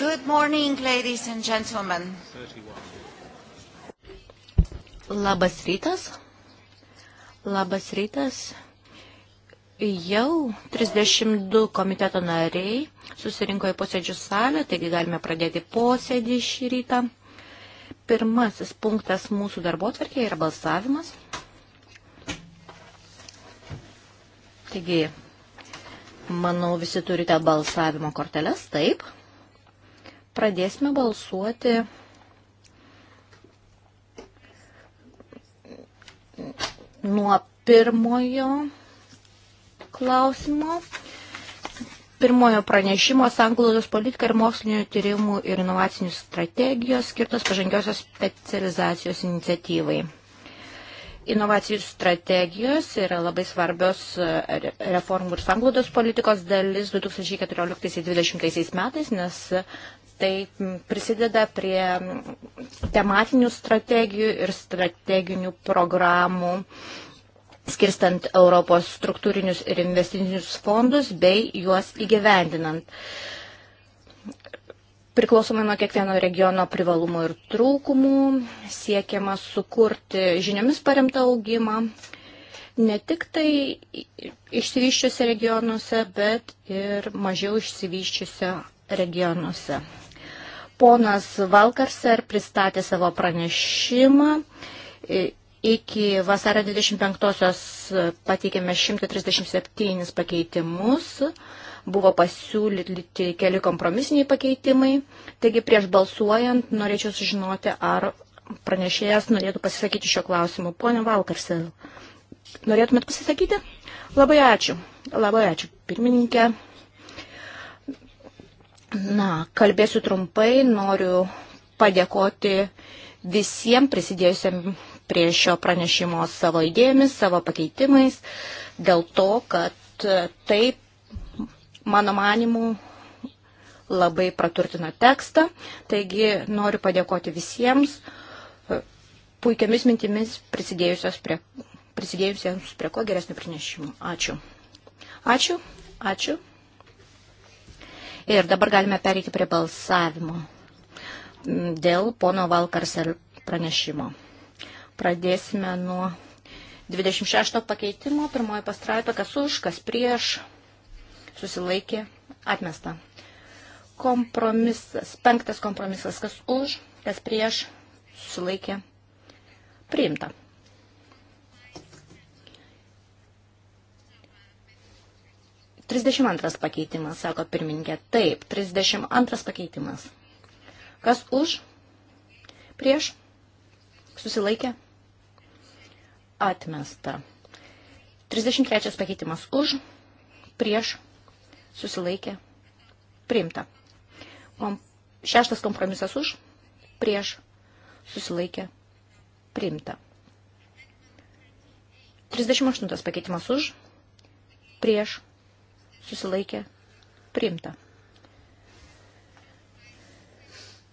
Good morning, ladies and gentlemen. 31. Labas rytas. Labas rytas. Jau 32 komiteto nariai susirinko į posėdžių salę, taigi galime pradėti posėdį šį rytą. Pirmasis punktas mūsų darbo tvarkėje yra balsavimas. Taigi, manau, visi turite balsavimo korteles, taip. Taip pradėsime balsuoti nuo pirmojo klausimo. Pirmojo pranešimo sanglaudos politika ir mokslinio tyrimų ir inovacinių strategijos skirtos pažangiosios specializacijos iniciatyvai. Inovacijų strategijos yra labai svarbios e, reformų ir sanglaudos politikos dalis 2014-2020 metais, nes tai prisideda prie tematinių strategijų ir strateginių programų skirstant Europos struktūrinius ir investicinius fondus bei juos įgyvendinant. Priklausomai nuo kiekvieno regiono privalumų ir trūkumų siekiama sukurti žiniomis paremtą augimą ne tik tai išsivyščiuose regionuose, bet ir mažiau išsivyščiuose regionuose. Ponas Valkarser pristatė savo pranešimą. Iki vasario 25-osios pateikėme 137 pakeitimus. Buvo pasiūlyti keli kompromisiniai pakeitimai. Taigi prieš balsuojant norėčiau sužinoti, ar pranešėjas norėtų pasisakyti šio klausimu. Pone Valkarsel, norėtumėt pasisakyti? Labai ačiū. Labai ačiū, pirmininkė. Na, kalbėsiu trumpai, noriu padėkoti visiems prisidėjusiems prie šio pranešimo savo idėjomis, savo pakeitimais, dėl to, kad taip, mano manimu, labai praturtina tekstą. Taigi noriu padėkoti visiems puikiamis mintimis prisidėjusios prie, prisidėjusiems prie ko geresnių pranešimų. Ačiū. Ačiū. Ačiū. Ir dabar galime pereiti prie balsavimo dėl pono Valkarsel pranešimo. Pradėsime nuo 26 pakeitimo, pirmoji pastraipė, kas už, kas prieš, susilaikė, atmesta. Kompromisas, penktas kompromisas, kas už, kas prieš, susilaikė, priimta. 32 pakeitimas, sako pirmininkė. Taip, 32 pakeitimas. Kas už? Prieš? Susilaikė? Atmesta. 33 pakeitimas už, prieš, susilaikė, priimta. Kom, šeštas kompromisas už, prieš, susilaikė, priimta. 38 pakeitimas už, prieš, susilaikė priimta.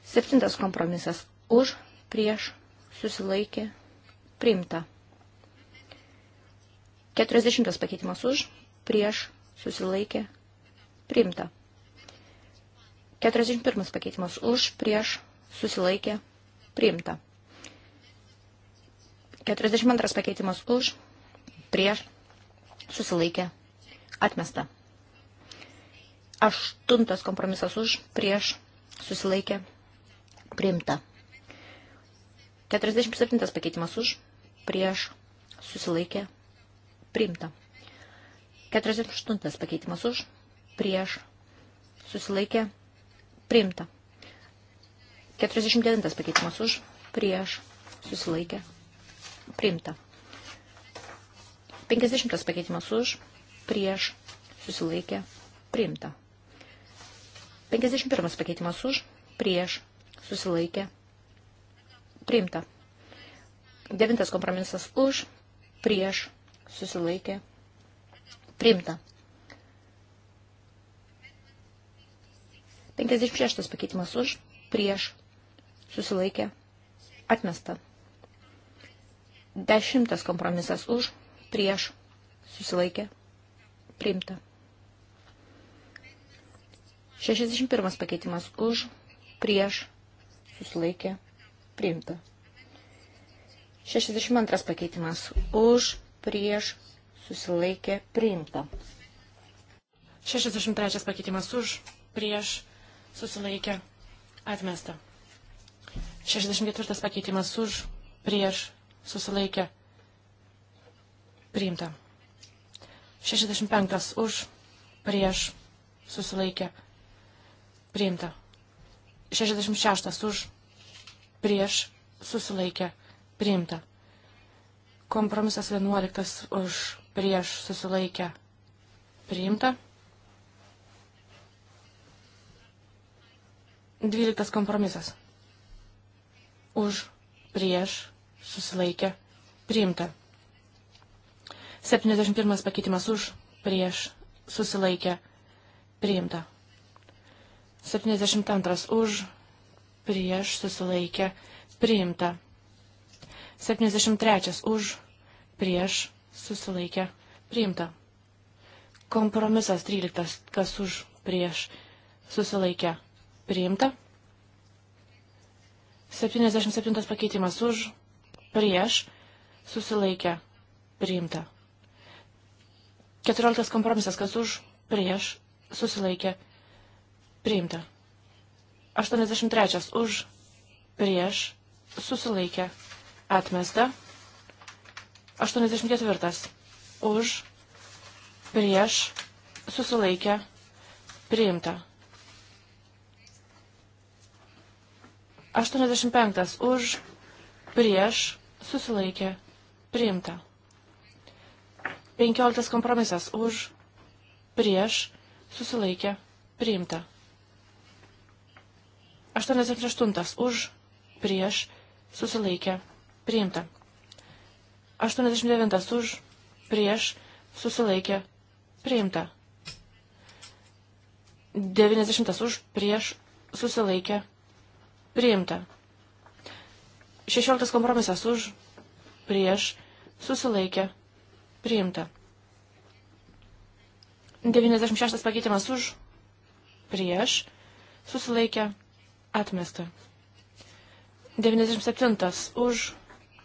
Septintas kompromisas už, prieš, susilaikė priimta. Keturiasdešimtas pakeitimas už, prieš, susilaikė priimta. Keturiasdešimt pirmas pakeitimas už, prieš, susilaikė priimta. 42 pakeitimas už, prieš, susilaikė, atmesta. Aštuntas kompromisas už, prieš, susilaikė, priimta. 47 pakeitimas už, prieš, susilaikė, priimta. 48 pakeitimas už, prieš, susilaikė, priimta. 49 pakeitimas už, prieš, susilaikė, priimta. 50 pakeitimas už, prieš, susilaikė, priimta. 51 pakeitimas už, prieš, susilaikė, priimta. 9 kompromisas už, prieš, susilaikė, priimta. 56 pakeitimas už, prieš, susilaikė, atmesta. 10 kompromisas už, prieš, susilaikė, priimta. 61 pakeitimas už, prieš, susilaikė, priimta. 62 pakeitimas už, prieš, susilaikė, priimta. 63 pakeitimas už, prieš, susilaikė, atmesta. 64 pakeitimas už, prieš, susilaikė, priimta. 65 už, prieš, susilaikė, atmesta priimta. 66 už, prieš, susilaikė, priimta. Kompromisas 11 už, prieš, susilaikė, priimta. 12 kompromisas už, prieš, susilaikė, priimta. 71 pakeitimas už, prieš, susilaikė, priimta. 72 už, prieš susilaikė priimta. 73 už, prieš susilaikė priimta. Kompromisas 13, kas už, prieš susilaikė priimta. 77 pakeitimas už, prieš susilaikė priimta. 14 kompromisas, kas už, prieš susilaikė priimta Priimta. 83 už, prieš, susilaikė, atmesta. 84 už, prieš, susilaikė, priimta. 85 už, prieš, susilaikė, priimta. 15 kompromisas už, prieš, susilaikė, priimta. 88 už, prieš, susilaikė, priimta. 89 už, prieš, susilaikė, priimta. 90 už, prieš, susilaikė, priimta. 16 kompromisas už, prieš, susilaikė, priimta. 96 pakeitimas už, prieš, susilaikė, priimta Atmesta. 97. Už,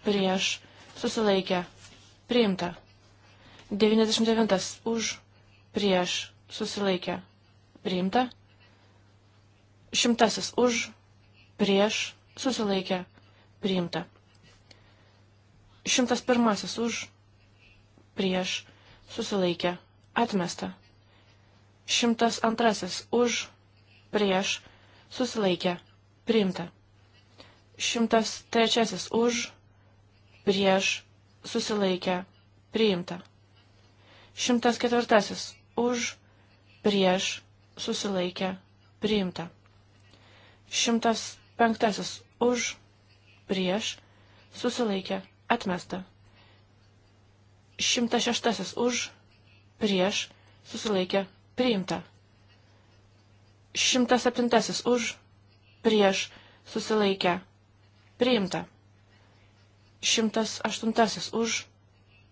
prieš, susilaikė, priimta. 99. Už, prieš, susilaikė, priimta. Šimtasis už, prieš, susilaikė, priimta. Šimtas pirmasis už, prieš, susilaikė, atmesta. Šimtas antrasis už, prieš, susilaikė, priimta. 103 už, prieš, susilaikė, priimta. 104 už, prieš, susilaikė, priimta. 105 už, prieš, susilaikė, atmesta. 106 už, prieš, susilaikė, priimta. 107 už, prieš, susilaikę, priimta. 108 už,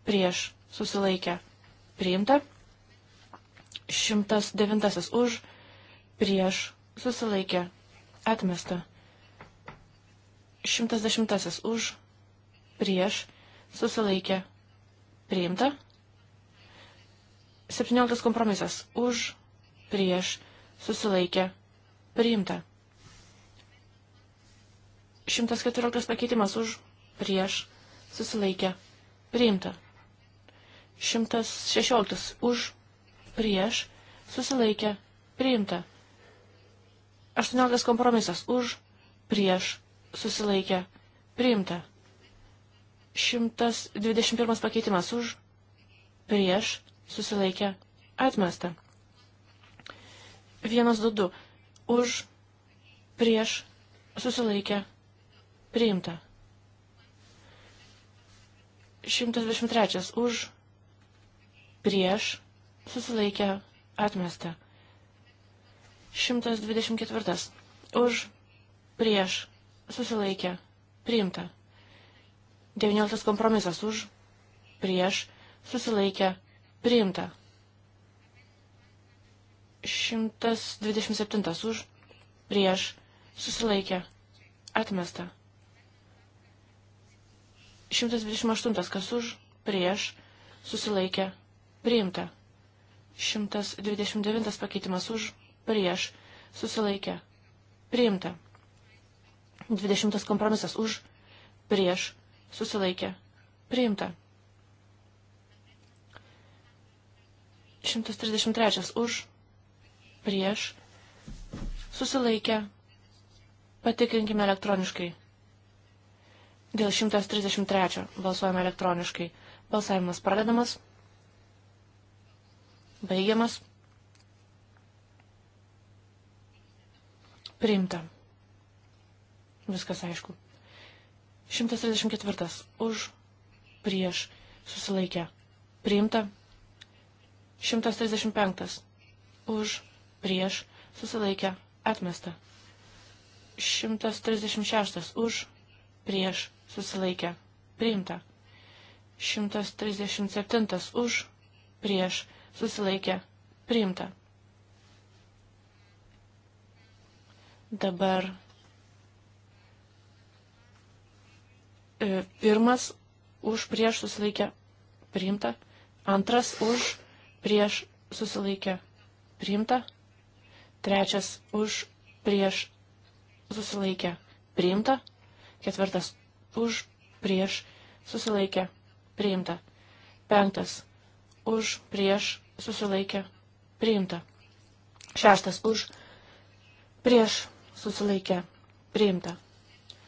prieš, susilaikę, priimta. 109 už, prieš, susilaikę, atmesta. 110 už, prieš, susilaikė, priimta. 17 kompromisas už, prieš, susilaikė, priimta. 114 pakeitimas už, prieš, susilaikė, priimta. 116 už, prieš, susilaikė, priimta. 18 kompromisas už, prieš, susilaikė, priimta. 121 pakeitimas už, prieš, susilaikė, atmesta. 122. Už, prieš, susilaikę, priimta. 123. Už, prieš, susilaikę, atmesta. 124. Už, prieš, susilaikę, priimta. 19. Kompromisas už, prieš, susilaikę, priimta. 127 už, prieš, susilaikė, atmesta. 128 kas už, prieš, susilaikė, priimta. 129 pakeitimas už, prieš, susilaikė, priimta. 20 kompromisas už, prieš, susilaikė, priimta. 133 už, prieš, susilaikę, patikrinkime elektroniškai. Dėl 133 balsuojame elektroniškai. Balsavimas pradedamas, baigiamas, priimta. Viskas aišku. 134 už, prieš, susilaikę, priimta. 135 už, prieš, susilaikė, atmesta. 136 už, prieš, susilaikė, priimta. 137 už, prieš, susilaikė, priimta. Dabar e, pirmas už prieš susilaikę priimta, antras už prieš susilaikę priimta, Trečias už prieš susilaikę priimta. Ketvirtas už prieš susilaikę priimta. Penktas už prieš susilaikę priimta. Šeštas už prieš susilaikę priimta.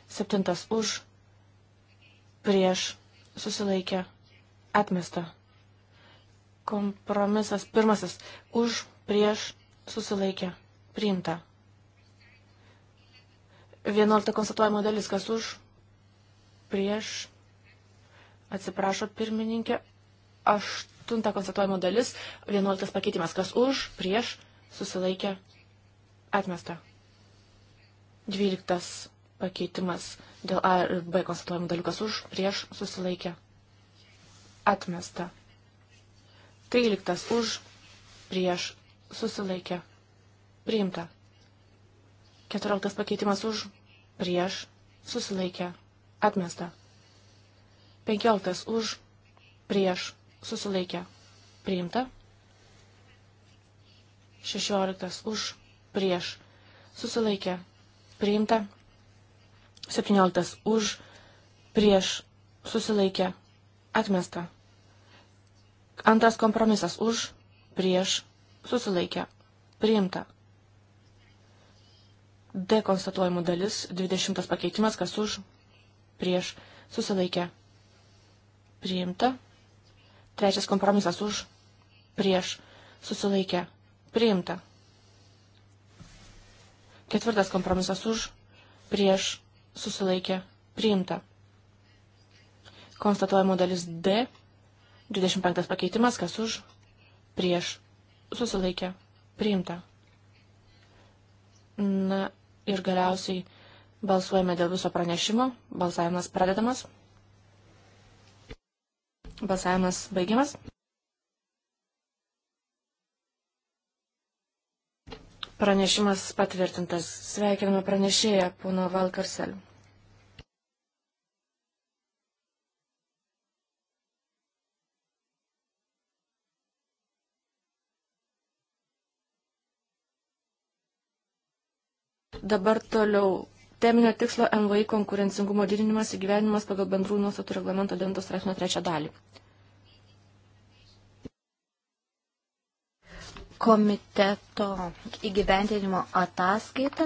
Septintas už prieš susilaikę atmesta. Kompromisas pirmasis už prieš susilaikę Priimta. 11 konstatuojama dalis, kas už, prieš, atsiprašo pirmininkė, 8 konstatuojama dalis, 11 pakeitimas, kas už, prieš, susilaikė, atmesta. 12 pakeitimas dėl A ir B konstatuojamų dalių, kas už, prieš, susilaikė, atmesta. 13 už, prieš, susilaikė, atmesta Priimta. 14 pakeitimas už, prieš, susilaikė, atmesta. 15 už, prieš, susilaikė, priimta. 16 už, prieš, susilaikė, priimta. 17 už, prieš, susilaikė, atmesta. Antras kompromisas už, prieš, susilaikė, priimta. D konstatuojimų dalis, 20 pakeitimas, kas už, prieš, susilaikė, priimta. Trečias kompromisas už, prieš, susilaikė, priimta. Ketvirtas kompromisas už, prieš, susilaikė, priimta. Konstatuojamų dalis D, 25 pakeitimas, kas už, prieš, susilaikė, priimta. Na Ir galiausiai balsuojame dėl viso pranešimo. Balsavimas pradedamas. Balsavimas baigiamas. Pranešimas patvirtintas. Sveikiname pranešėją, pono Valkarseliu. Dabar toliau. Teminio tikslo MVI konkurencingumo didinimas įgyvenimas pagal bendrų nuostatų reglamento 9 straipsnio 3 dalį. komiteto įgyvendinimo ataskaita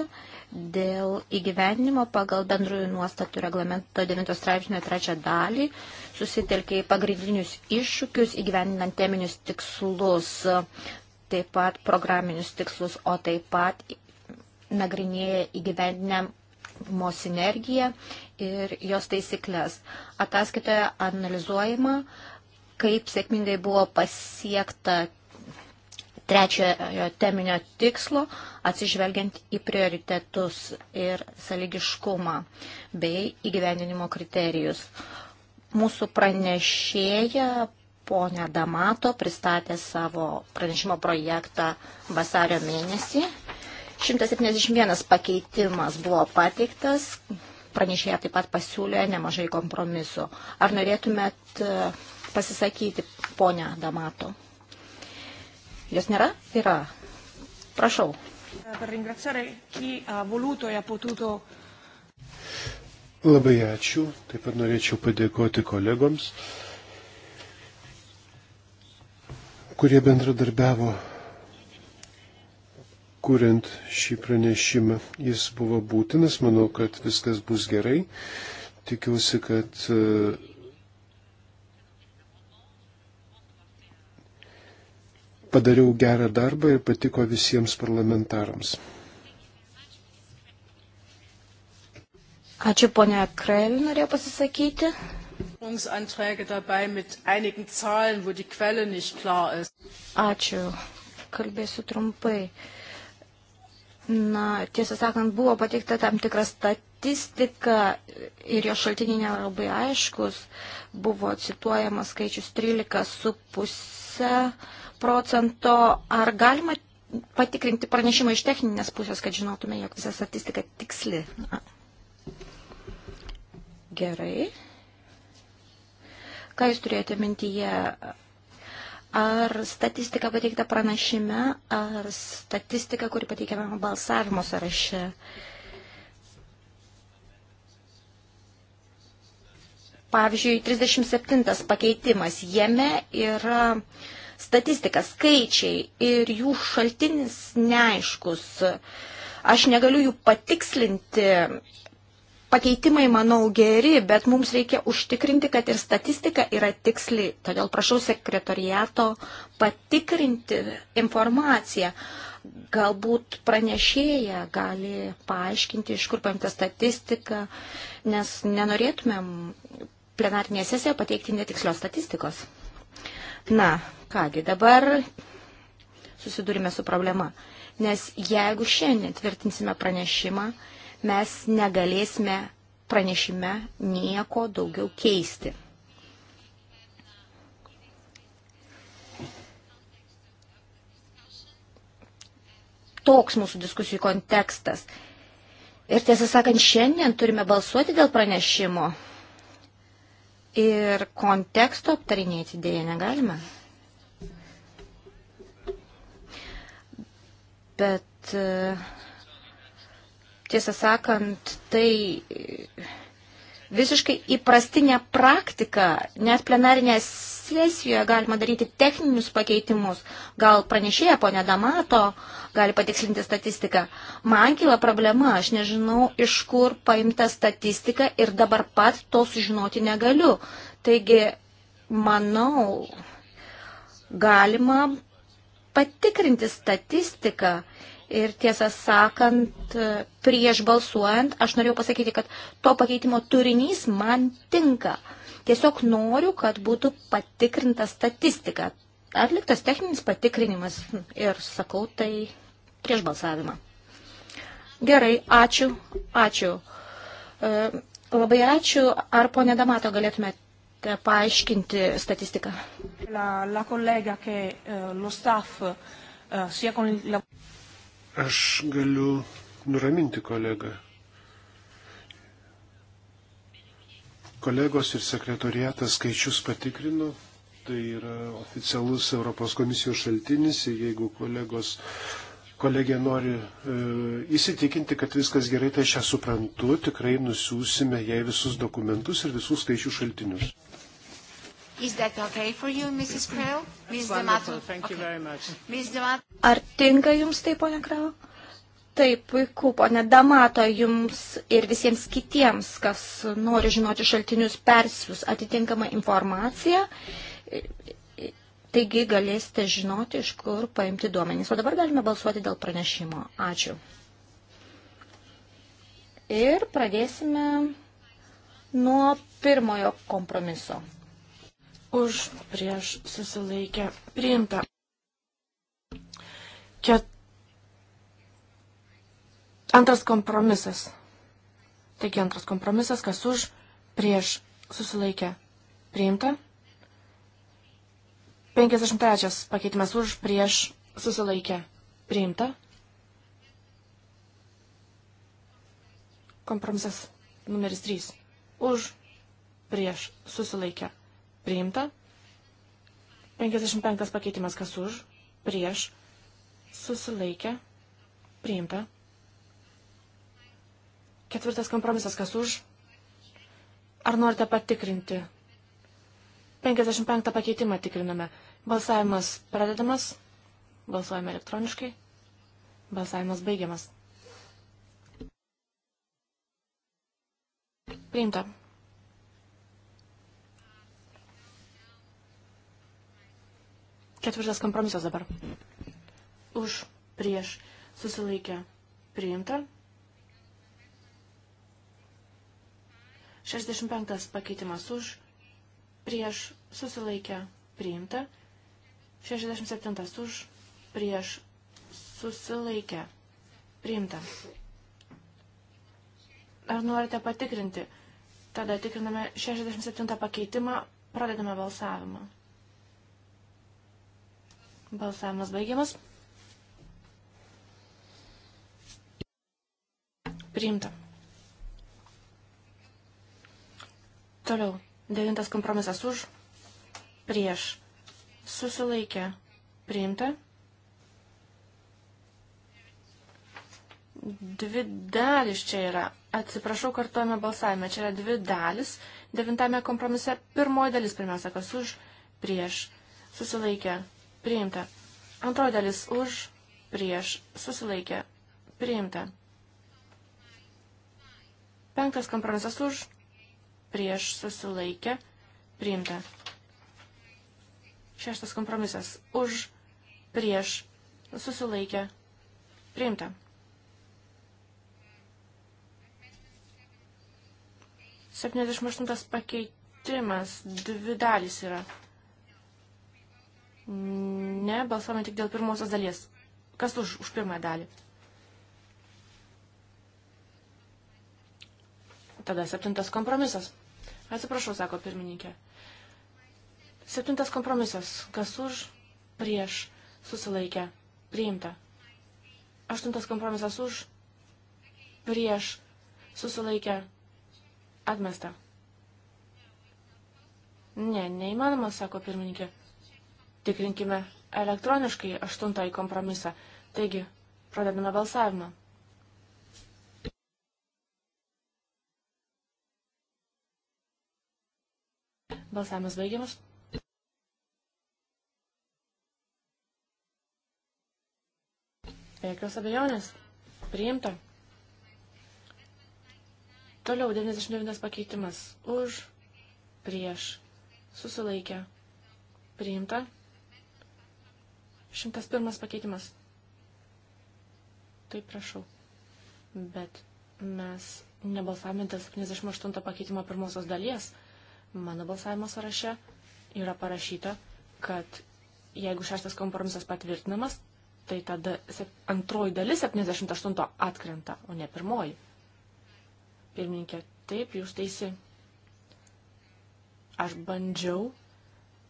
dėl įgyvendinimo pagal bendrųjų nuostatų reglamento 9 straipsnio 3 dalį susitelkė į pagrindinius iššūkius įgyvendinant teminius tikslus, taip pat programinius tikslus, o taip pat nagrinėja įgyvendinimo sinergiją ir jos taisyklės. Ataskaitoje analizuojama, kaip sėkmingai buvo pasiekta trečiojo teminio tikslo, atsižvelgiant į prioritetus ir saligiškumą bei įgyvendinimo kriterijus. Mūsų pranešėja ponia Damato pristatė savo pranešimo projektą vasario mėnesį 171 pakeitimas buvo pateiktas, pranešėja taip pat pasiūlė nemažai kompromisų. Ar norėtumėt e, pasisakyti, ponia Damato? Jos nėra? Yra. Prašau. Per ringraziare chi ha voluto e ha potuto. Labai ačiū. Taip pat norėčiau padėkoti kolegoms, kurie bendradarbiavo kuriant šį pranešimą. Jis buvo būtinas, manau, kad viskas bus gerai. Tikiuosi, kad e, padariau gerą darbą ir patiko visiems parlamentarams. Ačiū ponia Krel, norėjau pasisakyti. Ačiū. Kalbėsiu trumpai. Na, tiesą sakant, buvo pateikta tam tikra statistika ir jo šaltiniai nelabai aiškus. Buvo cituojamas skaičius 13,5 procento. Ar galima patikrinti pranešimą iš techninės pusės, kad žinotume, jog visa statistika tiksli? Gerai. Ką jūs turėjote mintyje ar statistika pateikta pranašime, ar statistika, kuri pateikiama balsavimo sąraše. Pavyzdžiui, 37 pakeitimas. Jame yra statistika, skaičiai ir jų šaltinis neaiškus. Aš negaliu jų patikslinti, pakeitimai, manau, geri, bet mums reikia užtikrinti, kad ir statistika yra tiksli. Todėl prašau sekretoriato patikrinti informaciją. Galbūt pranešėja gali paaiškinti, iš kur paimta statistika, nes nenorėtumėm plenarnėje sesijoje pateikti netikslios statistikos. Na, kągi, dabar susidurime su problema. Nes jeigu šiandien tvirtinsime pranešimą, mes negalėsime pranešime nieko daugiau keisti. Toks mūsų diskusijų kontekstas. Ir tiesą sakant, šiandien turime balsuoti dėl pranešimo. Ir konteksto aptarinėti dėja negalime. Bet. Uh, tiesą sakant, tai visiškai įprastinė praktika, net plenarinėje sesijoje galima daryti techninius pakeitimus. Gal pranešėja ponė Damato gali patikslinti statistiką. Man kyla problema, aš nežinau, iš kur paimta statistika ir dabar pat to sužinoti negaliu. Taigi, manau, galima patikrinti statistiką Ir tiesą sakant, prieš balsuojant, aš norėjau pasakyti, kad to pakeitimo turinys man tinka. Tiesiog noriu, kad būtų patikrinta statistika. Atliktas techninis patikrinimas ir sakau tai prieš balsavimą. Gerai, ačiū, ačiū. E, labai ačiū. Ar ponė Damato galėtumėte paaiškinti statistiką? La, la collega, che, uh, lo staff, uh, sia con il... Aš galiu nuraminti kolegą. Kolegos ir sekretoriatas skaičius patikrino, tai yra oficialus Europos komisijos šaltinis ir jeigu kolegos, kolegė nori e, įsitikinti, kad viskas gerai, tai aš ją suprantu, tikrai nusiūsime jai visus dokumentus ir visus skaičių šaltinius. Is that okay for you, Mrs. Krell? Ms. Damato. Thank okay. you very much. Ms. Damato. Ar tinka jums tai, ponia Krell? Taip, puiku, ponia Damato, jums ir visiems kitiems, kas nori žinoti šaltinius, persius atitinkamą informaciją. Taigi galėsite žinoti, iš kur paimti duomenys. O dabar galime balsuoti dėl pranešimo. Ačiū. Ir pradėsime nuo pirmojo kompromiso už prieš susilaikę priimta. Ket... Antras kompromisas. Taigi antras kompromisas, kas už prieš susilaikę priimta. 53 pakeitimas už prieš susilaikę priimta. Kompromisas numeris 3. Už prieš susilaikę priimta priimta. 55 pakeitimas kas už, prieš, susilaikė, priimta. Ketvirtas kompromisas kas už. Ar norite patikrinti? 55 pakeitimą tikriname. Balsavimas pradedamas. Balsuojame elektroniškai. Balsavimas baigiamas. Priimta. Ketvirtas kompromisas dabar. Už, prieš, susilaikę, priimta. 65 pakeitimas už, prieš, susilaikę, priimta. 67 už, prieš, susilaikę, priimta. Ar norite patikrinti? Tada tikriname 67 pakeitimą, pradedame balsavimą. Balsavimas baigiamas. Priimta. Toliau. Devintas kompromisas už. Prieš. Susilaikė. Priimta. 2 dalis čia yra. Atsiprašau, kartuojame balsavime. Čia yra dvi dalis. Devintame kompromise pirmoji dalis pirmiausia, kas už, prieš, susilaikė, priimta. Antroji dalis už, prieš, susilaikė, priimta. Penktas kompromisas už, prieš, susilaikė, priimta. Šeštas kompromisas už, prieš, susilaikė, priimta. Septyniasdešimt aštuntas pakeitimas, dvi dalys yra. Ne, balsuojame tik dėl pirmosios dalies. Kas už, už pirmąją dalį? Tada septintas kompromisas. Atsiprašau, sako pirmininkė. Septintas kompromisas. Kas už, prieš, susilaikę, priimta. Aštuntas kompromisas už, prieš, susilaikę, atmesta. Ne, neįmanoma, sako pirmininkė. Tikrinkime elektroniškai aštuntąjį kompromisą. Taigi, pradedame balsavimą. Balsavimas baigiamas. Be jokios abejonės. Priimta. Toliau 99 pakeitimas. Už, prieš, susilaikę. Priimta. Šimtas pirmas pakeitimas. Taip prašau. Bet mes nebalsavome dėl 78 pakeitimo pirmosios dalies. Mano balsavimo sąraše yra parašyta, kad jeigu šeštas kompromisas patvirtinamas, tai tada antroji dalis 78 atkrenta, o ne pirmoji. Pirmininkė, taip, jūs teisi. Aš bandžiau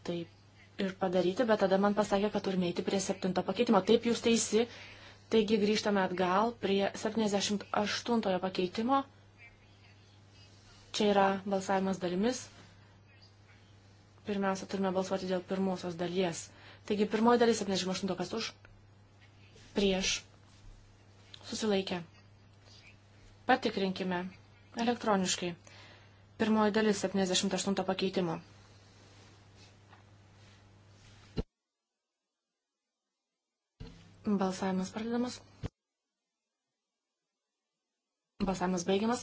taip ir padaryti, bet tada man pasakė, kad turime eiti prie septinto pakeitimo. Taip jūs teisi, taigi grįžtame atgal prie 78 pakeitimo. Čia yra balsavimas dalimis. Pirmiausia, turime balsuoti dėl pirmosios dalies. Taigi pirmoji dalis 78 kas už, prieš, susilaikė. Patikrinkime elektroniškai. Pirmoji dalis 78 pakeitimo. Balsavimas pradedamas. Balsavimas baigiamas.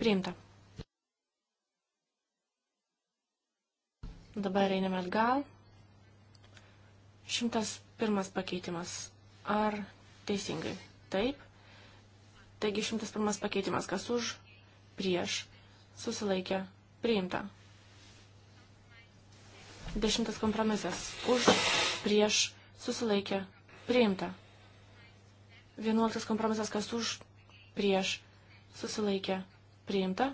Priimta. Dabar einame atgal. 101 pakeitimas. Ar teisingai? Taip. Taigi 101 pakeitimas. Kas už? Prieš. Susilaikė. Priimta. Dešimtas kompromisas. Už, prieš, susilaikė, priimta. Vienuoliktas kompromisas, kas už, prieš, susilaikė, priimta.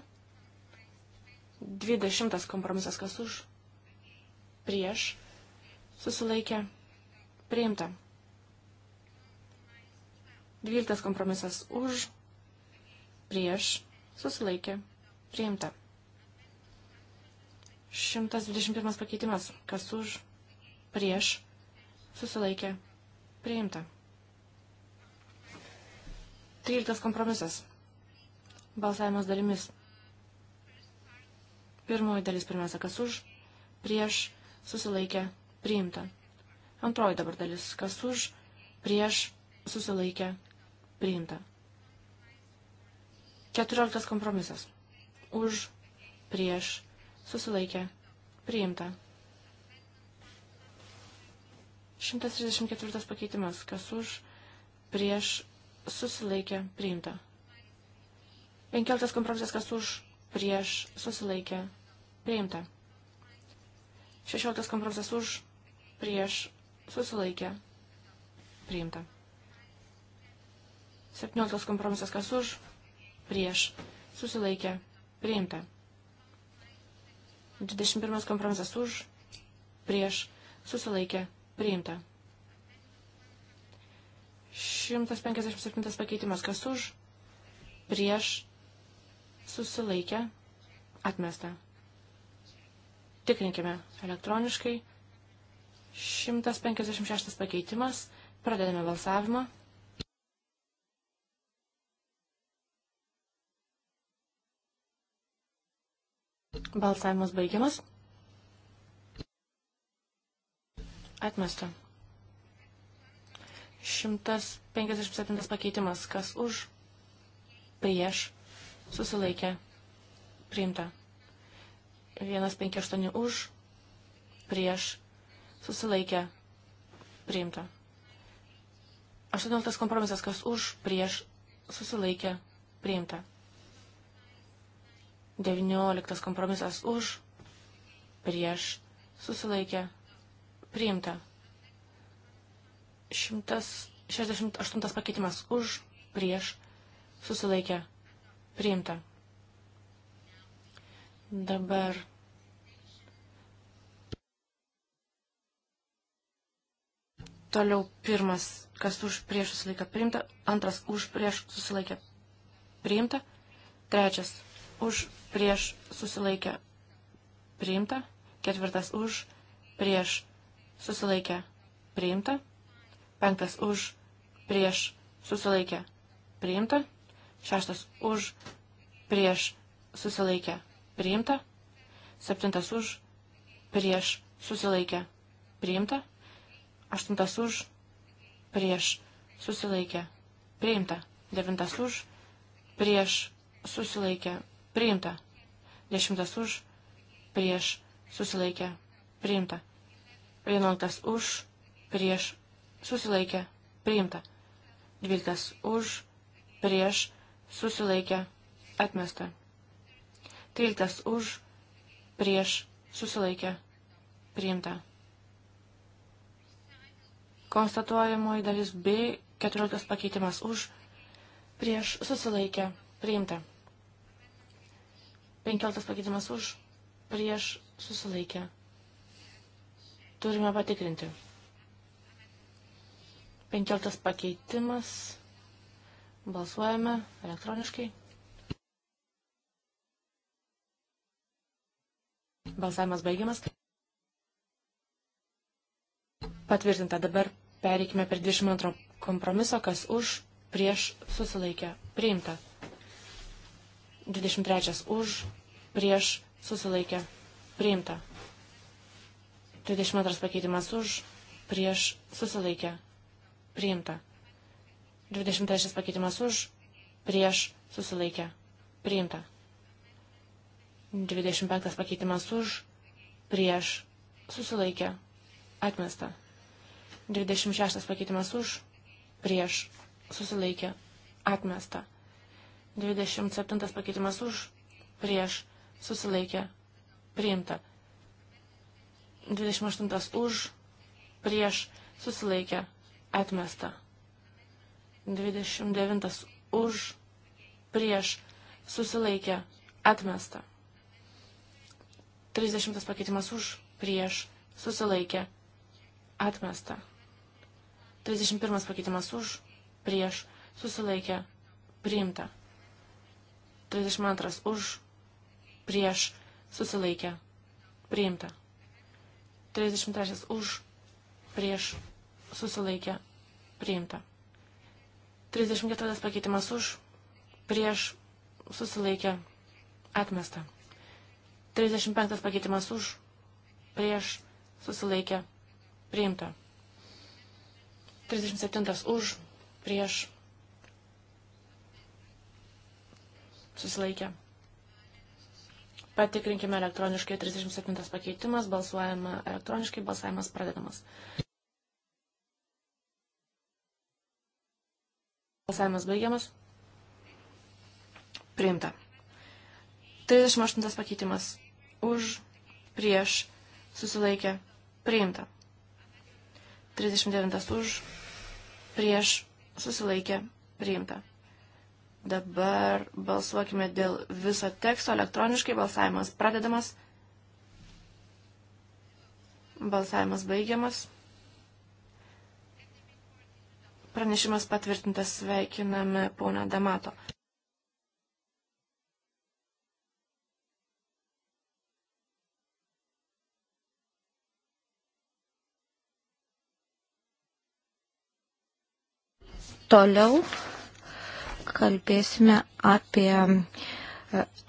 Dvidešimtas kompromisas, kas už, prieš, susilaikė, priimta. Dvyliktas kompromisas už, prieš, susilaikė, priimta. 121 pakeitimas. Kas už, prieš, susilaikė, priimta. 13 kompromisas. Balsavimas dalimis. Pirmoji dalis pirmiausia, kas už, prieš, susilaikė, priimta. Antroji dabar dalis, kas už, prieš, susilaikė, priimta. 14 kompromisas. Už, prieš, susilaikė, priimta. 134 pakeitimas, kas už, prieš, susilaikė, priimta. 15 kompromisas, kas už, prieš, susilaikė, priimta. 16 kompromisas už, prieš, susilaikė, priimta. 17 kompromisas, kas už, prieš, susilaikė, priimta. 21 kompromisas už, prieš, susilaikė, priimta. 157 pakeitimas kas už, prieš, susilaikė, atmesta. Tikrinkime elektroniškai. 156 pakeitimas. Pradedame balsavimą. Balsavimas baigiamas. Atmesta. 157 pakeitimas. Kas už? Prieš. Susilaikė. Priimta. 158 už. Prieš. Susilaikė. Priimta. 18 kompromisas. Kas už? Prieš. Susilaikė. Priimta. 19 kompromisas už, prieš, susilaikė, priimta. 168 pakeitimas už, prieš, susilaikė, priimta. Dabar. Toliau pirmas, kas už prieš susilaikę priimta, antras už prieš susilaikę priimta, trečias už prieš susilaikę priimta, ketvirtas už, prieš susilaikę priimta, penktas už, prieš susilaikę priimta, šeštas už, prieš susilaikę priimta, septintas už, prieš susilaikę priimta, aštuntas už, prieš susilaikę priimta, devintas už, prieš susilaikę priimta. Dešimtas už, prieš, susilaikė, priimta. Vienuoliktas už, prieš, susilaikė, priimta. Dvyliktas už, prieš, susilaikė, atmesta. Tryliktas už, prieš, susilaikė, priimta. Konstatuojamoji dalis B, keturioliktas pakeitimas už, prieš, susilaikė, priimta. Penkioliktas pakeitimas už, prieš, susilaikė. Turime patikrinti. Penkioliktas pakeitimas. Balsuojame elektroniškai. Balsavimas baigiamas. Patvirtinta. Dabar pereikime per 22 kompromiso, kas už, prieš, susilaikė. Priimta. 23 už, prieš, susilaikė, priimta. 22 pakeitimas už, prieš, susilaikė, priimta. 23 pakeitimas už, prieš, susilaikė, priimta. 25 pakeitimas už, prieš, susilaikė, atmesta. 26 pakeitimas už, prieš, susilaikė, atmesta. 27 pakeitimas už, prieš, susilaikė, priimta. 28 už, prieš, susilaikė, atmesta. 29 už, prieš, susilaikė, atmesta. 30 pakeitimas už, prieš, susilaikė, atmesta. 31 pakeitimas už, prieš, susilaikė, priimta. 32 už, prieš, susilaikė, priimta. 33 už, prieš, susilaikė, priimta. 34 pakeitimas už, prieš, susilaikė, atmesta. 35 pakeitimas už, prieš, susilaikė, priimta. 37 už, prieš, Susilaikė. Patikrinkime elektroniškai 37 pakeitimas, balsuojama elektroniškai, balsavimas pradedamas. Balsavimas baigiamas. Priimta. 38 pakeitimas. Už, prieš, susilaikė, priimta. 39 už, prieš, susilaikė, priimta. Dabar balsuokime dėl viso teksto elektroniškai. Balsavimas pradedamas. Balsavimas baigiamas. Pranešimas patvirtintas sveikiname poną Damato. Toliau kalbėsime apie e,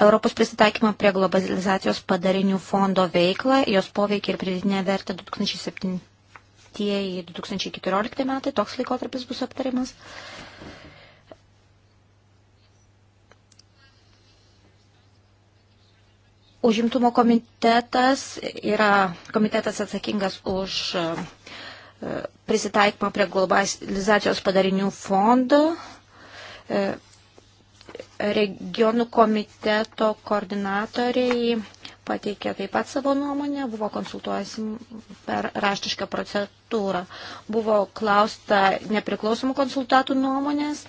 Europos prisitaikymą prie globalizacijos padarinių fondo veiklą, jos poveikį ir pridėtinę vertę 2007-2014 metai, toks laikotarpis bus aptarimas. Užimtumo komitetas yra komitetas atsakingas už e, e, prisitaikymą prie globalizacijos padarinių fondo E, regionų komiteto koordinatoriai pateikė taip pat savo nuomonę, buvo konsultuojasi per raštišką procedūrą. Buvo klausta nepriklausomų konsultatų nuomonės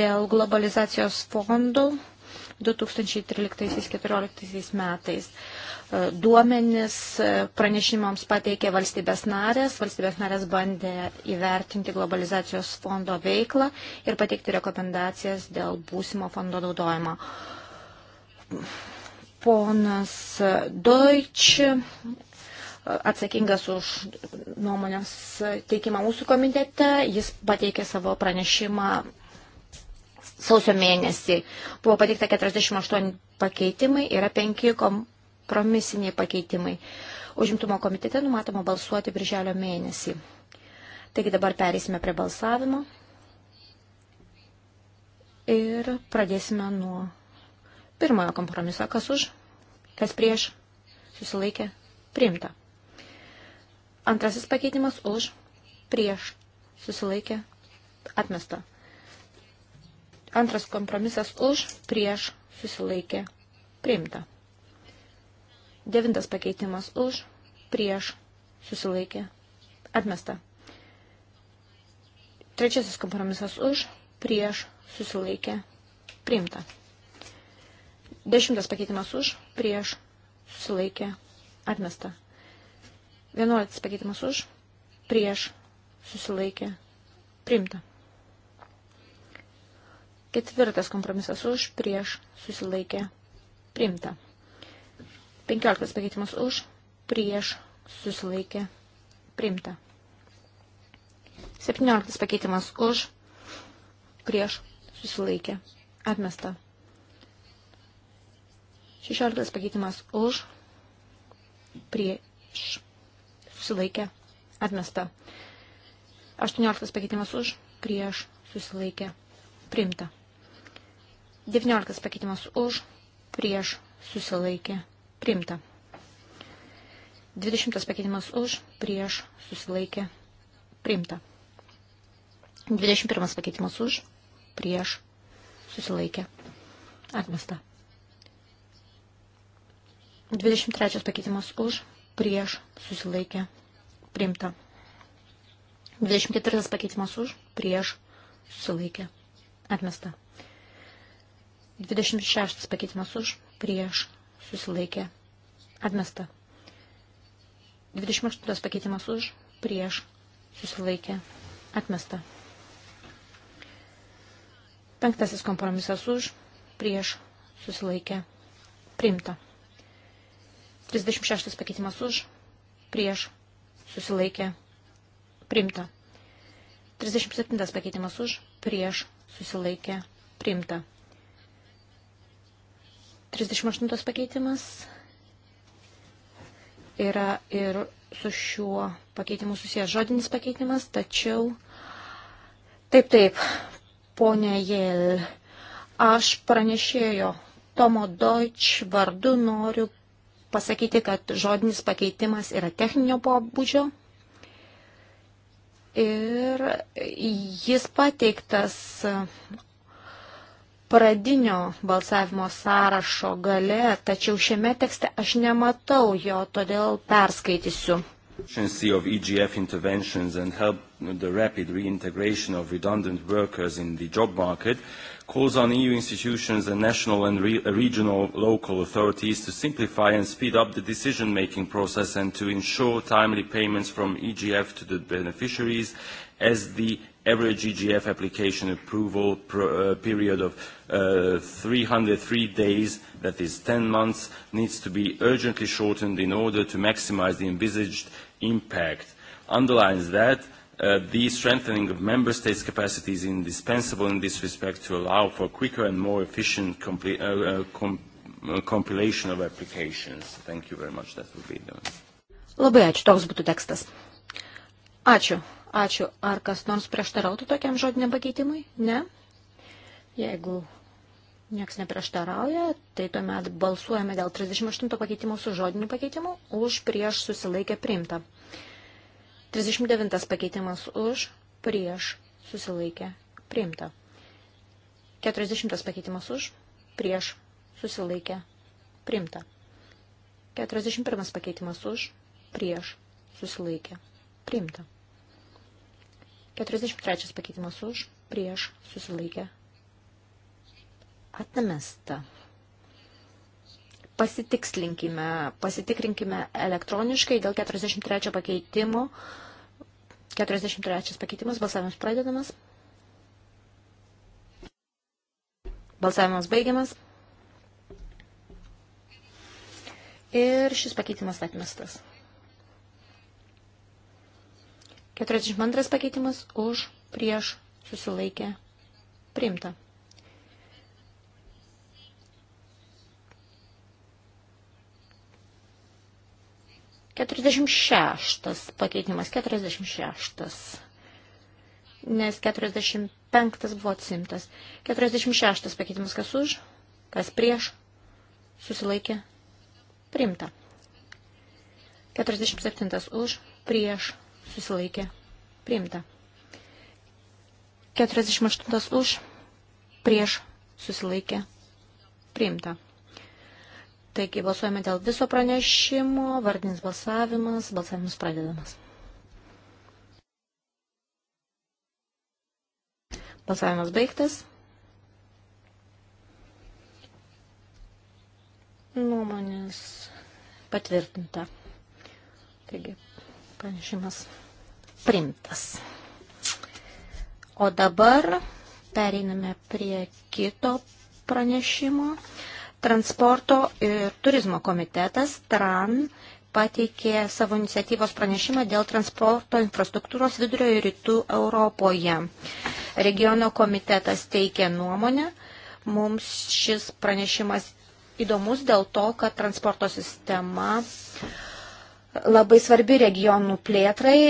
dėl globalizacijos fondų 2013-2014 metais. E, duomenis e, pranešimams pateikė valstybės narės. Valstybės narės bandė įvertinti globalizacijos fondo veiklą ir pateikti rekomendacijas dėl būsimo fondo naudojimo. Ponas Deutsch e, atsakingas už nuomonės teikimą mūsų komitete, jis pateikė savo pranešimą sausio mėnesį. Buvo pateikta 48 pakeitimai, yra 5 kompromisiniai pakeitimai. Užimtumo komitete numatoma balsuoti birželio mėnesį. Taigi dabar pereisime prie balsavimo ir pradėsime nuo pirmojo kompromiso. Kas už, kas prieš, susilaikė, priimta. Antrasis pakeitimas už, prieš, susilaikė, atmesta. Antras kompromisas už, prieš, susilaikė, priimta. Devintas pakeitimas už, prieš, susilaikė, atmesta. Trečiasis kompromisas už, prieš, susilaikė, priimta. Dešimtas pakeitimas už, prieš, susilaikė, atmesta. Vienuoliktas pakeitimas už, prieš, susilaikė, priimta. Ketvirtas kompromisas už, prieš, susilaikė, priimta. Penkioliktas pakeitimas už, prieš, susilaikė, priimta. Septynioliktas pakeitimas už, prieš, susilaikė, atmesta. Šešioliktas pakeitimas už, prieš, susilaikė, atmesta. Aštuonioliktas pakeitimas už, prieš, susilaikė, priimta. 19 pakeitimas už, prieš, susilaikė, priimta. 20 pakeitimas už, prieš, susilaikė, priimta. 21 pakeitimas už, prieš, susilaikė, atmesta. 23 pakeitimas už, prieš, susilaikė, priimta. 24 pakeitimas už, prieš, susilaikė, atmesta. 26 pakeitimas už, prieš, susilaikė, atmesta. 28 pakeitimas už, prieš, susilaikė, atmesta. Penktasis kompromisas už, prieš, susilaikė, priimta. 36 pakeitimas už, prieš, susilaikė, priimta. 37 pakeitimas už, prieš, susilaikė, priimta. 38 pakeitimas yra ir su šiuo pakeitimu susijęs žodinis pakeitimas, tačiau taip, taip, ponė Jėl, aš pranešėjo Tomo Deutsch vardu noriu pasakyti, kad žodinis pakeitimas yra techninio pobūdžio ir jis pateiktas pradinio balsavimo sąrašo gale, tačiau šiame tekste aš nematau jo, todėl perskaitysiu. of EGF interventions and help the rapid reintegration of redundant workers in the job market calls on EU institutions and national and re regional local authorities to simplify and speed up the decision-making process and to ensure timely payments from EGF to the beneficiaries as the average EGF application approval pro, uh, period of uh, 303 days, that is 10 months, needs to be urgently shortened in order to maximize the envisaged impact. Underlines that uh, the strengthening of member states' capacity is indispensable in this respect to allow for quicker and more efficient compli uh, uh, com uh, compilation of applications. Thank you very much. That would be done. Labai ačiū. Toks būtų tekstas. Ačiū. Ačiū. Ar kas nors prieštarautų tokiam žodiniam pakeitimui? Ne? Jeigu nieks neprieštarauja, tai tuomet balsuojame dėl 38 pakeitimo su žodiniu pakeitimu, už prieš susilaikę priimta. 39 pakeitimas už prieš susilaikę priimta. 40 pakeitimas už prieš susilaikę priimta. 41 pakeitimas už prieš susilaikę priimta. 43 pakeitimas už, prieš, susilaikė, atmesta. Pasitikslinkime, pasitikrinkime elektroniškai dėl 43 pakeitimo. 43 pakeitimas, balsavimas pradedamas. Balsavimas baigiamas. Ir šis pakeitimas atmestas. 42 pakeitimas už, prieš, susilaikė, priimta. Keturiasdešimt šeštas pakeitimas, keturiasdešimt šeštas, nes keturiasdešimt penktas buvo atsimtas. Keturiasdešimt šeštas pakeitimas, kas už, kas prieš, susilaikė, priimta. Keturiasdešimt septintas už, prieš, susilaikė, priimta. 48 už, prieš, susilaikė, priimta. Taigi balsuojame dėl viso pranešimo, vardinis balsavimas, balsavimas pradedamas. Balsavimas baigtas. Nuomonės patvirtinta. Taigi, pranešimas primtas. O dabar pereiname prie kito pranešimo. Transporto ir turizmo komitetas TRAN pateikė savo iniciatyvos pranešimą dėl transporto infrastruktūros vidurio ir rytų Europoje. Regiono komitetas teikė nuomonę. Mums šis pranešimas įdomus dėl to, kad transporto sistema labai svarbi regionų plėtrai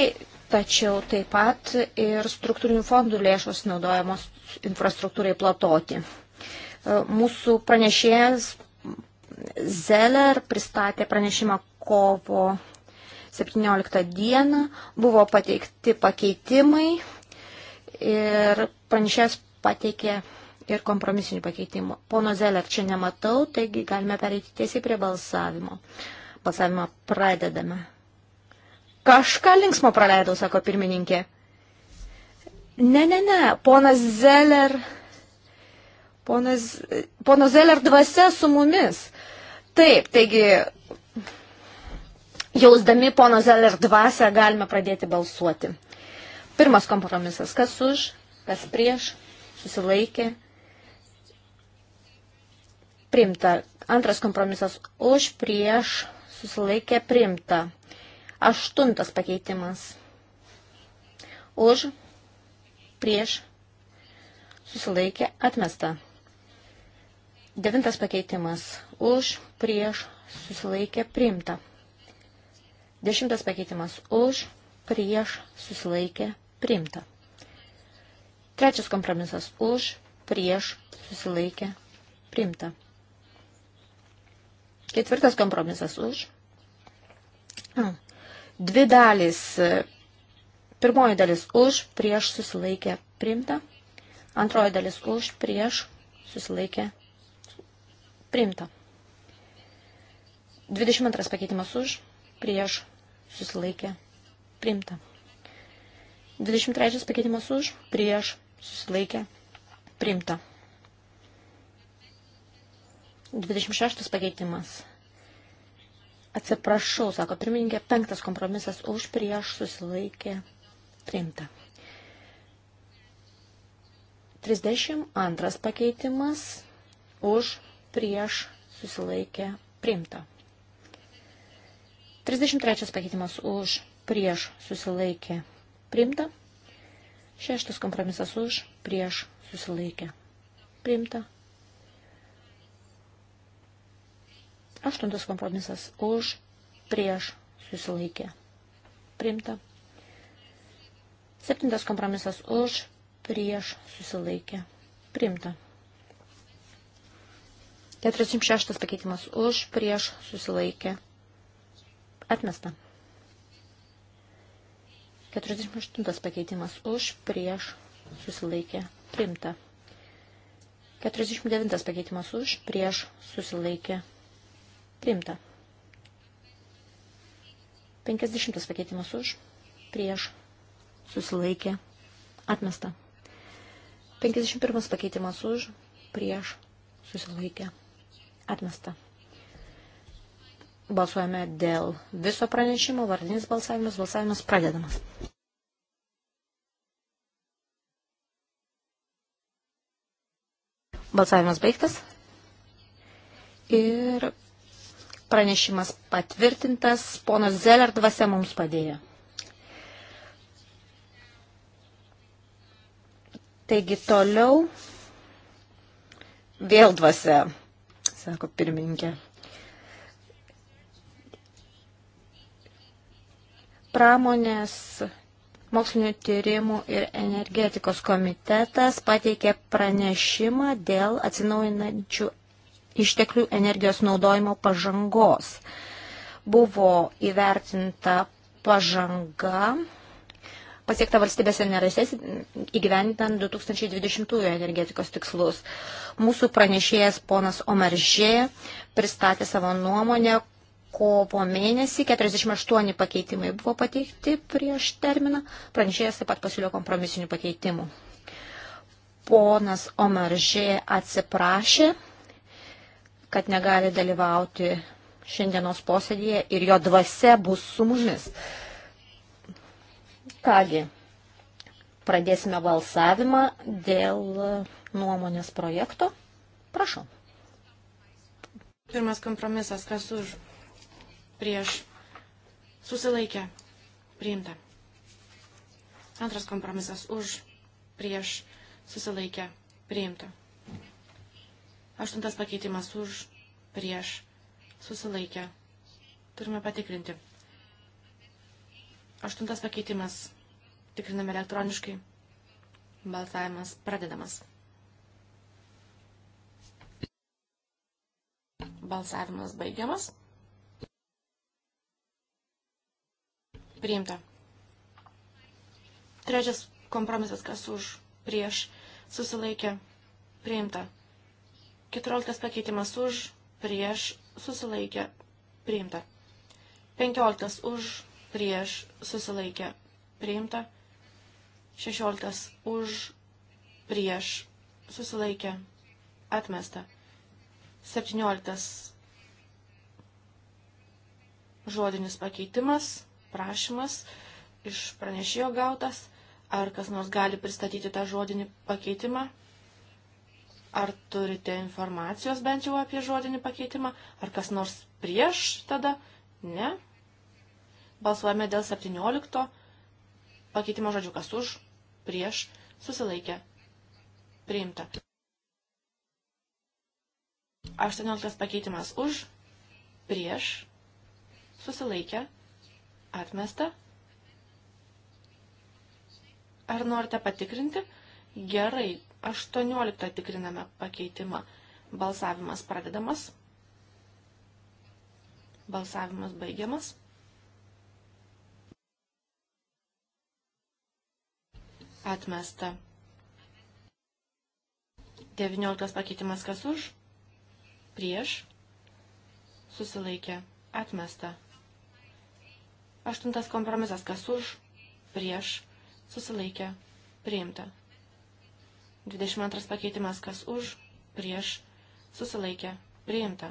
tačiau taip pat ir struktūrinių fondų lėšos naudojamos infrastruktūrai platoti. E, mūsų pranešėjas Zeller pristatė pranešimą kovo 17 dieną, buvo pateikti pakeitimai ir pranešėjas pateikė ir kompromisinių pakeitimų. Pono Zeller čia nematau, taigi galime pereiti tiesiai prie balsavimo. Balsavimą pradedame. Kažką linksmo praleidau, sako pirmininkė. Ne, ne, ne, ponas Zeller, ponas, pono Zeller dvasia su mumis. Taip, taigi, jausdami pono Zeller dvasę galime pradėti balsuoti. Pirmas kompromisas, kas už, kas prieš, susilaikė, primta. Antras kompromisas, už, prieš, susilaikė, primta. Aštuntas pakeitimas. Už, prieš, susilaikė, atmesta. Devintas pakeitimas. Už, prieš, susilaikė, priimta. Dešimtas pakeitimas. Už, prieš, susilaikė, priimta. Trečias kompromisas. Už, prieš, susilaikė, priimta. Ketvirtas kompromisas. Už. Hmm. Dvi dalys. Pirmoji dalis už, prieš susilaikė primta. Antroji dalis už, prieš susilaikė primta. 22 pakeitimas už, prieš susilaikė primta. 23 pakeitimas už, prieš susilaikė primta. 26 pakeitimas Atsiprašau, sako pirmininkė, penktas kompromisas už prieš susilaikė priimta. 32 pakeitimas už prieš susilaikė priimta. 33 pakeitimas už prieš susilaikė priimta. Šeštas kompromisas už prieš susilaikė priimta. Aštuntas kompromisas už, prieš, susilaikė, priimta. Septintas kompromisas už, prieš, susilaikė, priimta. 46 pakeitimas už, prieš, susilaikė, atmesta. 48 pakeitimas už, prieš, susilaikė, priimta. 49 pakeitimas už, prieš, susilaikė, Priimta. 50 pakeitimas už, prieš, susilaikė, atmesta. 51 pakeitimas už, prieš, susilaikė, atmesta. Balsuojame dėl viso pranešimo, vardinis balsavimas, balsavimas pradedamas. Balsavimas baigtas. Ir pranešimas patvirtintas, ponas Zeller dvasia mums padėjo. Taigi toliau vėl dvasia, sako pirmininkė. Pramonės Mokslinio tyrimų ir energetikos komitetas pateikė pranešimą dėl atsinaujinančių išteklių energijos naudojimo pažangos. Buvo įvertinta pažanga pasiekta valstybėse narėse įgyvendinant 2020 energetikos tikslus. Mūsų pranešėjas ponas Omaržė pristatė savo nuomonę, kovo mėnesį 48 pakeitimai buvo pateikti prieš terminą, pranešėjas taip pat pasiūlė kompromisinių pakeitimų. Ponas Omaržė atsiprašė kad negali dalyvauti šiandienos posėdėje ir jo dvasia bus su mumis. Kągi, pradėsime balsavimą dėl nuomonės projekto. Prašau. Pirmas kompromisas, kas už prieš susilaikę priimta. Antras kompromisas už prieš susilaikę priimta. Aštuntas pakeitimas už, prieš, susilaikę. Turime patikrinti. Aštuntas pakeitimas. Tikriname elektroniškai. Balsavimas pradedamas. Balsavimas baigiamas. Priimta. Trečias kompromisas, kas už, prieš, susilaikė, priimta. 14 pakeitimas už, prieš, susilaikė, priimta. 15 už, prieš, susilaikė, priimta. 16 už, prieš, susilaikė, atmesta. 17 žodinis pakeitimas, prašymas iš pranešėjo gautas, ar kas nors gali pristatyti tą žodinį pakeitimą. Ar turite informacijos bent jau apie žodinį pakeitimą? Ar kas nors prieš tada? Ne. Balsuojame dėl 17 pakeitimo žodžių kas už, prieš, susilaikė, priimta. 18 pakeitimas už, prieš, susilaikė, atmesta. Ar norite patikrinti? Gerai, 18 tikriname pakeitimą. Balsavimas pradedamas. Balsavimas baigiamas. Atmesta. 19 pakeitimas kas už? Prieš. Susilaikė. Atmesta. 8 kompromisas kas už? Prieš. Susilaikė. Priimta. 22 pakeitimas kas už, prieš, susilaikė, priimta.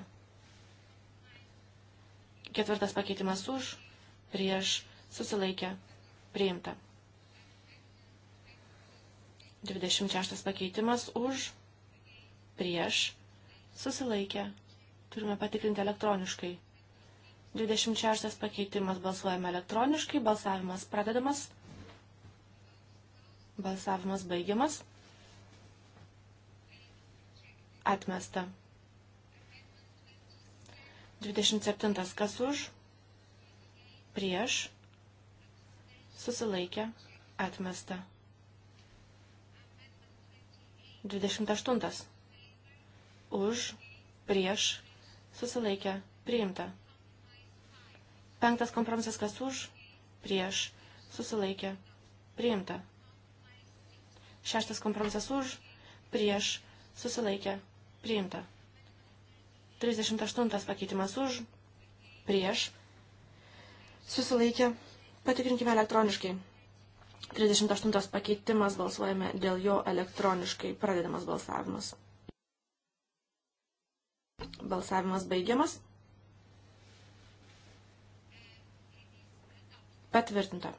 Ketvirtas pakeitimas už, prieš, susilaikė, priimta. 26 pakeitimas už, prieš, susilaikė. Turime patikrinti elektroniškai. 26 pakeitimas balsuojame elektroniškai, balsavimas pradedamas, balsavimas baigiamas. Atmesta. 27. Kas už? Prieš. Susilaikė. Atmesta. 28. Už. Prieš. Susilaikė. Priimta. Penktas kompromisas. Kas už? Prieš. Susilaikė. Priimta. Šeštas kompromisas už. Prieš. Susilaikė. Priimta. 38 pakeitimas už, prieš, susilaikė. Patikrinkime elektroniškai. 38 pakeitimas balsuojame dėl jo elektroniškai pradedamas balsavimas. Balsavimas baigiamas. Patvirtinta.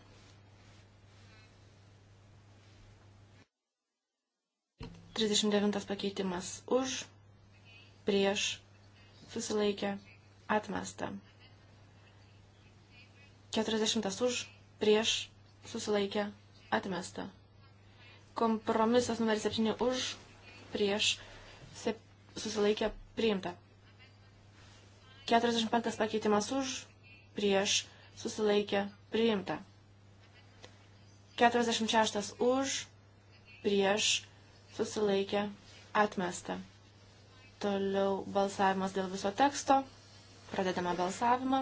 Trisdešimt devintas pakeitimas už, prieš susilaikė atmesta. 40 už prieš susilaikė atmesta. Kompromisas numeris 7 už prieš susilaikė priimta. 45 pakeitimas už prieš susilaikė priimta. 46 už prieš susilaikė atmesta. Toliau balsavimas dėl viso teksto. Pradedame balsavimą.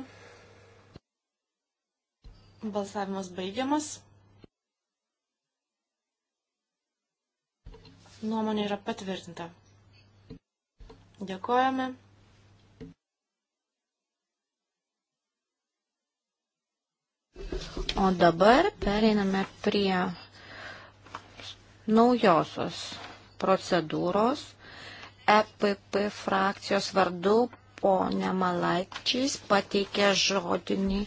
Balsavimas baigiamas. Nuomonė yra patvirtinta. Dėkojame. O dabar pereiname prie naujosios procedūros EPP frakcijos vardu ponė Malaičys pateikė žodinį.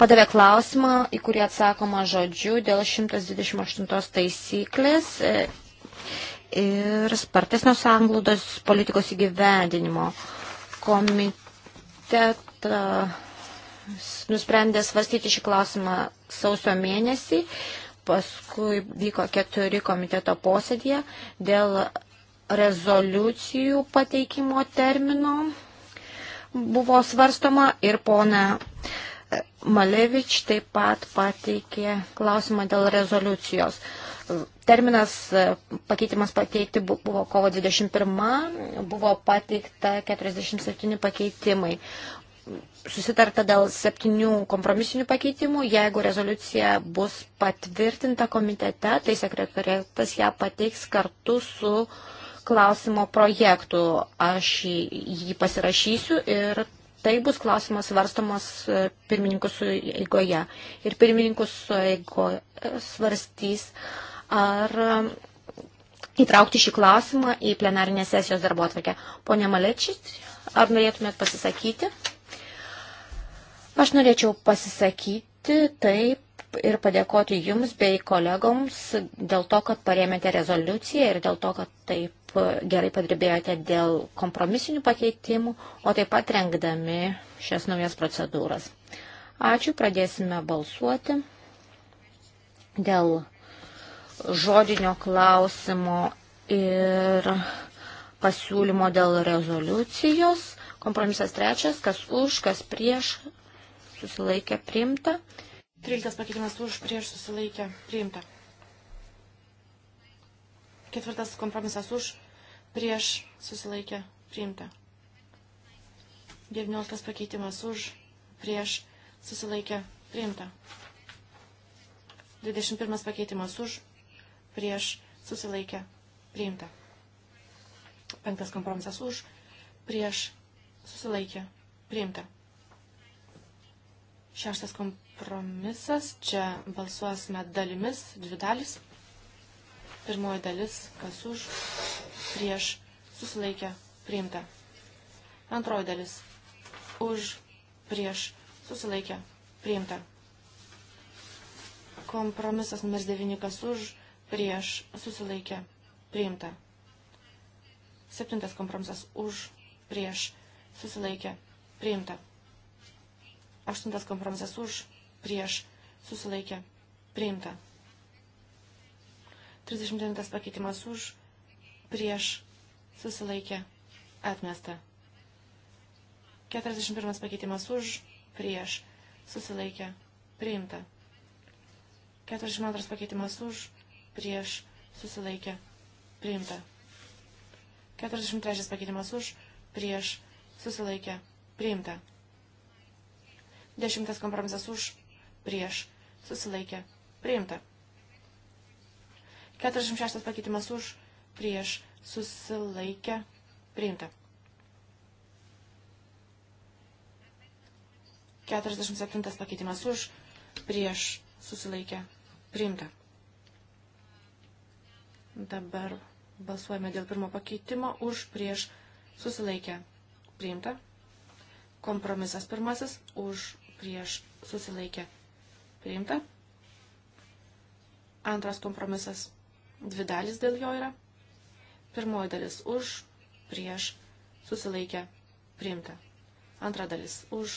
Padavė klausimą, į kurį atsakoma žodžiu dėl 128 taisyklės e, ir spartesnio sanglaudos politikos įgyvendinimo. Komitetas nusprendė svarstyti šį klausimą sausio mėnesį, paskui vyko keturi komiteto posėdėje dėl rezoliucijų pateikimo termino buvo svarstoma ir pona Malevič taip pat pateikė klausimą dėl rezoliucijos. Terminas e, pakeitimas pateikti buvo kovo 21, buvo pateikta 47 pakeitimai. Susitarta dėl septynių kompromisinių pakeitimų. Jeigu rezoliucija bus patvirtinta komitete, tai sekretorėtas ją pateiks kartu su uh, klausimo projektų. Aš jį pasirašysiu ir tai bus klausimas svarstomas e, pirmininkų sueigoje. Ir pirmininkų sueigoje svarstys, ar e, įtraukti šį klausimą į plenarinės sesijos darbo atvarkę. Pone Malečič, ar norėtumėt pasisakyti? Aš norėčiau pasisakyti taip ir padėkoti jums bei kolegoms dėl to, kad parėmėte rezoliuciją ir dėl to, kad taip gerai padirbėjote dėl kompromisinių pakeitimų, o taip pat rengdami šias naujas procedūras. Ačiū, pradėsime balsuoti dėl žodinio klausimo ir pasiūlymo dėl rezoliucijos. Kompromisas trečias, kas už, kas prieš, susilaikė priimta. Tryliktas pakeitimas už, prieš, susilaikė priimta. Ketvirtas kompromisas už, prieš susilaikė priimta. 19 pakeitimas už, prieš susilaikė priimta. 21 pakeitimas už, prieš susilaikė priimta. Penktas kompromisas už, prieš susilaikė priimta. Šeštas kompromisas, čia balsuosime dalimis, dvi dalis. Pirmoji dalis, kas už, prieš, susilaikė, priimta. Antroji dalis, už, prieš, susilaikė, priimta. Kompromisas numeris 9, kas už, prieš, susilaikė, priimta. Septintas kompromisas už, prieš, susilaikė, priimta. Aštuntas kompromisas už, prieš, susilaikė, priimta. 39 pakeitimas už, prieš, susilaikė, atmesta. 41 pakeitimas už, prieš, susilaikė, priimta. 42 pakeitimas už, prieš, susilaikė, priimta. 43 pakeitimas už, prieš, susilaikė, priimta. 10 kompromisas už, prieš, susilaikė, priimta. 46 pakeitimas už, prieš, susilaikę, priimta. 47 pakeitimas už, prieš, susilaikę, priimta. Dabar balsuojame dėl pirmo pakeitimo už, prieš, susilaikę, priimta. Kompromisas pirmasis už, prieš, susilaikę, priimta. Antras kompromisas Dvi dalis dėl jo yra. Pirmoji dalis už, prieš, susilaikę, priimta. Antra dalis už,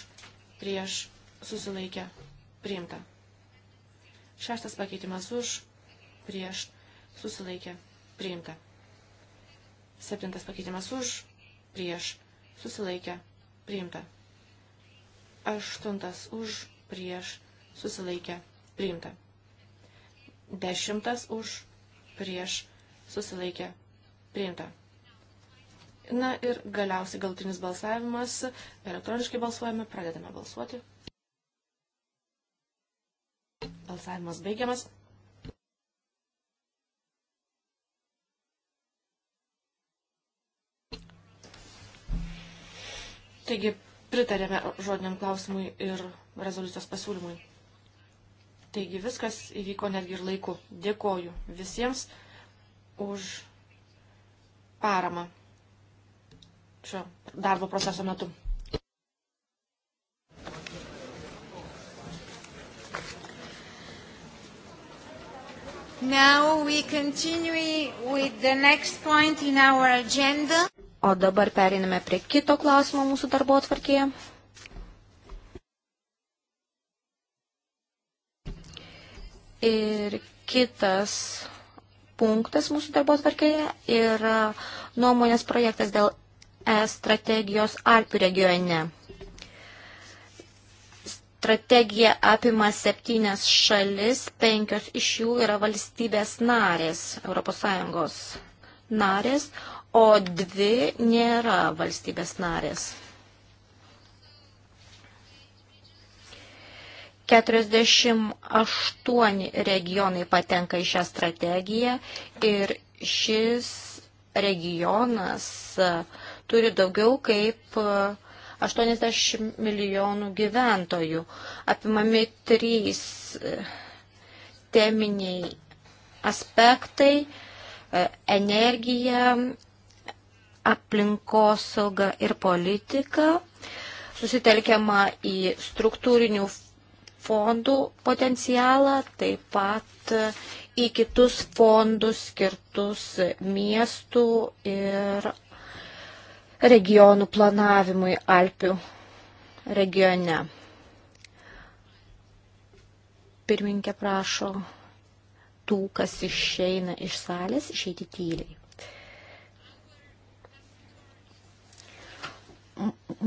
prieš, susilaikę, priimta. Šeštas pakeitimas už, prieš, susilaikę, priimta. Septintas pakeitimas už, prieš, susilaikę, priimta. Aštuntas už, prieš, susilaikę, priimta. Dešimtas už, prieš susilaikė priimta. Na ir galiausiai galtinis balsavimas. Elektroniškai balsuojame, pradedame balsuoti. Balsavimas baigiamas. Taigi pritarėme žodiniam klausimui ir rezoliucijos pasiūlymui. Taigi viskas įvyko netgi ir laiku. Dėkoju visiems už paramą šio darbo proceso metu. Now we continue with the next point in our agenda. O dabar periname prie kito klausimo mūsų darbo atvarkėje. Ir kitas punktas mūsų darbo atvarkėje yra nuomonės projektas dėl e strategijos Alpių regione. Strategija apima septynias šalis, penkios iš jų yra valstybės narės, ES narės, o dvi nėra valstybės narės. 48 regionai patenka į šią strategiją ir šis regionas e, turi daugiau kaip 80 e, milijonų gyventojų. Apimami trys e, teminiai aspektai - energija, aplinkosauga ir politika susitelkiama į struktūrinių fondų potencialą, taip pat į kitus fondus skirtus miestų ir regionų planavimui Alpių regione. Pirminkė prašo tų, kas išeina iš salės, išeiti tyliai.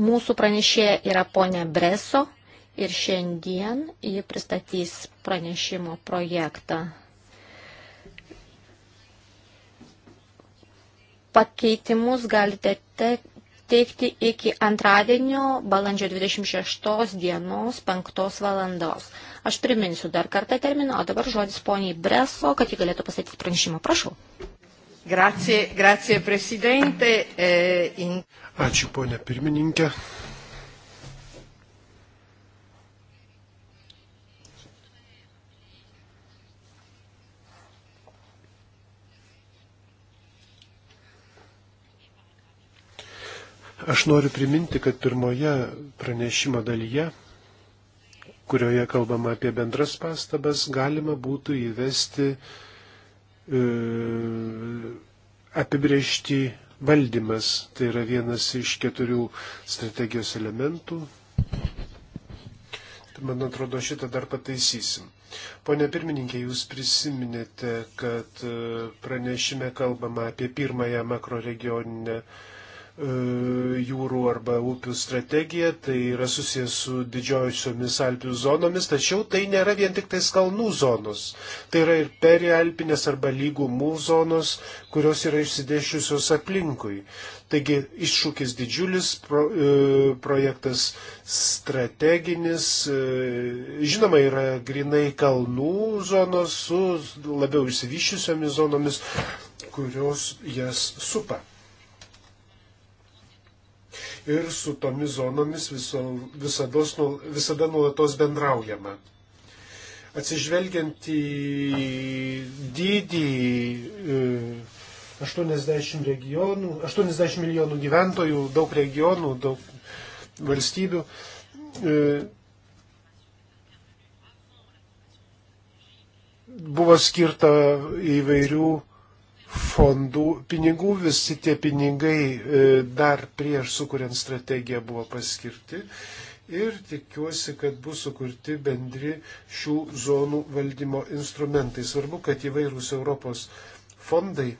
Mūsų pranešėja yra ponia Breso, ir šiandien ji pristatys pranešimo projektą. Pakeitimus galite teikti iki antradienio balandžio 26 dienos 5 valandos. Aš priminsiu dar kartą terminą, o dabar žodis poniai Breso, kad ji galėtų pasakyti pranešimą. Prašau. Grazie, grazie, prezidente. E, eh, in... Ačiū, ponė pirmininkė. Aš noriu priminti, kad pirmoje pranešimo dalyje, kurioje kalbama apie bendras pastabas, galima būtų įvesti e, apibriežti valdymas. Tai yra vienas iš keturių strategijos elementų. Tai man atrodo, šitą dar pataisysim. Pone pirmininkė, jūs prisiminėte, kad e, pranešime kalbama apie pirmąją makroregioninę regioninę E, jūrų arba upių strategija, tai yra susijęs su didžiojusiomis Alpių zonomis, tačiau tai nėra vien tik tais kalnų zonos. Tai yra ir perialpinės arba lygumų zonos, kurios yra išsidėšiusios aplinkui. Taigi iššūkis didžiulis, pro, e, projektas strateginis, e, žinoma, yra grinai kalnų zonos su labiau išsivyščiusiomis zonomis, kurios jas supa ir su tomis zonomis viso, visada, nu, visada nuolatos bendraujama. Atsižvelgiant į dydį 80, e, regionų, 80 milijonų gyventojų, daug regionų, daug valstybių, e, buvo skirta įvairių fondų pinigų, visi tie pinigai e, dar prieš sukuriant strategiją buvo paskirti ir tikiuosi, kad bus sukurti bendri šių zonų valdymo instrumentai. Svarbu, kad įvairūs Europos fondai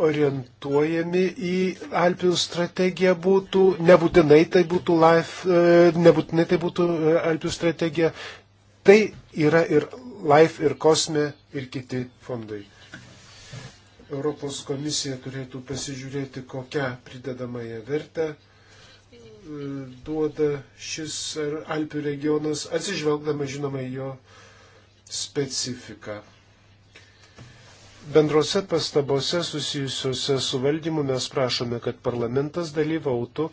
orientuojami į Alpių strategiją būtų, nebūtinai tai būtų, life, e, nebūtinai tai būtų e, Alpių strategija, tai yra ir Life, ir Kosme, ir kiti fondai. Europos komisija turėtų pasižiūrėti, kokią pridedamąją vertę e, duoda šis Alpių regionas, atsižvelgdama žinoma į jo specifiką. Bendrose pastabose susijusiuose su valdymu mes prašome, kad parlamentas dalyvautų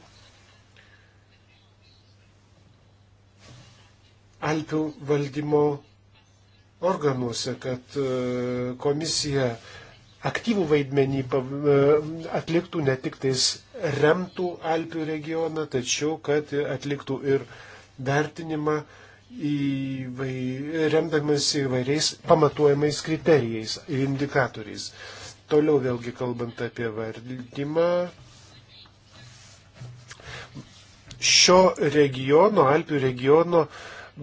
Alpių valdymo organuose, kad e, komisija aktyvų vaidmenį e, atliktų ne tik tais remtų Alpių regioną, tačiau kad atliktų ir vertinimą įvai, remdamas įvairiais pamatuojamais kriterijais ir indikatoriais. Toliau vėlgi kalbant apie valdymą, šio regiono, Alpių regiono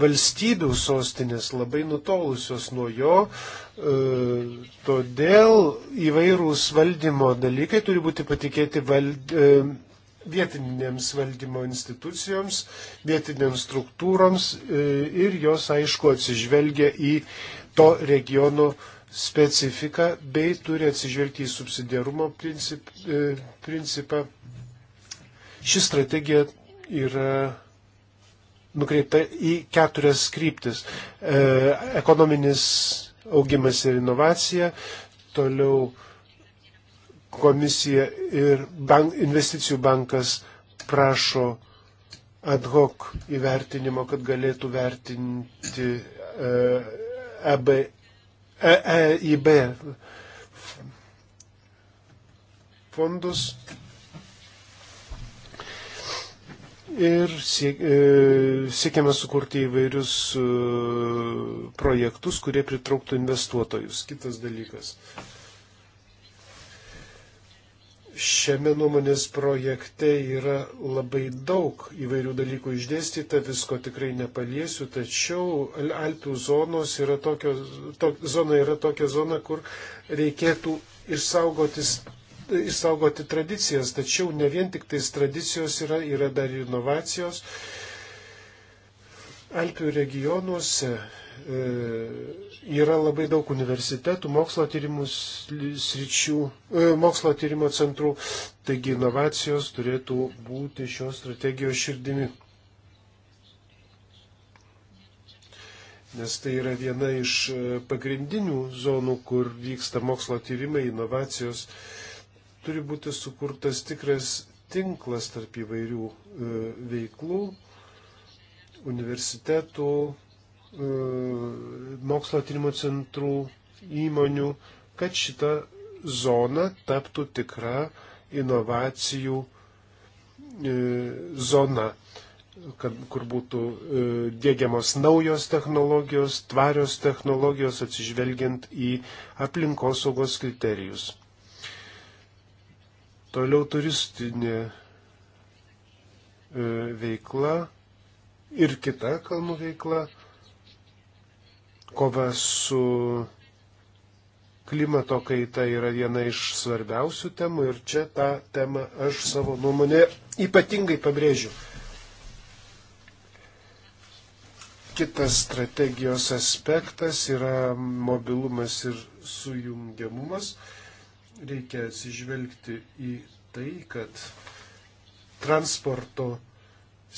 valstybių sostinės labai nutolusios nuo jo, e, todėl įvairūs valdymo dalykai turi būti patikėti vald, e, vietinėms valdymo institucijoms, vietinėms struktūroms e, ir jos aišku atsižvelgia į to regiono specifiką bei turi atsižvelgti į subsidiarumo princip, e, principą. Ši strategija yra nukreipta į keturias kryptis. E, ekonominis augimas ir inovacija, toliau komisija ir bank, investicijų bankas prašo ad hoc įvertinimo, kad galėtų vertinti EIB e, e, e, e fondus ir siek, e, siekiame sukurti įvairius e, projektus, kurie pritrauktų investuotojus. Kitas dalykas. Šiame nuomonės projekte yra labai daug įvairių dalykų išdėstyta, visko tikrai nepaliesiu, tačiau Alpių zonos yra tokio, to, zona yra tokia zona, kur reikėtų išsaugotis. Išsaugoti tradicijas, tačiau ne vien tik tais tradicijos yra, yra dar ir inovacijos. Alpių regionuose e, Yra labai daug universitetų, mokslo, sričių, e, mokslo tyrimo centrų, taigi inovacijos turėtų būti šios strategijos širdimi. Nes tai yra viena iš e, pagrindinių zonų, kur vyksta mokslo tyrimai, inovacijos. Turi būti sukurtas tikras tinklas tarp įvairių e, veiklų, universitetų, E, mokslo tyrimo centrų įmonių, kad šita zona taptų tikra inovacijų e, zona, kad, kur būtų e, dėgiamos naujos technologijos, tvarios technologijos atsižvelgiant į aplinkosaugos kriterijus. Toliau turistinė veikla ir kita kalnų veikla Kova su klimato kaita yra viena iš svarbiausių temų ir čia tą temą aš savo nuomonę ypatingai pabrėžiu. Kitas strategijos aspektas yra mobilumas ir sujungiamumas. Reikia atsižvelgti į tai, kad transporto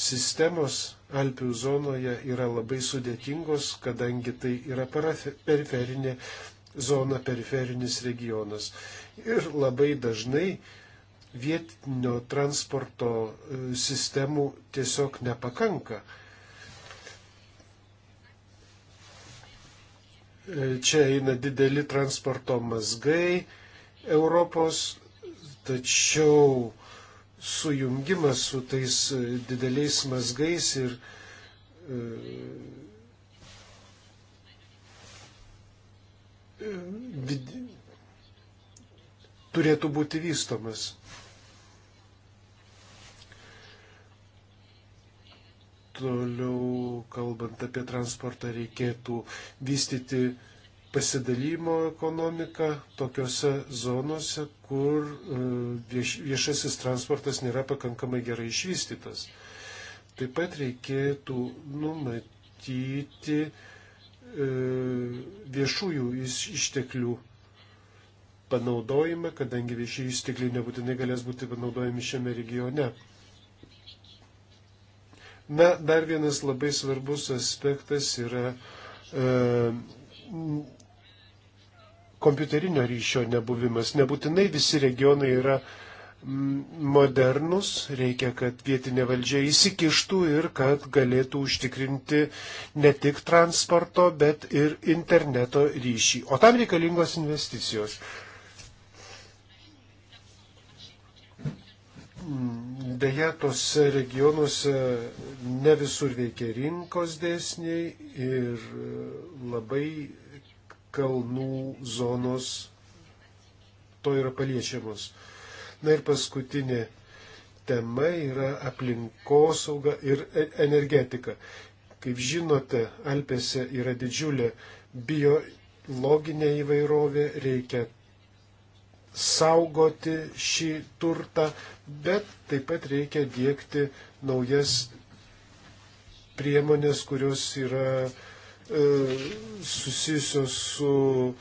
sistemos Alpių zonoje yra labai sudėtingos, kadangi tai yra periferinė zona, periferinis regionas. Ir labai dažnai vietinio transporto e, sistemų tiesiog nepakanka. E, čia eina dideli transporto mazgai Europos, tačiau sujungimas su tais e, dideliais mazgais ir e, e, turėtų būti vystomas. Toliau, kalbant apie transportą, reikėtų vystyti pasidalymo ekonomika tokiuose zonose, kur e, vieš, viešasis transportas nėra pakankamai gerai išvystytas. Taip pat reikėtų numatyti e, viešųjų išteklių panaudojimą, kadangi viešieji ištekliai nebūtinai galės būti panaudojami šiame regione. Na, dar vienas labai svarbus aspektas yra e, kompiuterinio ryšio nebuvimas. Nebūtinai visi regionai yra mm, modernus, reikia, kad vietinė valdžia įsikištų ir kad galėtų užtikrinti ne tik transporto, bet ir interneto ryšį. O tam reikalingos investicijos. Deja, tose regionuose ne visur veikia rinkos dėsniai ir e, labai kalnų zonos to yra paliečiamos. Na ir paskutinė tema yra aplinkosauga ir e- energetika. Kaip žinote, Alpėse yra didžiulė biologinė įvairovė, reikia saugoti šį turtą, bet taip pat reikia dėkti naujas priemonės, kurios yra uh, E, susijusios su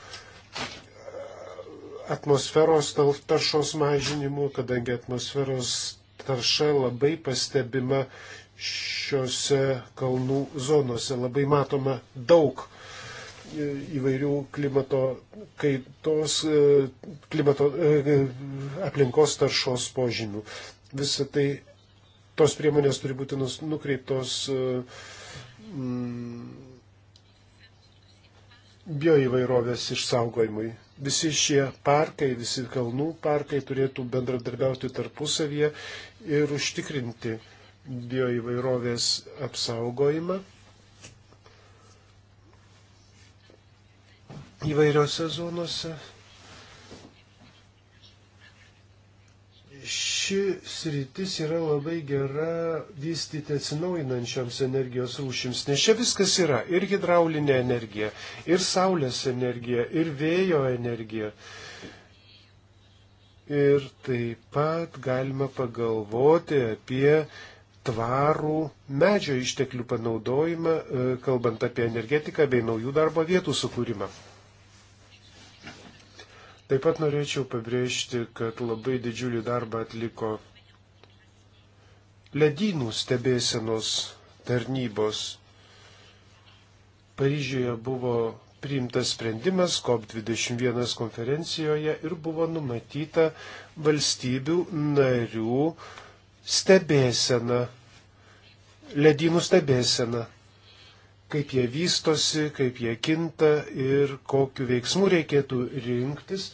e, atmosferos taršos mažinimu, kadangi atmosferos tarša labai pastebima šiuose kalnų zonose, labai matoma daug e, įvairių klimato kaitos, klimato, aplinkos taršos požymių. Visą tai tos priemonės turi būti nukreiptos mm, bioįvairovės išsaugojimui. Visi šie parkai, visi kalnų parkai turėtų bendradarbiauti tarpusavyje ir užtikrinti bioįvairovės apsaugojimą. Įvairiose zonose ši sritis yra labai gera vystyti atsinaujinančioms energijos rūšims, nes čia viskas yra - ir hidraulinė energija, ir saulės energija, ir vėjo energija. Ir taip pat galima pagalvoti apie tvarų medžio išteklių panaudojimą, e, kalbant apie energetiką bei naujų darbo vietų sukūrimą. Taip pat norėčiau pabrėžti, kad labai didžiulį darbą atliko ledynų stebėsenos tarnybos. Paryžiuje buvo priimtas sprendimas COP21 konferencijoje ir buvo numatyta valstybių narių stebėsena, ledynų stebėsena kaip jie vystosi, kaip jie kinta ir kokiu veiksmu reikėtų rinktis,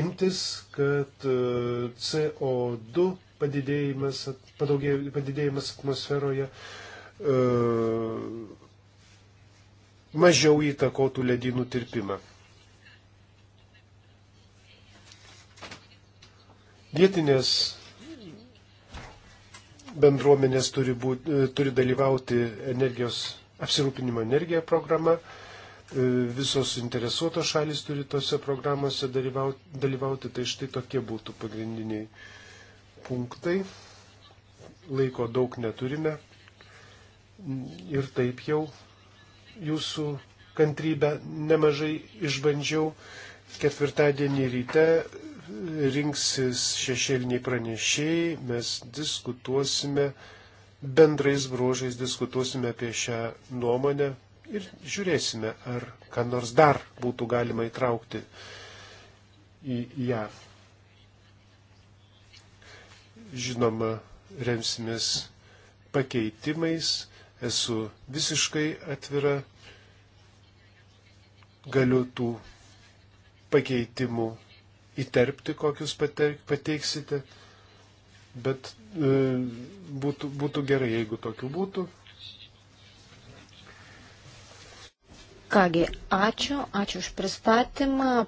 imtis, kad e, CO2 padidėjimas, padaugė, padidėjimas atmosferoje e, mažiau įtakotų ledynų tirpimą. Vietinės bendruomenės turi, būt, e, turi dalyvauti energijos apsirūpinimo energija programa. E, visos interesuotos šalis turi tose programuose dalyvauti, dalyvauti, tai štai tokie būtų pagrindiniai punktai. Laiko daug neturime ir taip jau jūsų kantrybę nemažai išbandžiau. Ketvirtadienį ryte rinksis šešėliniai pranešėjai, mes diskutuosime bendrais bruožais diskutuosime apie šią nuomonę ir žiūrėsime, ar ką nors dar būtų galima įtraukti į ją. Žinoma, remsimės pakeitimais, esu visiškai atvira, galiu tų pakeitimų įterpti, kokius pateiksite, bet E, būtų, būtų gerai, jeigu tokių būtų. Kągi, ačiū, ačiū už pristatymą.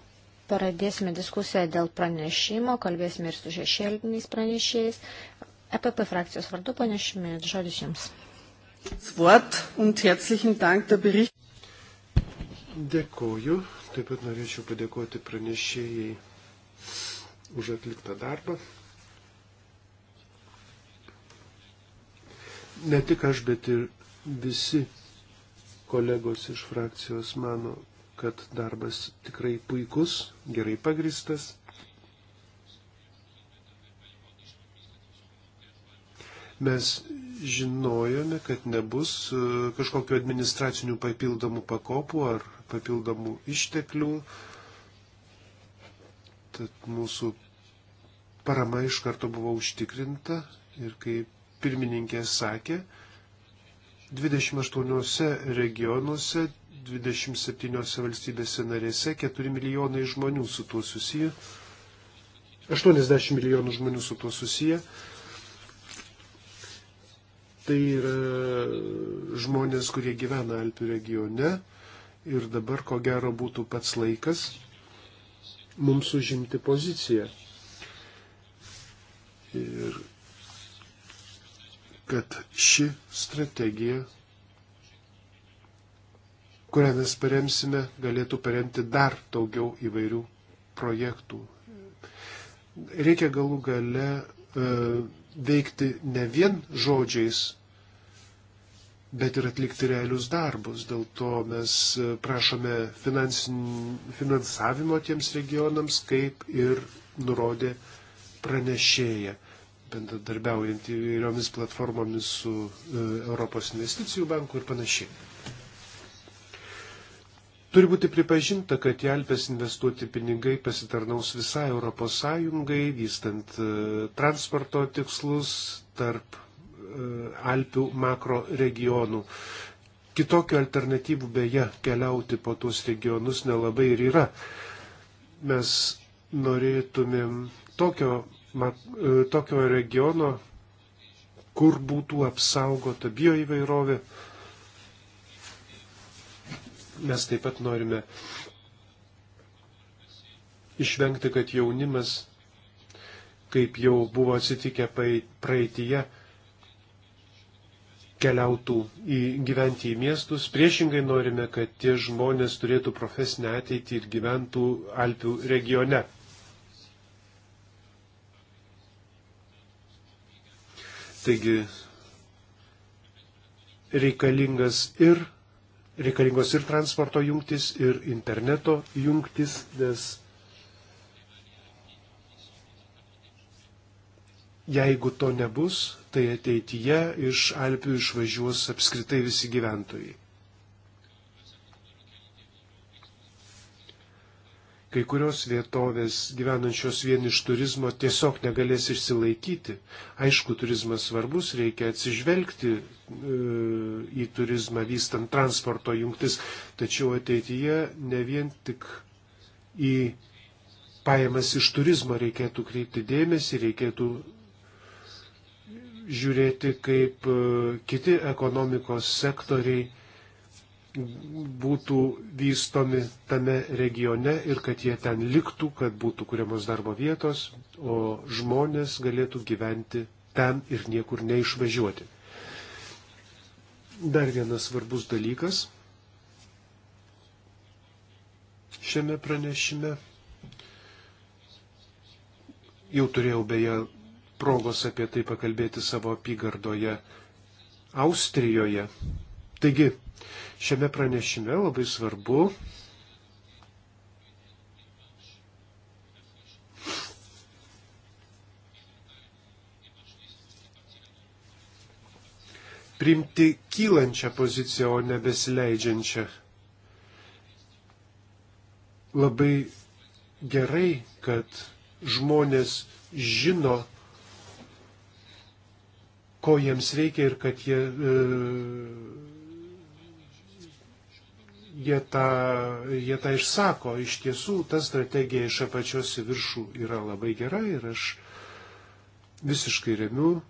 Pradėsime diskusiją dėl pranešimo, kalbėsime ir su šešėliniais pranešėjais. EPP frakcijos vardu panešime, žodis jums. Dėkuoju, taip pat norėčiau padėkoti pranešėjai už atliktą darbą. ne tik aš, bet ir visi kolegos iš frakcijos mano, kad darbas tikrai puikus, gerai pagristas. Mes žinojome, kad nebus e, kažkokiu administracinių papildomų pakopų ar papildomų išteklių. Tad mūsų parama iš karto buvo užtikrinta ir kaip pirmininkė sakė, 28 regionuose, 27 valstybėse narėse 4 milijonai žmonių su tuo susiję, 80 milijonų žmonių su tuo susiję. Tai yra žmonės, kurie gyvena Alpių regione ir dabar ko gero būtų pats laikas mums užimti poziciją. Ir kad ši strategija, kurią mes paremsime, galėtų paremti dar daugiau įvairių projektų. Reikia galų gale e, veikti ne vien žodžiais, bet ir atlikti realius darbus. Dėl to mes e, prašome finansin, finansavimo tiems regionams, kaip ir nurodė pranešėja bendradarbiaujant įvairiomis platformomis su e, Europos investicijų banku ir panašiai. Turi būti pripažinta, kad į Alpes investuoti pinigai pasitarnaus visai Europos Sąjungai, vystant e, transporto tikslus tarp e, Alpių makro regionų. Kitokių alternatyvų beje keliauti po tuos regionus nelabai ir yra. Mes norėtumėm tokio mat, e, tokio regiono, kur būtų apsaugota bioįvairovė. Mes taip pat norime išvengti, kad jaunimas, kaip jau buvo atsitikę praeitie, keliautų į gyventi į miestus. Priešingai norime, kad tie žmonės turėtų profesinę ateitį ir gyventų Alpių regione. Taigi reikalingas ir, reikalingos ir transporto jungtis, ir interneto jungtis, nes jeigu to nebus, tai ateityje iš Alpių išvažiuos apskritai visi gyventojai. Kai kurios vietovės gyvenančios vien iš turizmo tiesiog negalės išsilaikyti. Aišku, turizmas svarbus, reikia atsižvelgti e, į turizmą vystant transporto jungtis, tačiau ateityje ne vien tik į pajamas iš turizmo reikėtų kreipti dėmesį, reikėtų žiūrėti, kaip e, kiti ekonomikos sektoriai būtų vystomi tame regione ir kad jie ten liktų, kad būtų kuriamos darbo vietos, o žmonės galėtų gyventi ten ir niekur neišvažiuoti. Dar vienas svarbus dalykas šiame pranešime. Jau turėjau beje progos apie tai pakalbėti savo apygardoje Austrijoje. Taigi, Šiame pranešime labai svarbu priimti kylančią poziciją, o nebesileidžiančią. Labai gerai, kad žmonės žino, ko jiems reikia ir kad jie e, jie tą, jie tą išsako. Iš tiesų, ta strategija iš apačios į viršų yra labai gera ir aš visiškai remiu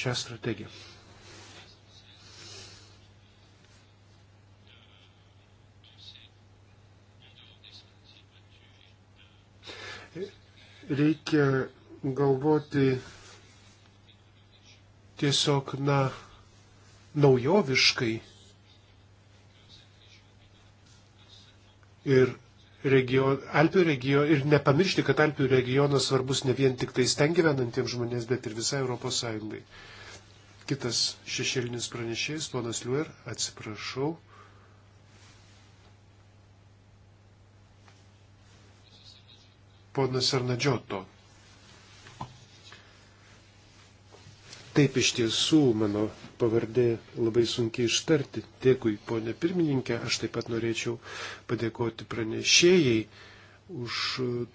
šią strategiją. Reikia galvoti tiesiog, na, naujoviškai ir region, Alpių region, ir nepamiršti, kad Alpių regionas svarbus ne vien tik tais ten gyvenantiems žmonės, bet ir visai Europos Sąjungai. Kitas šešėlinis pranešėjas, ponas Liuer, atsiprašau. Ponas Arnadžioto. Taip iš tiesų mano pavardė labai sunkiai ištarti. Dėkui, ponė pirmininkė, aš taip pat norėčiau padėkoti pranešėjai už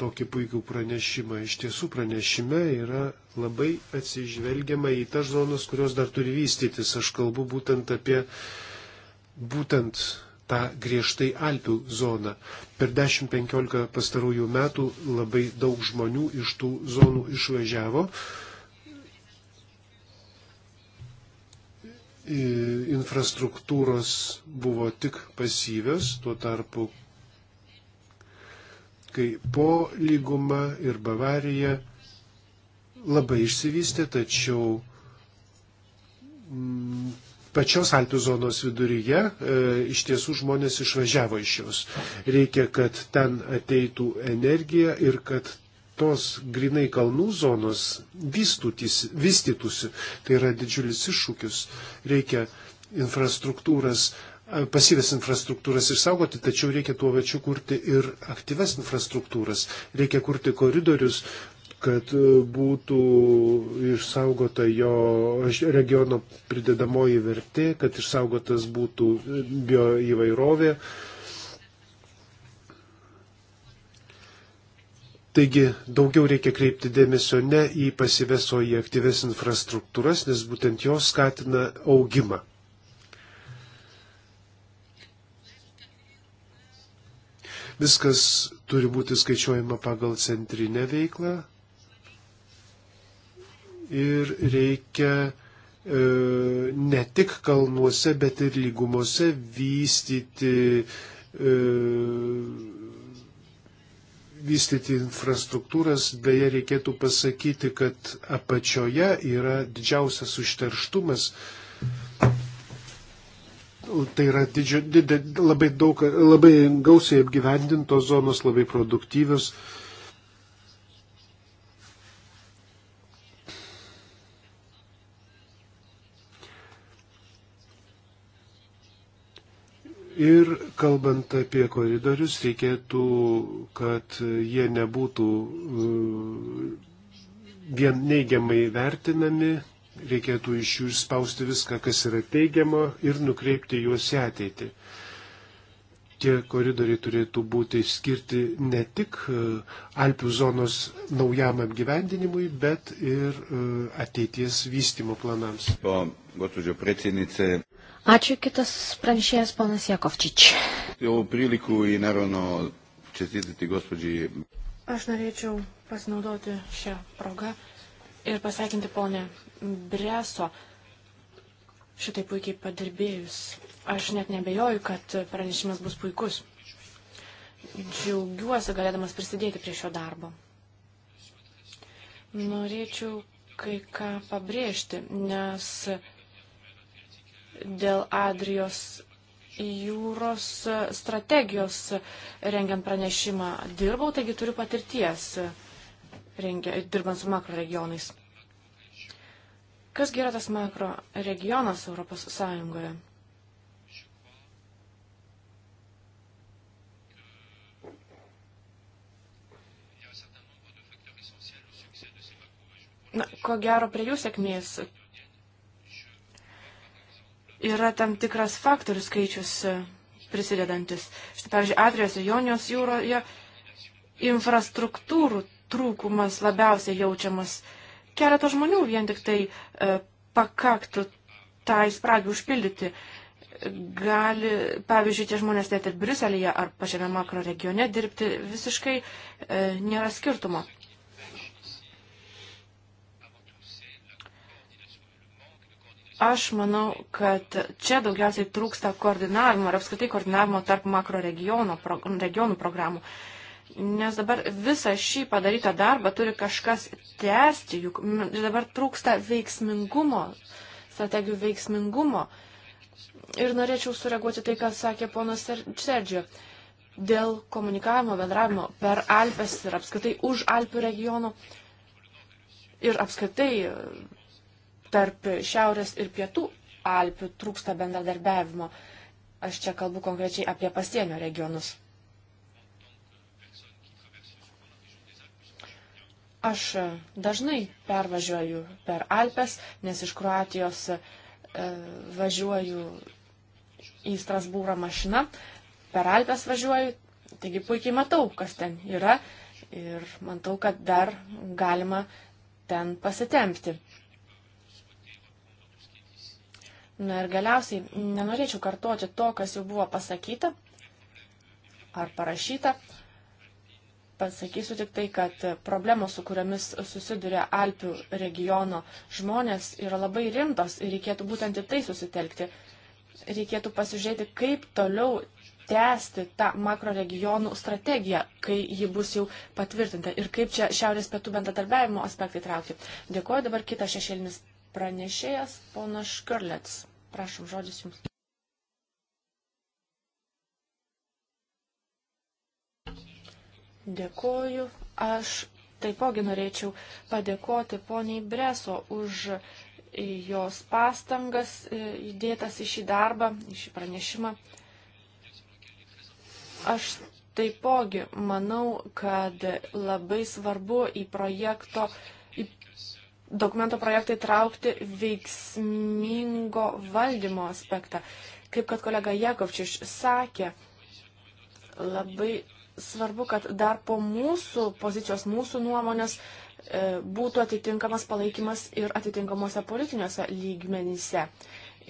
tokį puikų pranešimą. Iš tiesų pranešime yra labai atsižvelgiama į tas zonas, kurios dar turi vystytis. Aš kalbu būtent apie būtent tą griežtai Alpių zoną. Per 10-15 pastarųjų metų labai daug žmonių iš tų zonų išvažiavo infrastruktūros buvo tik pasyvios, tuo tarpu, kai po lyguma ir Bavarija labai išsivystė, tačiau m, mm, pačios Alpių zonos viduryje e, iš tiesų žmonės išvažiavo iš jos. Reikia, kad ten ateitų energija ir kad tos grinai kalnų zonos vystutis, vystytųsi. Tai yra didžiulis iššūkis. Reikia infrastruktūras, e, pasyvės infrastruktūras išsaugoti, tačiau reikia tuo večiu kurti ir aktyves infrastruktūras. Reikia kurti koridorius, kad e, būtų išsaugota jo regiono pridedamoji vertė, kad išsaugotas būtų bioįvairovė. įvairovė Taigi daugiau reikia kreipti dėmesio ne į pasives, o į aktyves infrastruktūras, nes būtent jos skatina augimą. Viskas turi būti skaičiuojama pagal centrinę veiklą ir reikia e, ne tik kalnuose, bet ir lygumose vystyti e, vystyti infrastruktūras, beje, reikėtų pasakyti, kad apačioje yra didžiausias užterštumas. Tai yra didžio, didė, labai, daug, labai gausiai apgyvendintos zonos, labai produktyvios. Uh, Ir kalbant apie koridorius, reikėtų, kad jie nebūtų e, vien neigiamai vertinami, reikėtų iš jų išspausti viską, kas yra teigiamo ir nukreipti juos į ateitį. Tie koridoriai turėtų būti skirti ne tik e, Alpių zonos naujam apgyvendinimui, bet ir e, ateities vystimo planams. Po, Ačiū kitas pranešėjas ponas Jakovčič. Jau prilikų į naravno čestityti gospodžiai. Aš norėčiau pasinaudoti šią progą ir pasveikinti ponę Breso, šitai puikiai padirbėjus. Aš net nebejoju, kad pranešimas bus puikus. Džiaugiuosi galėdamas prisidėti prie šio darbo. Norėčiau kai ką pabrėžti, nes dėl Adrijos jūros strategijos rengiant pranešimą dirbau, taigi turiu patirties rengia, dirbant su makro regionais. Kasgi yra tas makro regionas Europos Sąjungoje? Na, ko gero prie jų sėkmės yra tam tikras faktorių skaičius e, prisidedantis. Štai, pavyzdžiui, Adrijos ir Jonijos jūroje infrastruktūrų trūkumas labiausiai jaučiamas. Keletą žmonių vien tik tai e, pakaktų tai spragį užpildyti. Gali, pavyzdžiui, tie žmonės net ir Briuselėje ar pačiame makro regione dirbti visiškai e, nėra skirtumo. Aš manau, kad čia daugiausiai trūksta koordinavimo ir apskritai koordinavimo tarp makro pro, regionų programų. Nes dabar visą šį padarytą darbą turi kažkas tęsti, juk dabar trūksta veiksmingumo, strategijų veiksmingumo. Ir norėčiau sureaguoti tai, ką sakė ponas Serdžio dėl komunikavimo, bendravimo per Alpes ir apskritai už Alpių regionų ir apskritai tarp Šiaurės ir Pietų Alpių trūksta bendradarbiavimo. Aš čia kalbu konkrečiai apie pasienio regionus. Aš dažnai pervažiuoju per Alpes, nes iš Kroatijos e, važiuoju į Strasbūrą mašiną, per Alpes važiuoju, taigi puikiai matau, kas ten yra ir matau, kad dar galima ten pasitempti. Na ir galiausiai nenorėčiau kartoti to, kas jau buvo pasakyta ar parašyta. Pasakysiu tik tai, kad problemos, su kuriamis susiduria Alpių regiono žmonės, yra labai rimtos ir reikėtų būtent į tai susitelkti. Reikėtų pasižiūrėti, kaip toliau tęsti tą makroregionų strategiją, kai ji bus jau patvirtinta ir kaip čia šiaurės pietų bendradarbiavimo aspektai traukti. Dėkuoju dabar kitas šešėlinis pranešėjas, ponas Škirlets. Prašom, žodis jums. Dėkoju. Aš taipogi norėčiau padėkoti poniai Breso už jos pastangas e, įdėtas į šį darbą, į šį pranešimą. Aš taipogi manau, kad labai svarbu į projekto dokumento projektą įtraukti veiksmingo valdymo aspektą. Kaip kad kolega Jakovčiš sakė, labai svarbu, kad dar po mūsų pozicijos, mūsų nuomonės e, būtų atitinkamas palaikymas ir atitinkamuose politiniuose lygmenyse.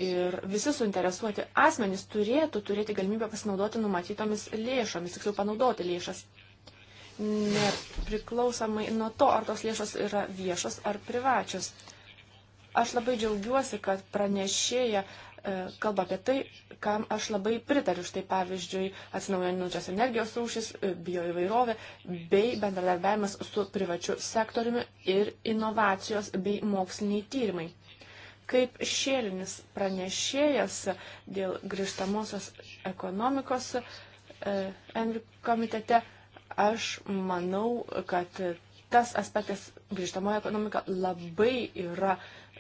Ir visi suinteresuoti asmenys turėtų turėti galimybę pasinaudoti numatytomis lėšomis, tiksliau panaudoti lėšas nepriklausomai nuo to, ar tos lėšos yra viešos ar privačios. Aš labai džiaugiuosi, kad pranešėja e, kalba apie tai, kam aš labai pritariu. Štai pavyzdžiui, atsinaujančios energijos rūšis, e, bioįvairovė bei bendradarbiavimas su privačiu sektoriumi ir inovacijos bei moksliniai tyrimai. Kaip šėlinis pranešėjas dėl grįžtamosios ekonomikos e, komitete, Aš manau, kad tas aspektas grįžtamoji ekonomika labai yra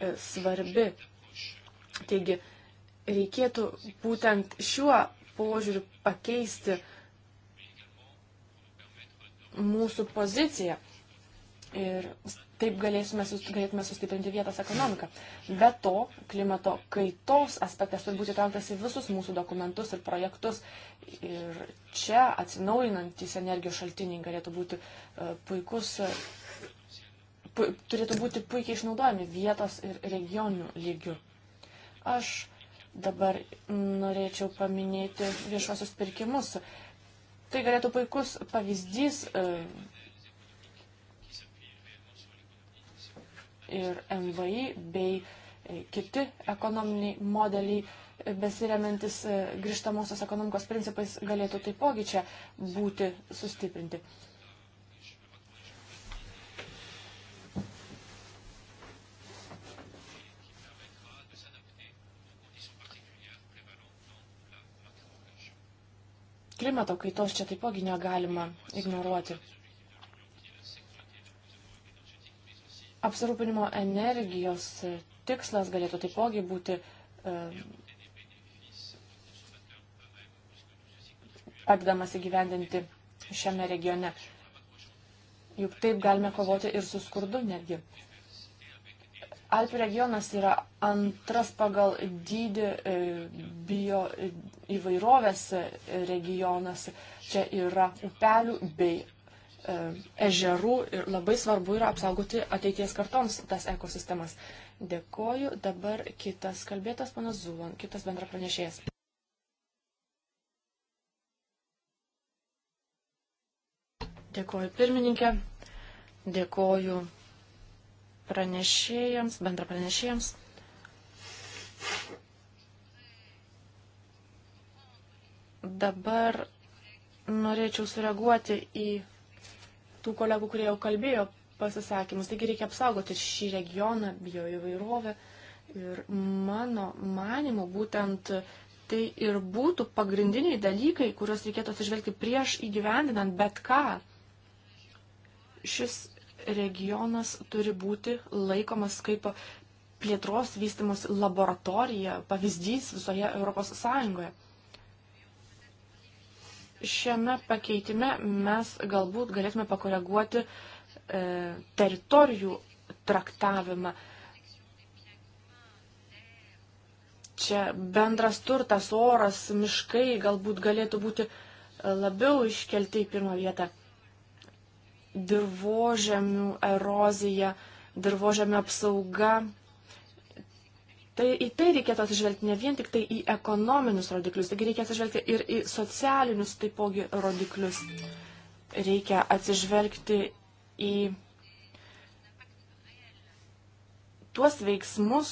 e, svarbi. Taigi, reikėtų būtent šiuo požiūriu pakeisti mūsų poziciją ir taip galėsime, galėtume sustiprinti vietos ekonomiką. Be to, klimato kaitos aspektas turi būti įtrauktas į visus mūsų dokumentus ir projektus. Ir čia atsinaujinantis energijos šaltiniai galėtų būti e, puikus, e, pu, turėtų būti puikiai išnaudojami vietos ir regioninių lygių. Aš dabar norėčiau paminėti viešuosius pirkimus. Tai galėtų puikus pavyzdys e, ir MVI bei e, kiti ekonominiai modeliai e, besiremiantis e, grįžtamosios ekonomikos principais galėtų taipogi čia būti sustiprinti. Klimato kaitos čia taipogi negalima ignoruoti. Apsirūpinimo energijos tikslas galėtų taipogi būti e, padedamas įgyvendinti šiame regione. Juk taip galime kovoti ir su skurdu netgi. Alpių regionas yra antras pagal dydį e, bio e, įvairovės regionas. Čia yra upelių bei E, ežerų ir labai svarbu yra apsaugoti ateities kartoms tas ekosistemas. Dėkoju. Dabar kitas kalbėtas panas Zulon, kitas bendra pranešėjas. Dėkoju pirmininkė, dėkoju pranešėjams, bendra pranešėjams. Dabar norėčiau sureaguoti į tų kolegų, kurie jau kalbėjo pasisakymus. Taigi reikia apsaugoti ir šį regioną, bio įvairovę. Ir mano manimo būtent tai ir būtų pagrindiniai dalykai, kuriuos reikėtų atsižvelgti prieš įgyvendinant bet ką. Šis regionas turi būti laikomas kaip plėtros vystimos laboratorija, pavyzdys visoje Europos Sąjungoje šiame pakeitime mes galbūt galėtume pakoreguoti e, teritorijų traktavimą. Čia bendras turtas, oras, miškai galbūt galėtų būti e, labiau iškelti į pirmą vietą. Dirbožemių erozija, dirbožemio apsauga, Tai į tai reikėtų atsižvelgti ne vien tik tai į ekonominius rodiklius, taigi reikia atsižvelgti ir į socialinius taipogi rodiklius. Reikia atsižvelgti į tuos veiksmus,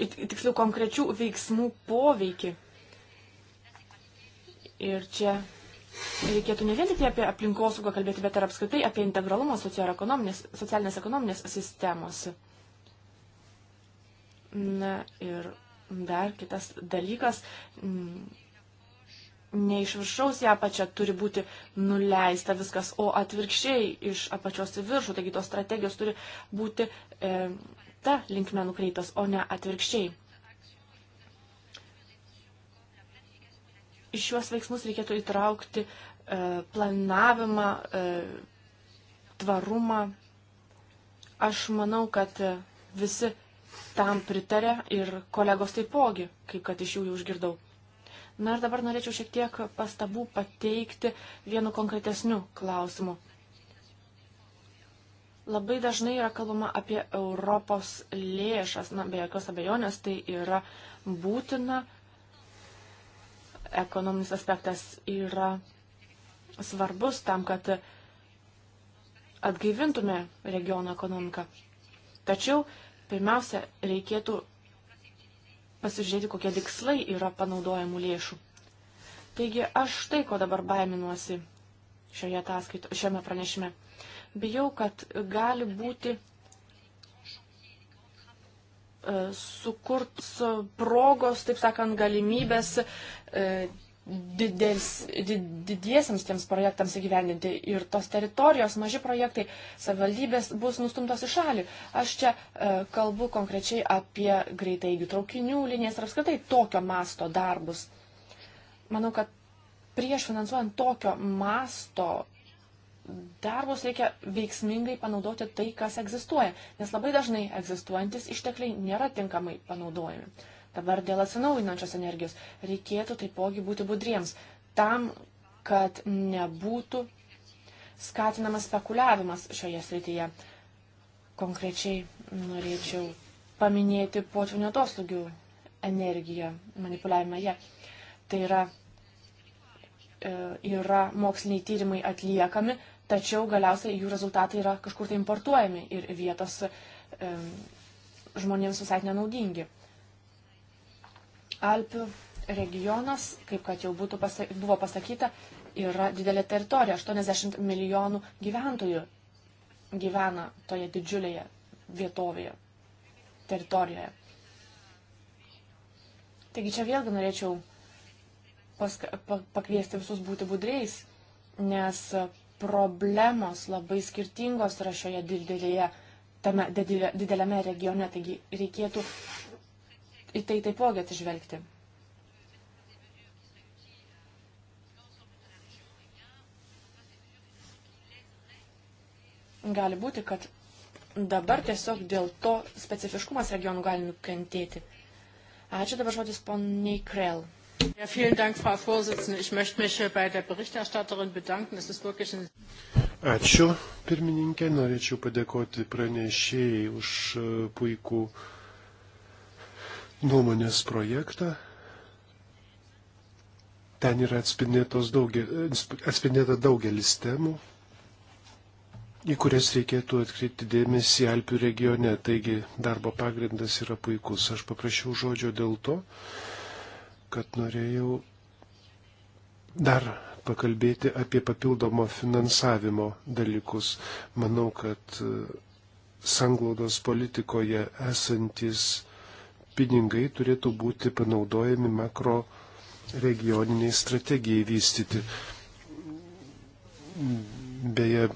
tiksliau konkrečių veiksmų poveikį. Ir čia reikėtų ne vien tik tai apie aplinkosaugą kalbėti, bet ir apskritai apie integralumą socialinės ekonominės sistemos. Na ir dar kitas dalykas, ne iš viršaus į apačią turi būti nuleista viskas, o atvirkščiai iš apačios į viršų, taigi tos strategijos turi būti e, ta linkme nukreitas, o ne atvirkščiai. Iš juos veiksmus reikėtų įtraukti e, planavimą, e, tvarumą. Aš manau, kad e, visi tam pritarė ir kolegos taipogi, kaip kad iš jų jau išgirdau. Na ir dabar norėčiau šiek tiek pastabų pateikti vienu konkretesniu klausimu. Labai dažnai yra kalbama apie Europos lėšas, na be jokios abejonės tai yra būtina, ekonominis aspektas yra svarbus tam, kad atgaivintume regiono ekonomiką. Tačiau Pirmiausia, reikėtų pasižiūrėti, kokie tikslai yra panaudojamų lėšų. Taigi aš tai, ko dabar baiminuosi šioje ataskaito, šiame pranešime. Bijau, kad gali būti e, sukurt progos, taip sakant, galimybės e, didės, did, didiesiams tiems projektams įgyvendinti ir tos teritorijos, maži projektai, savivaldybės bus nustumtos į šalį. Aš čia e, kalbu konkrečiai apie greitai įgių traukinių linijas ir apskritai tokio masto darbus. Manau, kad prieš finansuojant tokio masto darbus reikia veiksmingai panaudoti tai, kas egzistuoja, nes labai dažnai egzistuojantis ištekliai nėra tinkamai panaudojami. Dabar dėl atsinaujinančios energijos reikėtų taipogi būti budriems tam, kad nebūtų skatinamas spekuliavimas šioje srityje. Konkrečiai norėčiau paminėti potvinio atoslugių energiją, manipuliavimą ją. Tai yra, e, yra moksliniai tyrimai atliekami, tačiau galiausiai jų rezultatai yra kažkur tai importuojami ir vietos e, žmonėms visai nenaudingi. Alpių regionas, kaip kad jau pasa buvo pasakyta, yra didelė teritorija. 80 milijonų gyventojų gyvena toje didžiulėje vietovėje, teritorijoje. Taigi čia vėlgi norėčiau paska, pa, pakviesti visus būti budreis, nes problemos labai skirtingos yra šioje didelėje, tame didelėme regione, taigi reikėtų į tai taipogi atsižvelgti. Gali būti, kad dabar tiesiog dėl to specifiškumas regionų gali nukentėti. Ačiū dabar žodis poniai Krell. Ja, vielen Dank, Frau Vorsitzende. Ich möchte mich bei der Berichterstatterin bedanken. Es ist wirklich ein Ačiū, pirmininkė. Norėčiau padėkoti pranešėjai už e, puikų uh, nuomonės projektą. Ten yra daugel, atspindėta daugelis temų, į kurias reikėtų atkreipti dėmesį Alpių regione. Taigi darbo pagrindas yra puikus. Aš paprašiau žodžio dėl to, kad norėjau dar pakalbėti apie papildomo finansavimo dalykus. Manau, kad e, sanglaudos politikoje esantis pinigai turėtų būti panaudojami makro regioniniai strategijai vystyti. Beje,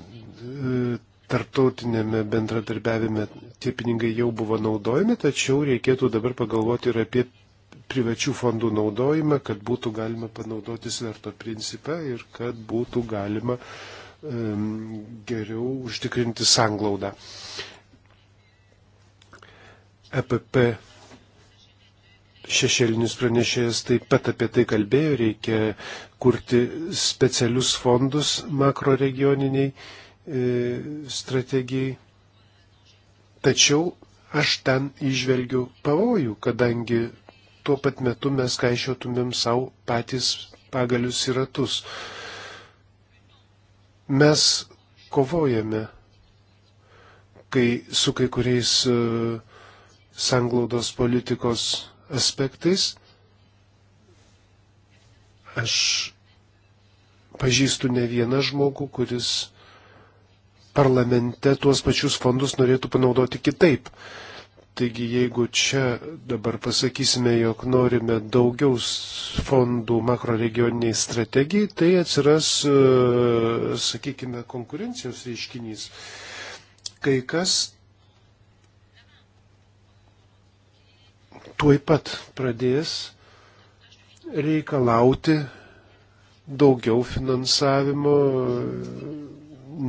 tarptautinėme bendradarbiavime tie pinigai jau buvo naudojami, tačiau reikėtų dabar pagalvoti ir apie privačių fondų naudojimą, kad būtų galima panaudoti sverto principą ir kad būtų galima um, geriau užtikrinti sanglaudą. EPP šešėlinis pranešėjas taip pat apie tai kalbėjo, reikia kurti specialius fondus makroregioniniai e, strategijai. Tačiau aš ten išvelgiu pavojų, kadangi tuo pat metu mes kaišiotumėm savo patys pagalius į ratus. Mes kovojame kai, su kai kuriais uh, sanglaudos politikos aspektais. Aš pažįstu ne vieną žmogų, kuris parlamente tuos pačius fondus norėtų panaudoti kitaip. Taigi jeigu čia dabar pasakysime, jog norime daugiau fondų makroregioniniai strategijai, tai atsiras, e, sakykime, konkurencijos reiškinys. Kai kas tuoj pat pradės reikalauti daugiau finansavimo,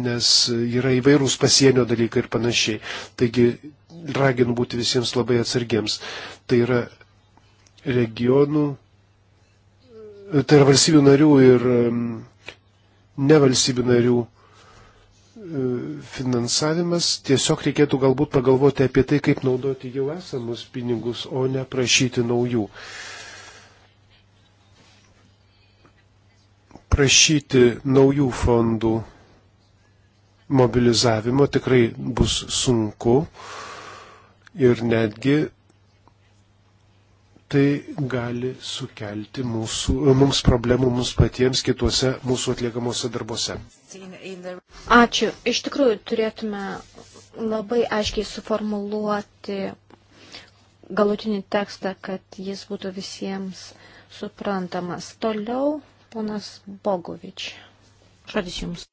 nes yra įvairūs pasienio dalykai ir panašiai. Taigi raginu būti visiems labai atsargiems. Tai yra regionų, tai yra valstybių narių ir mm, nevalstybių narių E, finansavimas, tiesiog reikėtų galbūt pagalvoti apie tai, kaip naudoti jau esamus pinigus, o ne prašyti naujų. Prašyti naujų fondų mobilizavimo tikrai bus sunku ir netgi tai gali sukelti mūsų, mums problemų mums patiems kituose mūsų atliekamuose darbuose. Ačiū. Iš tikrųjų, turėtume labai aiškiai suformuluoti galutinį tekstą, kad jis būtų visiems suprantamas. Toliau ponas Bogovič. Žodis jums.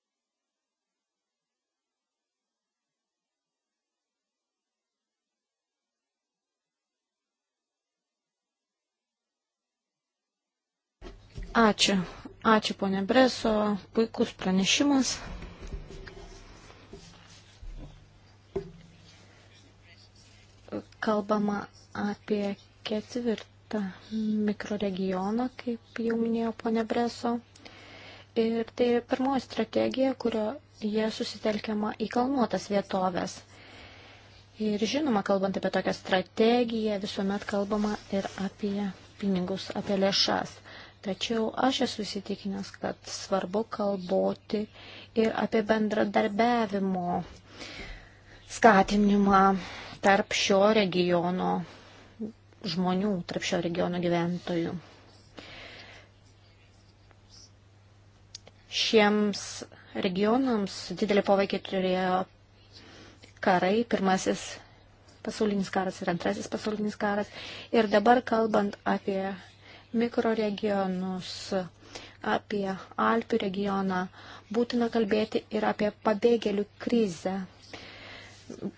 Ačiū. Ačiū, ponė Breso, puikus pranešimas. Kalbama apie ketvirtą mikroregioną, kaip jau minėjo ponė Breso. Ir tai pirmoji strategija, kurioje susitelkiama į kalnuotas vietovės. Ir žinoma, kalbant apie tokią strategiją, visuomet kalbama ir apie pinigus, apie lėšas. Tačiau aš esu įsitikinęs, kad svarbu kalboti ir apie bendradarbiavimo skatinimą tarp šio regiono žmonių, tarp šio regiono gyventojų. Šiems regionams didelį poveikį turėjo karai, pirmasis pasaulinis karas ir antrasis pasaulinis karas. Ir dabar kalbant apie mikroregionus, apie Alpių regioną. Būtina kalbėti ir apie pabėgėlių krizę.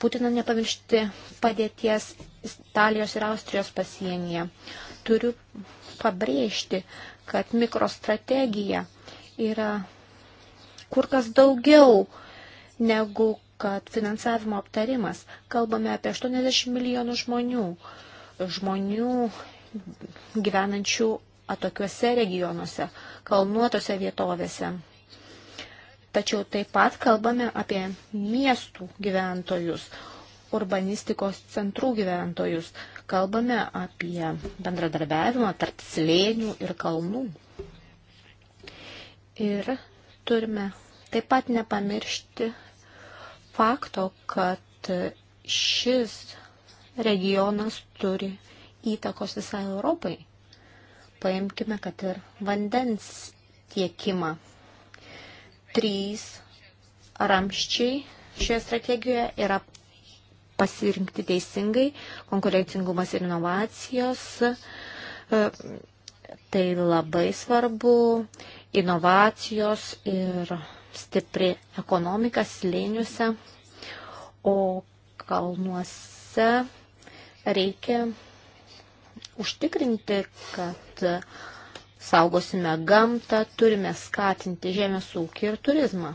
Būtina nepamiršti padėties Italijos ir Austrijos pasienyje. Turiu pabrėžti, kad mikrostrategija yra kur kas daugiau negu kad finansavimo aptarimas. Kalbame apie 80 milijonų žmonių. Žmonių gyvenančių atokiuose regionuose, kalnuotose vietovėse. Tačiau taip pat kalbame apie miestų gyventojus, urbanistikos centrų gyventojus, kalbame apie bendradarbiavimą tarp slėnių ir kalnų. Ir turime taip pat nepamiršti fakto, kad šis regionas turi įtakos visai Europai. Paimkime, kad ir vandens tiekimą. Trys ramščiai šioje strategijoje yra pasirinkti teisingai - konkurencingumas ir inovacijos. E, tai labai svarbu - inovacijos ir stipri ekonomika slėniuose, o kalnuose reikia užtikrinti, kad saugosime gamtą, turime skatinti žemės ūkį ir turizmą.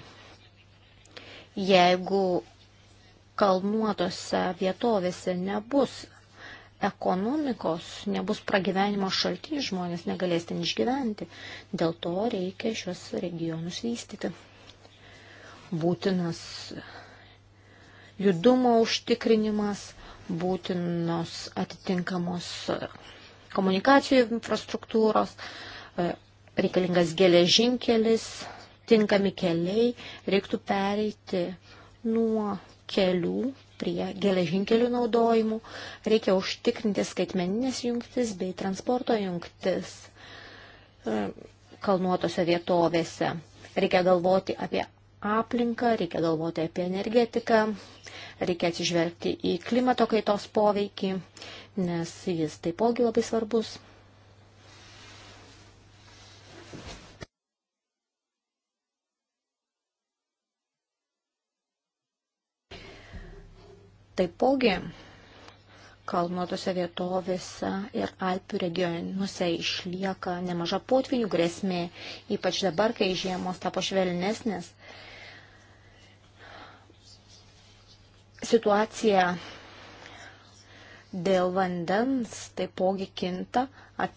Jeigu kalnuotose vietovėse nebus ekonomikos, nebus pragyvenimo šaltinių, žmonės negalės ten išgyventi. Dėl to reikia šios regionus vystyti. Būtinas judumo užtikrinimas, būtinos atitinkamos komunikacijų infrastruktūros, e, reikalingas geležinkelis, tinkami keliai, reiktų pereiti nuo kelių prie geležinkelių naudojimų, reikia užtikrinti skaitmeninės jungtis bei transporto jungtis e, kalnuotose vietovėse. Reikia galvoti apie aplinką, reikia galvoti apie energetiką, reikia atsižvelgti į klimato kaitos poveikį, nes jis taipogi labai svarbus. Taipogi kalnuotose vietovėse ir Alpių regionuose išlieka nemaža potvinių grėsmė, ypač dabar, kai žiemos tapo švelnesnės. situacija dėl vandens taipogi kinta. At...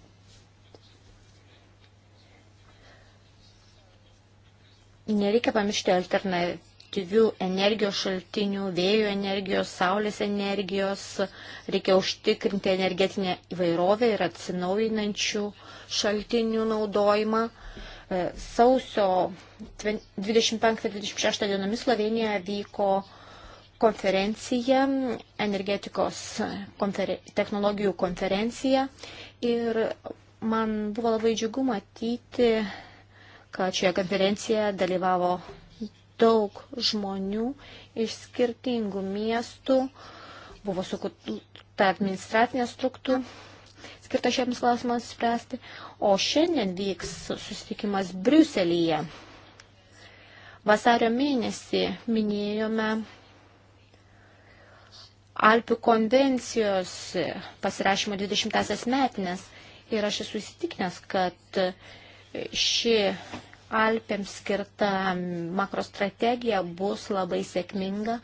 Nereikia pamiršti alternatyvių energijos šaltinių, vėjo energijos, saulės energijos, reikia užtikrinti energetinę įvairovę ir atsinaujinančių šaltinių naudojimą e, sausio 25-26 dienomis Slovenijoje vyko konferencija, energetikos konferen technologijų konferencija ir man buvo labai džiugu matyti, kad šioje konferencijoje dalyvavo daug žmonių iš skirtingų miestų, buvo sukurta administracinė struktūra skirta šiems klausimams spręsti, o šiandien vyks susitikimas Briuselyje. Vasario mėnesį minėjome Alpių konvencijos pasirašymo 20-asias metinės. Ir aš esu įsitikinęs, kad ši Alpėms skirta makrostrategija bus labai sėkminga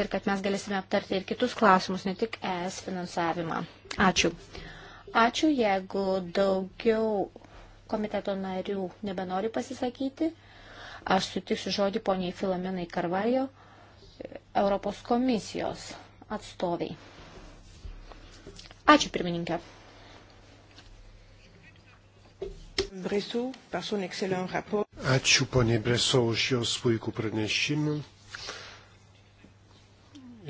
ir kad mes galėsime aptarti ir kitus klausimus, ne tik ES finansavimą. Ačiū. Ačiū, jeigu daugiau komiteto narių nebenori pasisakyti, aš sutiksiu žodį poniai Filomenai Karvajo Europos komisijos atstoviai. Ačiū pirmininkė. Ačiū poniai Breso už jos puikų pranešimą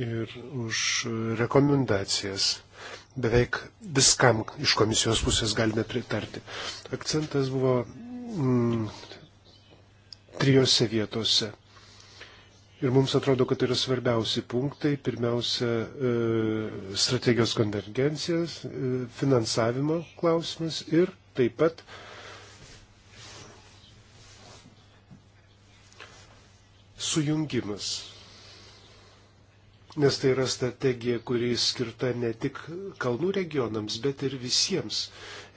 ir už rekomendacijas. Beveik viskam iš komisijos pusės galime pritarti. Akcentas buvo mm, trijose vietose Ir mums atrodo, kad tai yra svarbiausi punktai. Pirmiausia, e, strategijos konvergencijas, e, finansavimo klausimas ir taip pat sujungimas. Nes tai yra strategija, kuri skirta ne tik kalnų regionams, bet ir visiems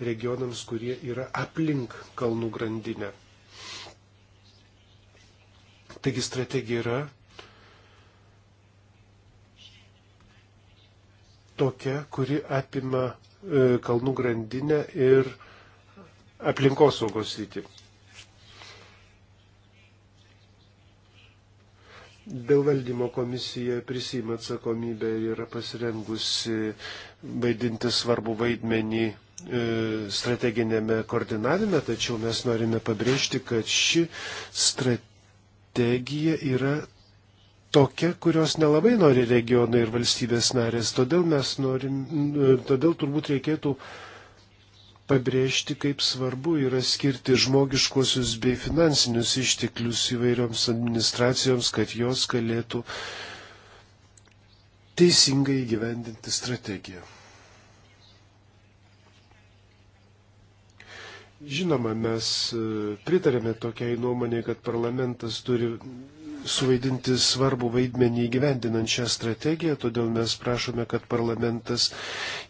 regionams, kurie yra aplink kalnų grandinę. Taigi strategija yra tokia, kuri apima e, kalnų grandinę ir aplinkosaugos rytį. Dėl valdymo komisija prisima atsakomybę ir yra pasirengusi vaidinti svarbų vaidmenį e, strateginėme koordinavime, tačiau mes norime pabrėžti, kad ši strategija strategija yra tokia, kurios nelabai nori regionai ir valstybės narės. Todėl mes norim, todėl turbūt reikėtų pabrėžti, kaip svarbu yra skirti žmogiškosius bei finansinius išteklius įvairioms administracijoms, kad jos galėtų teisingai įgyvendinti strategiją. Žinoma, mes e, pritarėme tokiai nuomonė, kad parlamentas turi suvaidinti svarbų vaidmenį įgyvendinant šią strategiją, todėl mes prašome, kad parlamentas,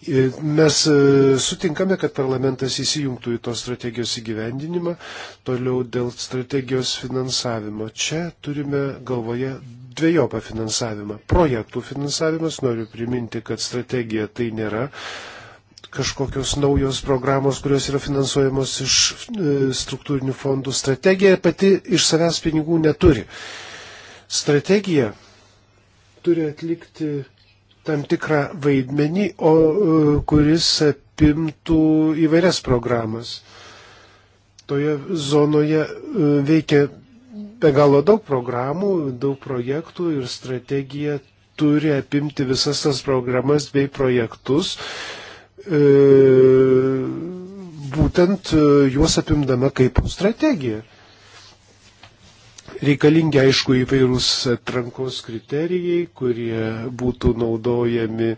e, mes e, sutinkame, kad parlamentas įsijungtų į tos strategijos įgyvendinimą, toliau dėl strategijos finansavimo. Čia turime galvoje dviejopą finansavimą. Projektų finansavimas, noriu priminti, kad strategija tai nėra kažkokios naujos programos, kurios yra finansuojamos iš e, struktūrinių fondų. Strategija pati iš savęs pinigų neturi. Strategija turi atlikti tam tikrą vaidmenį, o, e, kuris apimtų įvairias programas. Toje zonoje e, veikia be galo daug programų, daug projektų ir strategija turi apimti visas tas programas bei projektus, E, būtent e, juos apimdama kaip strategija. Reikalingi, aišku, įvairūs atrankos kriterijai, kurie būtų naudojami e,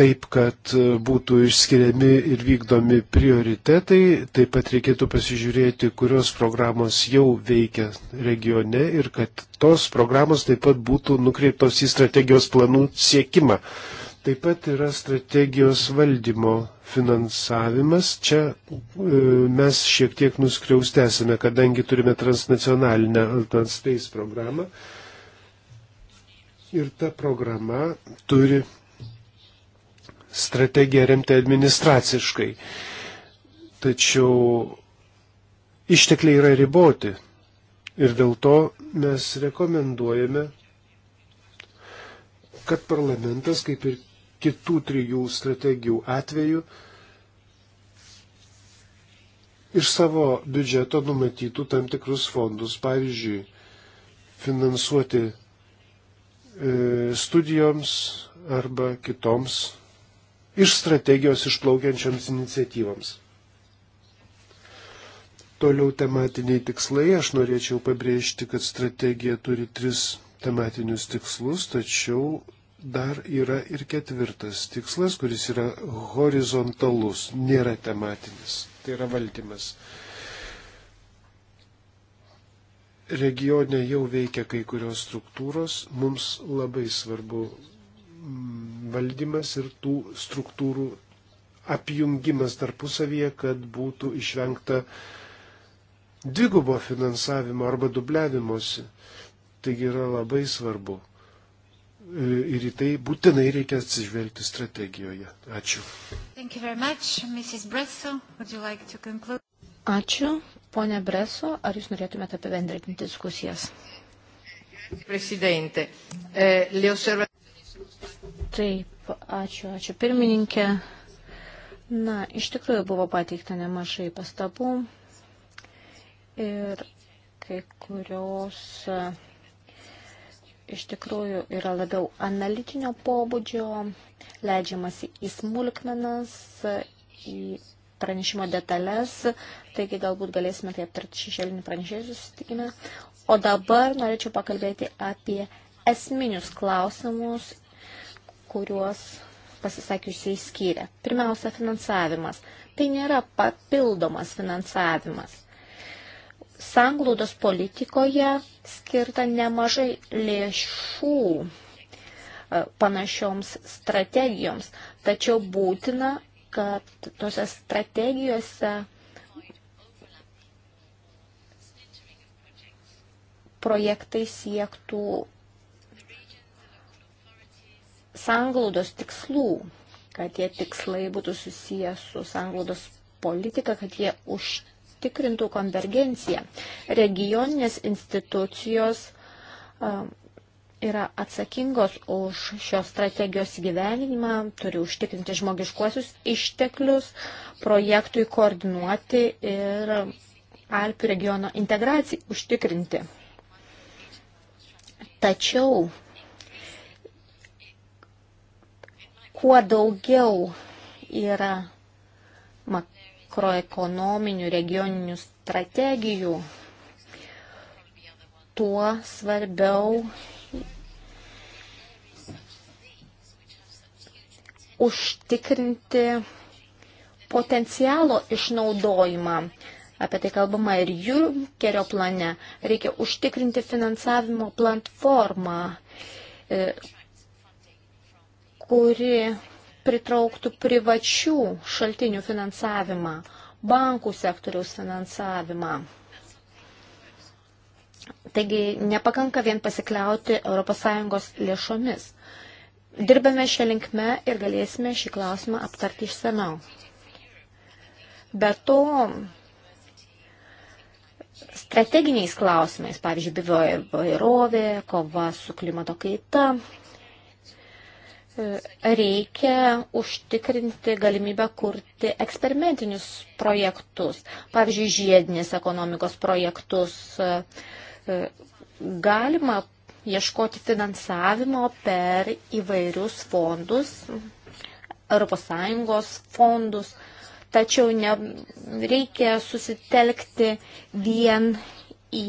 taip, kad būtų išskiriami ir vykdomi prioritetai. Taip pat reikėtų pasižiūrėti, kurios programos jau veikia regione ir kad tos programos taip pat būtų nukreiptos į strategijos planų siekimą. Taip pat yra strategijos valdymo finansavimas. Čia e, mes šiek tiek nuskriausti esame, kadangi turime transnacionalinę Altan Space programą. Ir ta programa turi strategiją remti administraciškai. Tačiau ištekliai yra riboti. Ir dėl to mes rekomenduojame, kad parlamentas, kaip ir kitų trijų strategijų atveju iš savo biudžeto numatytų tam tikrus fondus, pavyzdžiui, finansuoti e, studijoms arba kitoms iš strategijos išplaukiančioms iniciatyvams. Toliau tematiniai tikslai. Aš norėčiau pabrėžti, kad strategija turi tris tematinius tikslus, tačiau dar yra ir ketvirtas tikslas, kuris yra horizontalus, nėra tematinis. Tai yra valdymas. Regione jau veikia kai kurios struktūros, mums labai svarbu mm, valdymas ir tų struktūrų apjungimas tarpusavyje, kad būtų išvengta dvigubo finansavimo arba dubliavimuose. Taigi yra labai svarbu E, ir į tai būtinai reikia atsižvelgti strategijoje. Ačiū. Much, like Ačiū. Pone Breso, ar Jūs norėtumėte apibendrinti diskusijas? Presidente, eh, le osserva... Taip, ačiū, ačiū pirmininkė. Na, iš tikrųjų buvo pateikta nemažai pastabų ir kai kurios uh, iš tikrųjų yra labiau analitinio pobūdžio, leidžiamasi į smulkmenas, į pranešimo detalės, taigi galbūt galėsime tai aptarti šešėlinį pranešėjų susitikime. O dabar norėčiau pakalbėti apie esminius klausimus, kuriuos pasisakiusiai skyrė. Pirmiausia, finansavimas. Tai nėra papildomas finansavimas sanglaudos politikoje skirta nemažai lėšų e, panašioms strategijoms, tačiau būtina, kad tose strategijose projektai siektų sanglaudos tikslų, kad tie tikslai būtų susijęs su sanglaudos politika, kad jie užtikrintų užtikrintų konvergenciją. Regioninės institucijos yra atsakingos už šios strategijos gyvenimą, turi užtikrinti žmogiškuosius išteklius projektui koordinuoti ir Alpių regiono integracijai užtikrinti. Tačiau kuo daugiau yra ma, makroekonominių regioninių strategijų, tuo svarbiau užtikrinti potencialo išnaudojimą. Apie tai kalbama ir Junkerio plane. Reikia užtikrinti finansavimo platformą, e, kuri pritrauktų privačių šaltinių finansavimą, bankų sektoriaus finansavimą. Taigi nepakanka vien pasikliauti ES lėšomis. Dirbame šią linkmę ir galėsime šį klausimą aptarti išsameu. Be to, strateginiais klausimais, pavyzdžiui, bivairovė, kova su klimato kaita, reikia užtikrinti galimybę kurti eksperimentinius projektus, pavyzdžiui, žiedinės ekonomikos projektus. E, galima ieškoti finansavimo per įvairius fondus, ES fondus, tačiau nereikia susitelkti vien į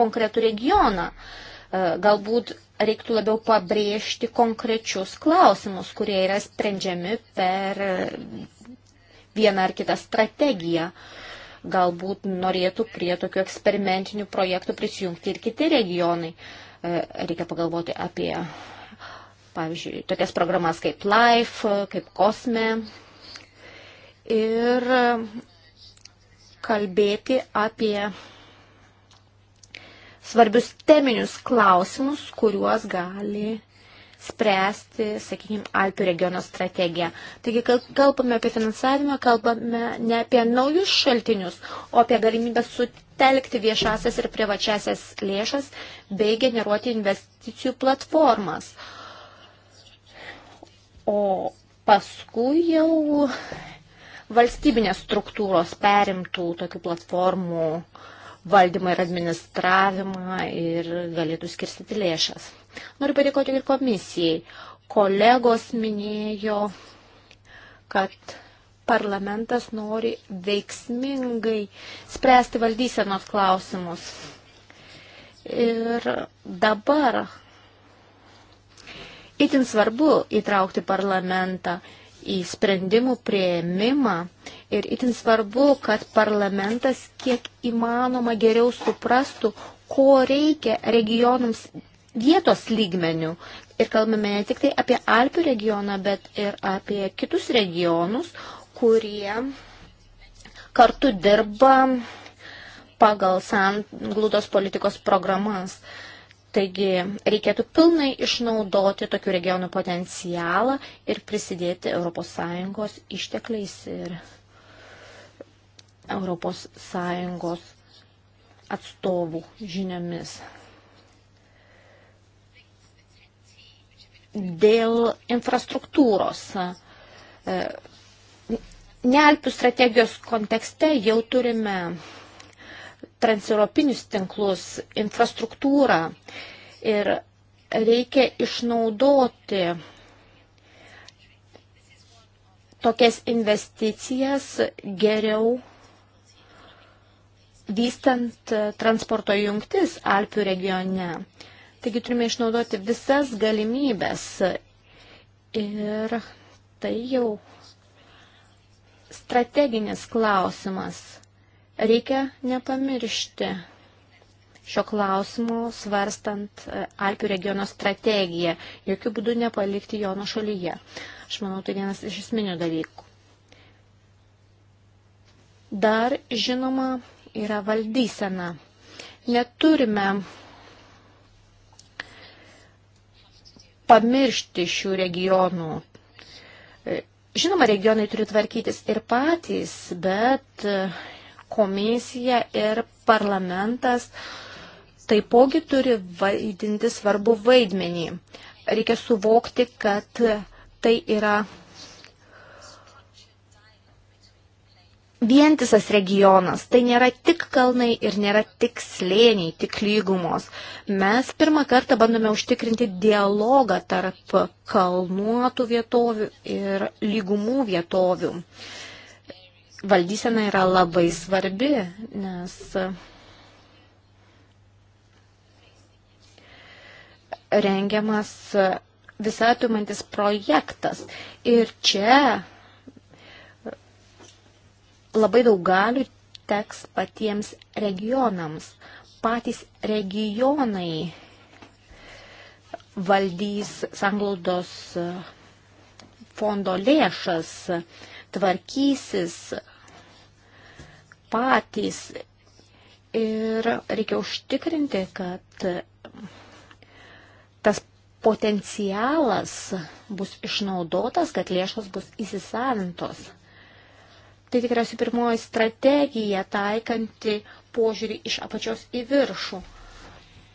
konkretų regioną. E, galbūt reiktų labiau pabrėžti konkrečius klausimus, kurie yra sprendžiami per vieną ar kitą strategiją. Galbūt norėtų prie tokių eksperimentinių projektų prisijungti ir kiti regionai. E, reikia pagalvoti apie, pavyzdžiui, tokias programas kaip Life, kaip Cosme. Ir kalbėti apie svarbius teminius klausimus, kuriuos gali spręsti, sakykime, Alpių regiono strategiją. Taigi, kalbame apie finansavimą, kalbame ne apie naujus šaltinius, o apie galimybę sutelkti viešasias ir privačiasias lėšas bei generuoti investicijų platformas. O paskui jau valstybinės struktūros perimtų tokių platformų uh, valdymą ir administravimą ir galėtų skirstyti lėšas. Noriu padėkoti ir komisijai. Kolegos minėjo, kad parlamentas nori veiksmingai spręsti valdysenos klausimus. Ir dabar itin svarbu įtraukti parlamentą į sprendimų prieimimą Ir itin svarbu, kad parlamentas kiek įmanoma geriau suprastų, ko reikia regionams vietos lygmenių. Ir kalbame ne tik tai apie Alpių regioną, bet ir apie kitus regionus, kurie kartu dirba pagal sanglūdos politikos programas. Taigi reikėtų pilnai išnaudoti tokių regionų potencialą ir prisidėti ES ištekliais ir ES atstovų žiniomis. Dėl infrastruktūros. E, Nealpių strategijos kontekste jau turime transeuropinius tinklus, infrastruktūrą ir reikia išnaudoti tokias investicijas geriau vystant e, transporto jungtis Alpių regione. Taigi turime išnaudoti visas galimybės ir tai jau strateginis klausimas. Reikia nepamiršti šio klausimo svarstant e, Alpių regiono strategiją, jokių būdų nepalikti jo nuo šalyje. Aš manau, tai vienas iš esminių dalykų. Dar, žinoma, yra valdysena. Neturime pamiršti šių regionų. Žinoma, regionai turi tvarkytis ir patys, bet komisija ir parlamentas taipogi turi vaidinti svarbu vaidmenį. Reikia suvokti, kad tai yra vientisas regionas. Tai nėra tik kalnai ir nėra tik slėniai, tik lygumos. Mes pirmą kartą bandome užtikrinti dialogą tarp kalnuotų vietovių ir lygumų vietovių. Valdysena yra labai svarbi, nes e, rengiamas e, visatumantis projektas. Ir čia labai daug galių teks patiems regionams. Patys regionai valdys sanglaudos fondo lėšas, tvarkysis patys ir reikia užtikrinti, kad tas potencialas bus išnaudotas, kad lėšos bus įsisavintos tai tikriausiai pirmoji strategija taikanti požiūrį iš apačios į viršų.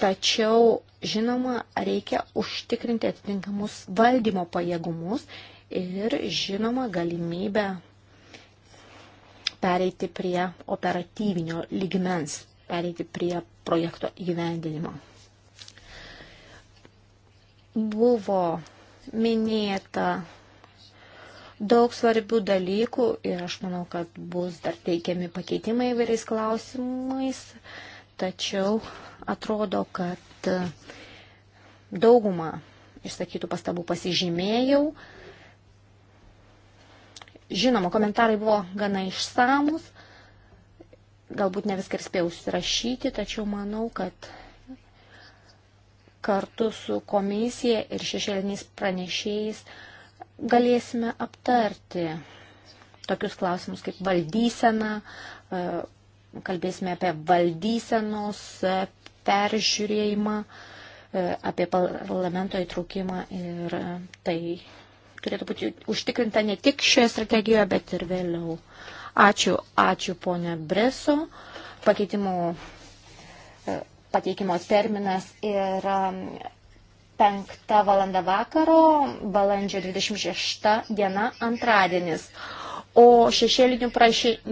Tačiau, žinoma, reikia užtikrinti atitinkamus valdymo pajėgumus ir, žinoma, galimybę pereiti prie operatyvinio lygmens, pereiti prie projekto įgyvendinimo. Buvo minėta daug svarbių dalykų ir aš manau, kad bus dar teikiami pakeitimai įvairiais klausimais, tačiau atrodo, kad e, daugumą išsakytų pastabų pasižymėjau. Žinoma, komentarai buvo gana išsamus, galbūt ne viską ir spėjau užsirašyti, tačiau manau, kad kartu su komisija ir šešėliniais pranešėjais uh, galėsime aptarti tokius klausimus kaip valdysena, e, kalbėsime apie valdysenos e, peržiūrėjimą, e, apie parlamento įtraukimą ir tai turėtų būti užtikrinta ne tik šioje strategijoje, bet ir vėliau. Ačiū, ačiū ponė Breso. Pakeitimo pateikimo terminas yra 5 val. vakaro, balandžio 26 diena antradienis. O šešėlinių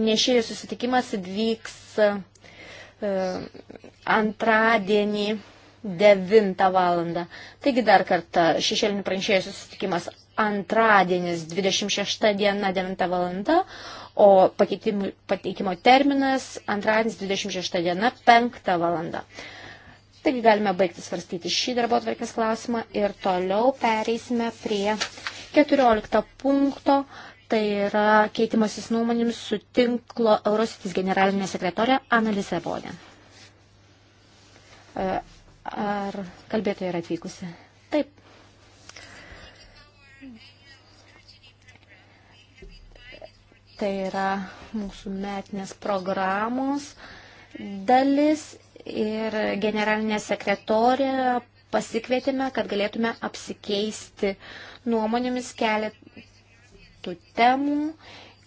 nešėjų susitikimas vyks e, antradienį 9 val. Taigi dar kartą šešėlinių pranešėjų susitikimas antradienis 26 diena 9 val. O pateikimo terminas antradienis 26 diena 5 val. Taigi galime baigti svarstyti šį darbo atvarkės klausimą ir toliau pereisime prie 14 punkto, tai yra keitimasis nuomonėms su tinklo Eurositis generalinė sekretorė Analise Bodė. E, ar kalbėtoja yra atvykusi? Taip. Tai yra mūsų metinės programos dalis ir generalinė sekretorė pasikvietėme, kad galėtume apsikeisti nuomonėmis keletų temų,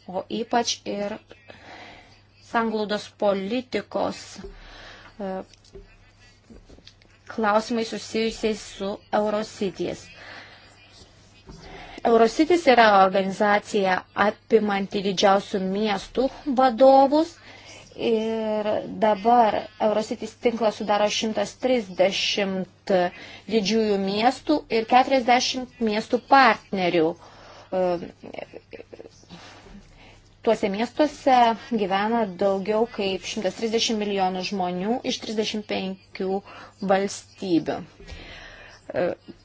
o ypač ir sanglaudos politikos e, klausimai susijusiais su Eurocities. Eurocities yra organizacija apimanti didžiausių miestų vadovus Ir dabar Eurocities tinklas sudaro 130 didžiųjų miestų ir 40 miestų partnerių. Ehm, tuose miestuose gyvena daugiau kaip 130 milijonų žmonių iš 35 valstybių. Ehm,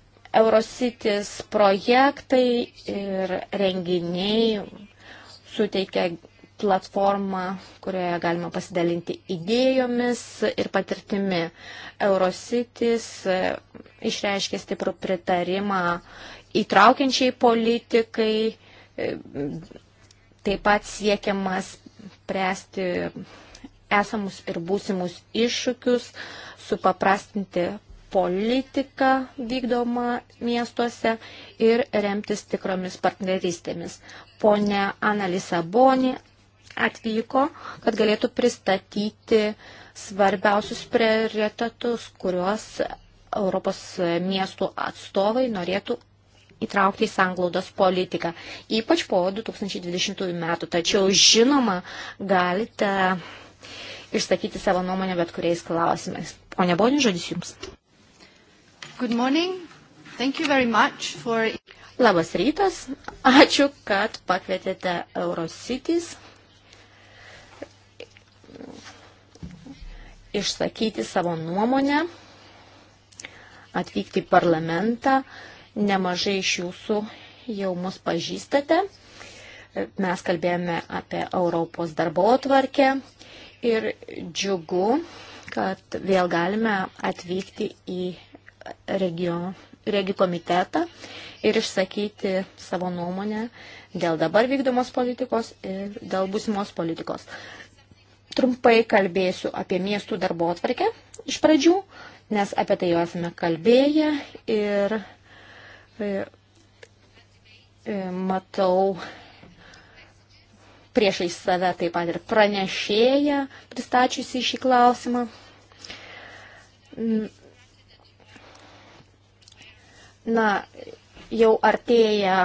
Eurocities projektai ir renginiai suteikia platformą, kurioje galima pasidalinti idėjomis ir patirtimi. Eurocitis e, išreiškė stiprų pritarimą įtraukiančiai politikai, e, taip pat siekiamas pręsti esamus ir būsimus iššūkius, supaprastinti politiką vykdomą miestuose ir remtis tikromis partnerystėmis. Pone Analisa Boni atvyko, kad galėtų pristatyti svarbiausius prioritetus, kuriuos Europos miestų atstovai norėtų įtraukti į sanglaudos politiką, ypač po 2020 metų. Tačiau, žinoma, galite išsakyti savo nuomonę bet kuriais klausimais. Pone Boni, žodis Jums. Good morning. Thank you very much for... Labas rytas. Ačiū, kad pakvietėte Eurocities išsakyti savo nuomonę, atvykti į parlamentą. Nemažai iš jūsų jau mus pažįstate. Mes kalbėjome apie Europos darbo atvarkę ir džiugu, kad vėl galime atvykti į regioną regi komitetą ir išsakyti savo nuomonę dėl dabar vykdomos politikos ir dėl būsimos politikos. Trumpai kalbėsiu apie miestų darbo atvarkę iš pradžių, nes apie tai jau esame kalbėję ir e, e, matau priešai save taip pat ir pranešėję, pristačiusi šį klausimą. Na, jau artėja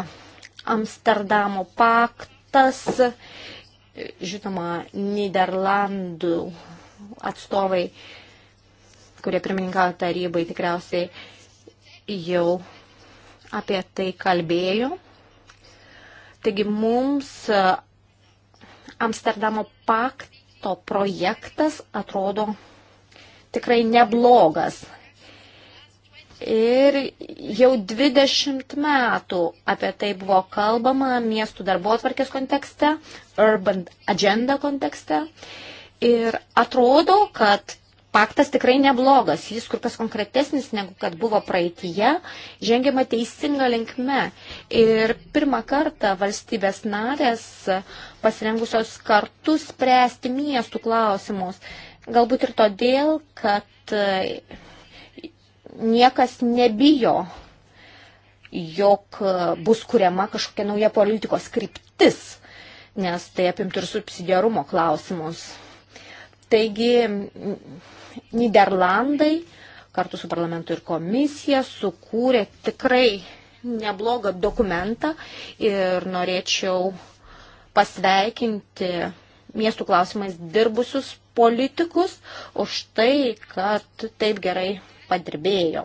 Amsterdamo paktas Žinoma, Niderlandų atstovai, kurie pirmininkavo tarybai, tikriausiai jau apie tai kalbėjo. Taigi mums e, Amsterdamo pakto projektas atrodo tikrai neblogas. Ir jau 20 metų apie tai buvo kalbama miestų darbo atvarkės kontekste, urban agenda kontekste. Ir atrodo, kad paktas tikrai neblogas, jis kur kas konkretesnis negu kad buvo praeitie, žengiama teisinga linkme. Ir pirmą kartą valstybės narės pasirengusios kartu spręsti miestų klausimus. Galbūt ir todėl, kad niekas nebijo, jog e, bus kuriama kažkokia nauja politikos kryptis, nes tai apimtų ir subsidiarumo klausimus. Taigi Niderlandai kartu su parlamentu ir komisija sukūrė tikrai neblogą dokumentą ir norėčiau pasveikinti miestų klausimais dirbusius politikus už tai, kad taip gerai padirbėjo.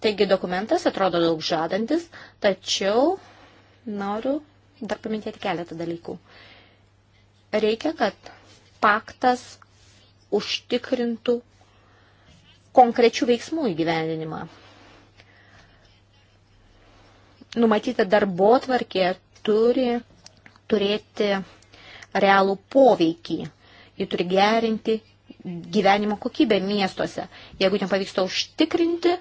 Taigi dokumentas atrodo daug žadantis, tačiau noriu dar paminėti keletą dalykų. Reikia, kad paktas užtikrintų konkrečių veiksmų įgyvendinimą. Numatyta darbo tvarkė turi turėti realų poveikį. Ji turi gerinti gyvenimo kokybę miestuose. Jeigu nepavyks to užtikrinti,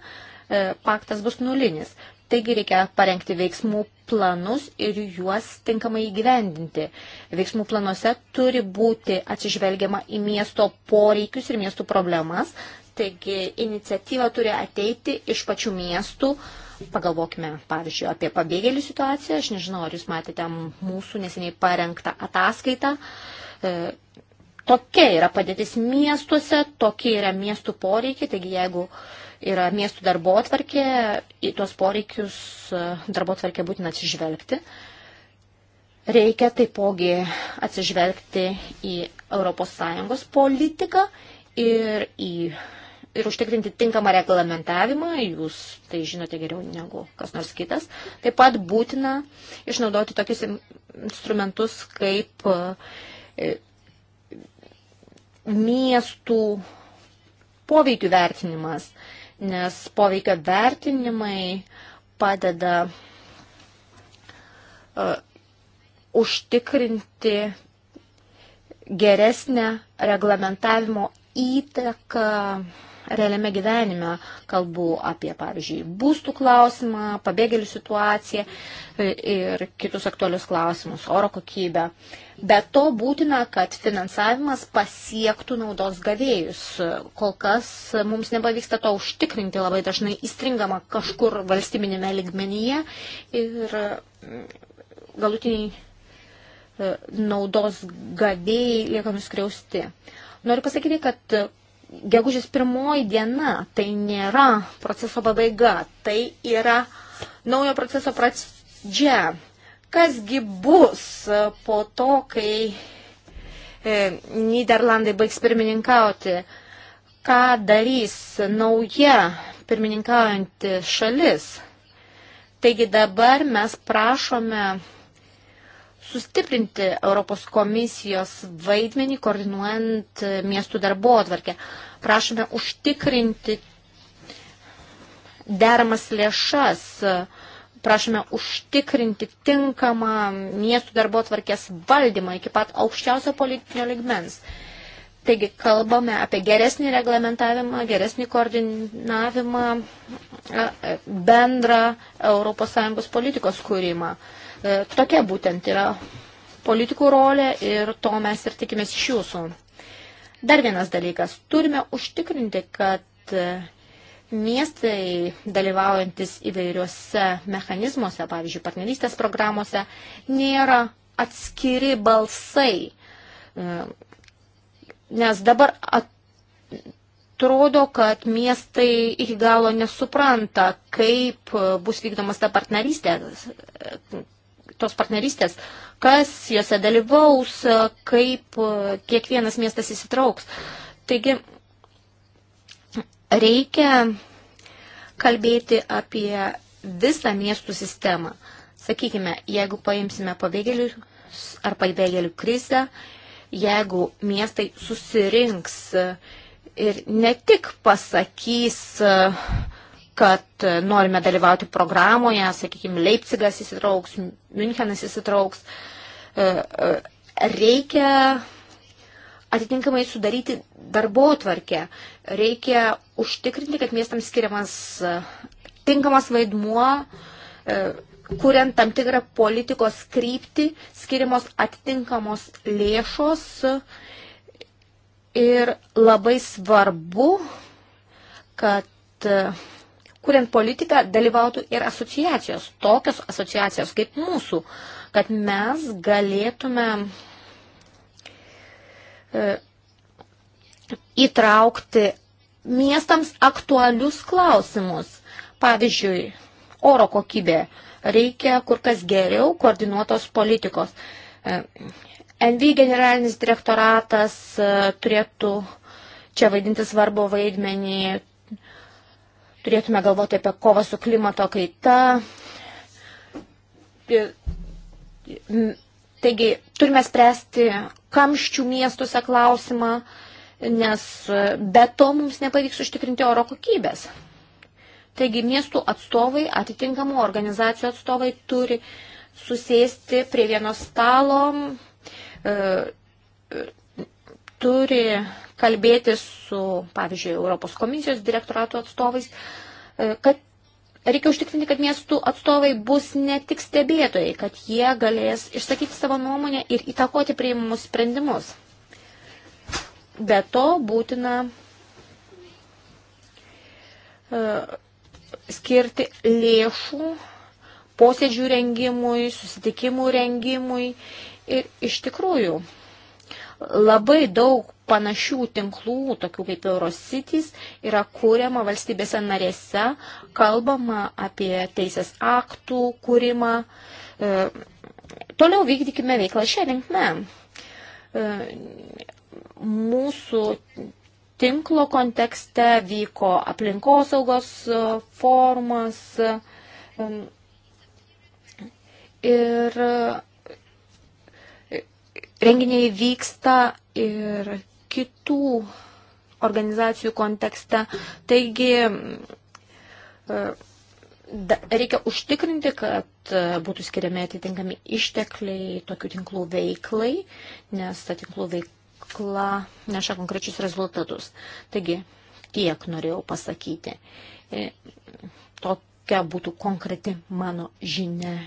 e, paktas bus nulinis. Taigi reikia parengti veiksmų planus ir juos tinkamai įgyvendinti. Veiksmų planuose turi būti atsižvelgiama į miesto poreikius ir miestų problemas. Taigi iniciatyva turi ateiti iš pačių miestų. Pagalvokime, pavyzdžiui, apie pabėgėlių situaciją. Aš nežinau, ar jūs matėte mūsų neseniai parengtą ataskaitą. E, Tokia yra padėtis miestuose, tokie yra miestų poreikiai, taigi jeigu yra miestų darbo atvarkė, į tuos poreikius e, darbo atvarkė būtina atsižvelgti. Reikia taipogi atsižvelgti į ES politiką ir, į, ir užtikrinti tinkamą reglamentavimą, jūs tai žinote geriau negu kas nors kitas. Taip pat būtina išnaudoti tokius instrumentus kaip e, miestų poveikių vertinimas, nes poveikio vertinimai padeda uh, užtikrinti geresnę reglamentavimo įtaką uh, realiame gyvenime. Kalbu apie, pavyzdžiui, būstų klausimą, pabėgėlių situaciją ir kitus aktualius klausimus, oro kokybę. Be to būtina, kad finansavimas pasiektų naudos gavėjus. Kol kas mums nepavyksta to užtikrinti, labai dažnai įstringama kažkur valstybinėme ligmenyje ir mm, galutiniai e, naudos gavėjai lieka nuskriausti. Noriu pasakyti, kad gegužės pirmoji diena tai nėra proceso pabaiga, tai yra naujo proceso pradžia. Kasgi bus po to, kai e, Niderlandai baigs pirmininkauti, ką darys nauja pirmininkaujanti šalis. Taigi dabar mes prašome sustiprinti Europos komisijos vaidmenį, koordinuojant miestų darbo atvarkę. Prašome užtikrinti deramas lėšas, prašome užtikrinti tinkamą miestų darbo atvarkės valdymą iki pat aukščiausio politinio ligmens. Taigi kalbame apie geresnį reglamentavimą, geresnį koordinavimą, bendrą ES politikos kūrimą. E, tokia būtent yra politikų rolė ir to mes ir tikimės iš jūsų. Dar vienas dalykas. Turime užtikrinti, kad e, miestai dalyvaujantis įvairiuose mechanizmuose, pavyzdžiui, partnerystės programuose, nėra atskiri balsai. E, nes dabar atrodo, kad miestai iki galo nesupranta, kaip bus vykdomas ta partnerystė, tos partnerystės, kas juose dalyvaus, kaip kiekvienas miestas įsitrauks. Taigi reikia kalbėti apie visą miestų sistemą. Sakykime, jeigu paimsime pabėgėlius ar pabėgėlių krizę, jeigu miestai susirinks ir ne tik pasakys, uh, kad norime dalyvauti programoje, sakykime, Leipzigas įsitrauks, Münchenas įsitrauks. E, e, reikia atitinkamai sudaryti darbo tvarkę. Reikia užtikrinti, kad miestams skiriamas e, tinkamas vaidmuo, kuriant tam tikrą politikos kryptį, skiriamos atitinkamos lėšos. Ir labai svarbu, kad kuriant politiką, dalyvautų ir asociacijos, tokios asociacijos kaip mūsų, kad mes galėtume e, įtraukti miestams aktualius klausimus. Pavyzdžiui, oro kokybė. Reikia kur kas geriau koordinuotos politikos. E, NV generalinis direktoratas e, turėtų čia vaidinti svarbu vaidmenį, Turėtume galvoti apie kovą su klimato kaita. Taigi, turime spręsti kamščių miestuose klausimą, nes be to mums nepavyks užtikrinti oro kokybės. Taigi, miestų atstovai, atitinkamų organizacijų atstovai turi susėsti prie vieno stalo, e, e, turi kalbėti su, pavyzdžiui, Europos komisijos direktorato atstovais, e, kad reikia užtikrinti, kad miestų atstovai bus ne tik stebėtojai, kad jie galės išsakyti savo nuomonę ir įtakoti priimamus sprendimus. Be to būtina e, skirti lėšų posėdžių rengimui, susitikimų rengimui ir iš tikrųjų Labai daug panašių tinklų, tokių kaip Eurocities, yra kūriama valstybėse narėse, kalbama apie teisės aktų kūrimą. E, toliau vykdykime veiklą šią linkmę. E, mūsų tinklo kontekste vyko aplinkosaugos e, formas e, ir Renginiai vyksta ir kitų organizacijų kontekste. Taigi e, reikia užtikrinti, kad e, būtų skiriami atitinkami ištekliai tokių tinklų veiklai, nes ta tinklų veikla neša konkrečius rezultatus. Taigi tiek norėjau pasakyti. E, tokia būtų konkreti mano žinia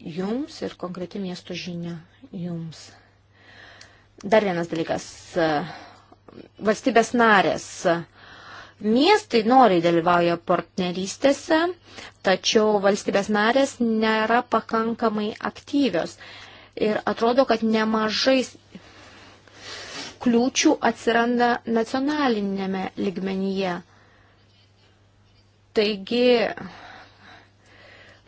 jums ir konkreti miesto žinia jums. Dar vienas dalykas. Valstybės narės. Miestai noriai dalyvauja partnerystėse, tačiau valstybės narės nėra pakankamai aktyvios. Ir atrodo, kad nemažai kliūčių atsiranda nacionalinėme ligmenyje. Taigi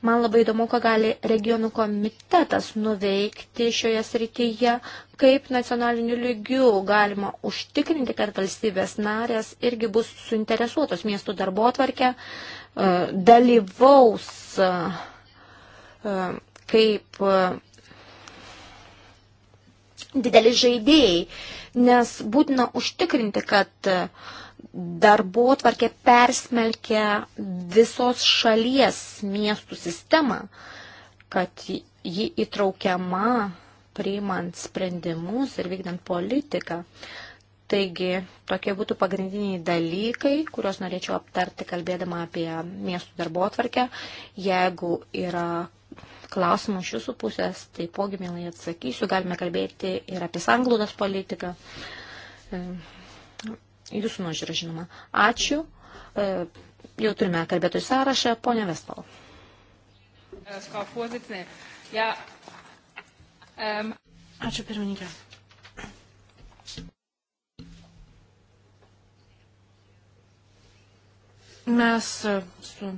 Man labai įdomu, ką gali regionų komitetas nuveikti šioje srityje, kaip nacionaliniu lygiu galima užtikrinti, kad valstybės narės irgi bus suinteresuotos miestų darbo atvarkę, e, dalyvaus e, e, kaip dideli žaidėjai, nes būtina užtikrinti, kad uh, darbo tvarkė persmelkia visos šalies miestų sistemą, kad ji įtraukiama priimant sprendimus ir vykdant politiką. Taigi, tokie būtų pagrindiniai dalykai, kuriuos norėčiau aptarti kalbėdama apie miestų darbo atvarkę. Jeigu yra klausimų iš jūsų pusės, taipogi mielai atsakysiu, galime kalbėti ir apie sanglaudos politiką. E, Jūsų nuožiūra, žinoma. Ačiū. E, jau turime kalbėtojų sąrašą. Pone Vestalo. Ačiū pirmininkė. Mes su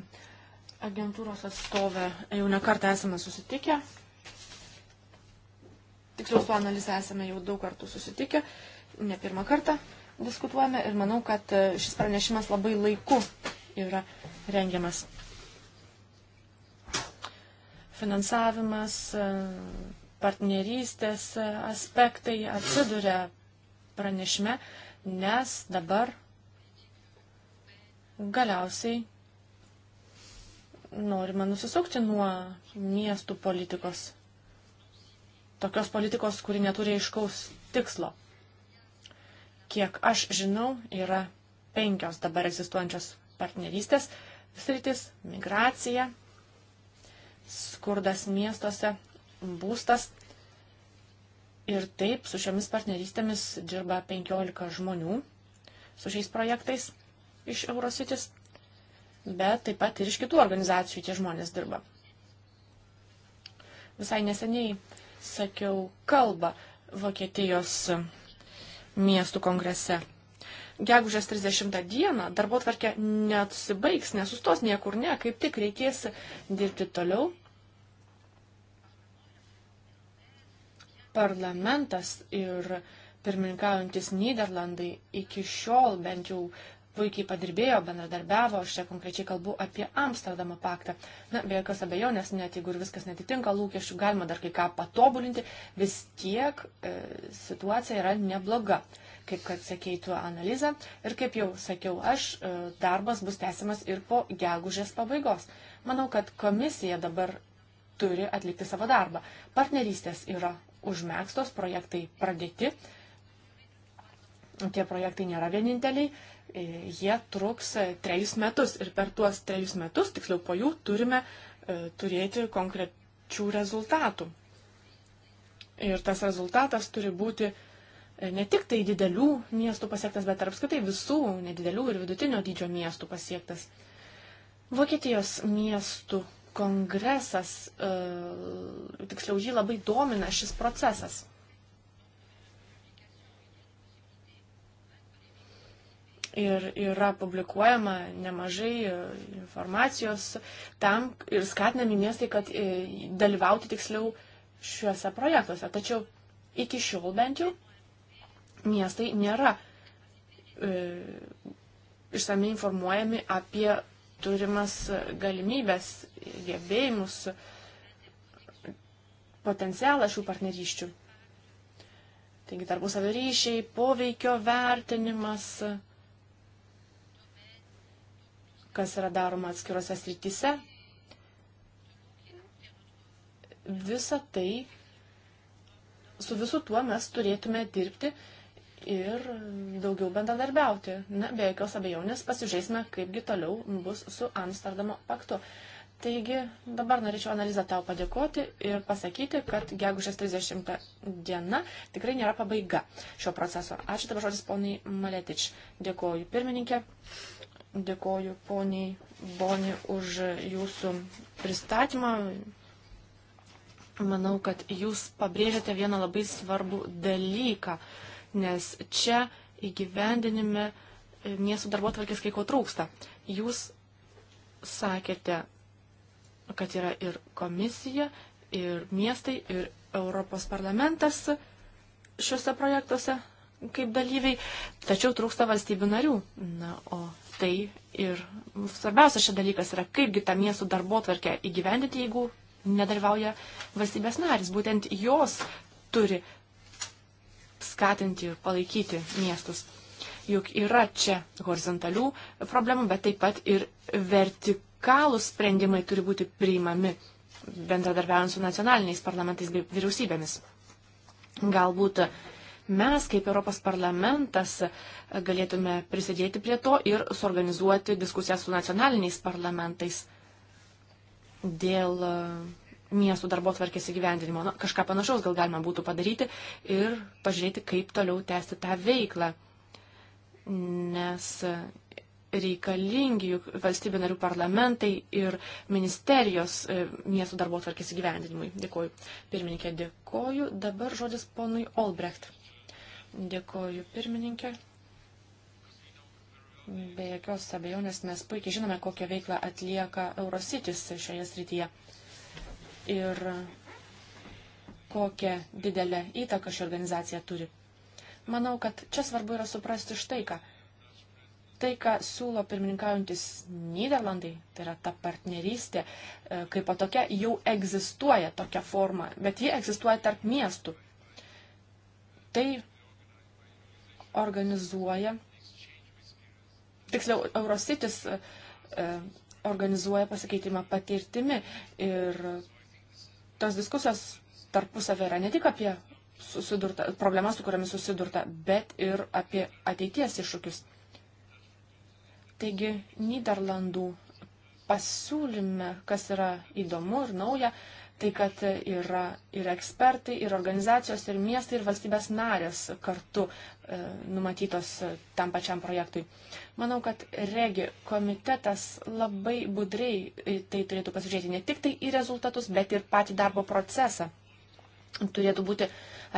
agentūros atstovė jau nekartą esame susitikę. Tiksliau su analize esame jau daug kartų susitikę, ne pirmą kartą diskutuojame ir manau, kad e, šis pranešimas labai laiku yra rengiamas. Finansavimas, e, partnerystės e, aspektai atsiduria pranešime, nes dabar galiausiai norima nusisukti nuo miestų politikos. Tokios politikos, kuri neturi aiškaus tikslo. Kiek aš žinau, yra penkios dabar egzistuojančios partnerystės sritis - migracija, skurdas miestuose, būstas. Ir taip, su šiomis partnerystėmis dirba 15 žmonių su šiais projektais iš Eurositis, bet taip pat ir iš kitų organizacijų tie žmonės dirba. Visai neseniai sakiau kalbą Vokietijos miestų kongrese. Gegužės 30 dieną darbo tvarkė neatsibaigs, nesustos niekur ne, kaip tik reikės dirbti toliau. Parlamentas ir pirmininkaujantis Niderlandai iki šiol bent jau puikiai padirbėjo, bendradarbiavo, aš čia konkrečiai kalbu apie Amsterdamo paktą. Na, be jokios abejonės, net jeigu ir viskas netitinka lūkesčių, galima dar kai ką patobulinti, vis tiek e, situacija yra nebloga, kaip kad sakei tu analizą. Ir kaip jau sakiau, aš, e, darbas bus tęsiamas ir po gegužės pabaigos. Manau, kad komisija dabar turi atlikti savo darbą. Partnerystės yra užmėgstos, projektai pradėti. Tie projektai nėra vieninteliai E, jie truks e, trejus metus ir per tuos trejus metus, tiksliau po jų, turime e, turėti konkrečių rezultatų. Ir tas rezultatas turi būti ne tik tai didelių miestų pasiektas, bet ir apskritai visų nedidelių ir vidutinio dydžio miestų pasiektas. Vokietijos miestų kongresas, tiksliau jį labai domina šis procesas. ir yra publikuojama nemažai e, informacijos tam ir skatinami miestai, kad e, dalyvauti tiksliau šiuose projektuose. Tačiau iki šiol bent jau miestai nėra e, išsamei informuojami apie turimas galimybės, gebėjimus, potencialą šių partnerysčių. Taigi tarpusavio ryšiai, poveikio vertinimas. E, kas yra daroma atskirose srityse. Visa tai, su visu tuo mes turėtume dirbti ir daugiau bendradarbiauti. Na, be jokios abejonės pasižiūrėsime, kaipgi toliau bus su Amsterdamo paktu. Taigi dabar norėčiau analizą tau padėkoti ir pasakyti, kad gegužės 30 diena tikrai nėra pabaiga šio proceso. Ačiū dabar žodis ponai Maletič. Dėkuoju pirmininkė. Dėkoju poniai Boni už jūsų pristatymą. Manau, kad jūs pabrėžiate vieną labai svarbų dalyką, nes čia įgyvendinime miestų darbo tvarkės kai ko trūksta. Jūs sakėte, kad yra ir komisija, ir miestai, ir Europos parlamentas šiuose projektuose kaip dalyviai, tačiau trūksta valstybių narių. Na, o tai ir svarbiausia šia dalykas yra, kaipgi tą miestų darbo tvarkę įgyvendinti, jeigu nedalyvauja valstybės narys. Būtent jos turi skatinti ir palaikyti miestus. Juk yra čia horizontalių problemų, bet taip pat ir vertikalūs sprendimai turi būti priimami bendradarbiaujant su nacionaliniais parlamentais bei vyriausybėmis. Galbūt uh, mes kaip Europos parlamentas galėtume prisidėti prie to ir suorganizuoti diskusiją su nacionaliniais parlamentais dėl e, miestų darbo tvarkės įgyvendinimo. Na, kažką panašaus gal galima būtų padaryti ir pažiūrėti, kaip toliau tęsti tą veiklą. Nes reikalingi juk valstybių narių parlamentai ir ministerijos e, miestų darbo tvarkės įgyvendinimui. Dėkuoju. Pirmininkė, dėkuoju. Dabar žodis ponui Olbrecht. Dėkoju pirmininkė. Be jokios abejonės mes puikiai žinome, kokią veiklą atlieka Eurocitis šioje srityje ir kokią didelę įtaką ši organizacija turi. Manau, kad čia svarbu yra suprasti štai ką. Tai, ką siūlo pirmininkaujantis Niderlandai, tai yra ta partnerystė, e, kaip po tokia jau egzistuoja tokia forma, bet ji egzistuoja tarp miestų. Tai organizuoja, tiksliau, Eurositis e, e, organizuoja pasikeitimą patirtimi ir tos diskusijos tarpusavė yra ne tik apie susidurta, problemas, su kuriamis susidurta, bet ir apie ateities iššūkius. Taigi, Niderlandų pasiūlyme, kas yra įdomu ir nauja, uh, tai kad yra ir ekspertai, ir organizacijos, ir miestai, ir valstybės narės kartu e, numatytos e, tam pačiam projektui. Manau, kad regi komitetas labai budriai tai turėtų pasižiūrėti ne tik tai į rezultatus, bet ir patį darbo procesą. Turėtų būti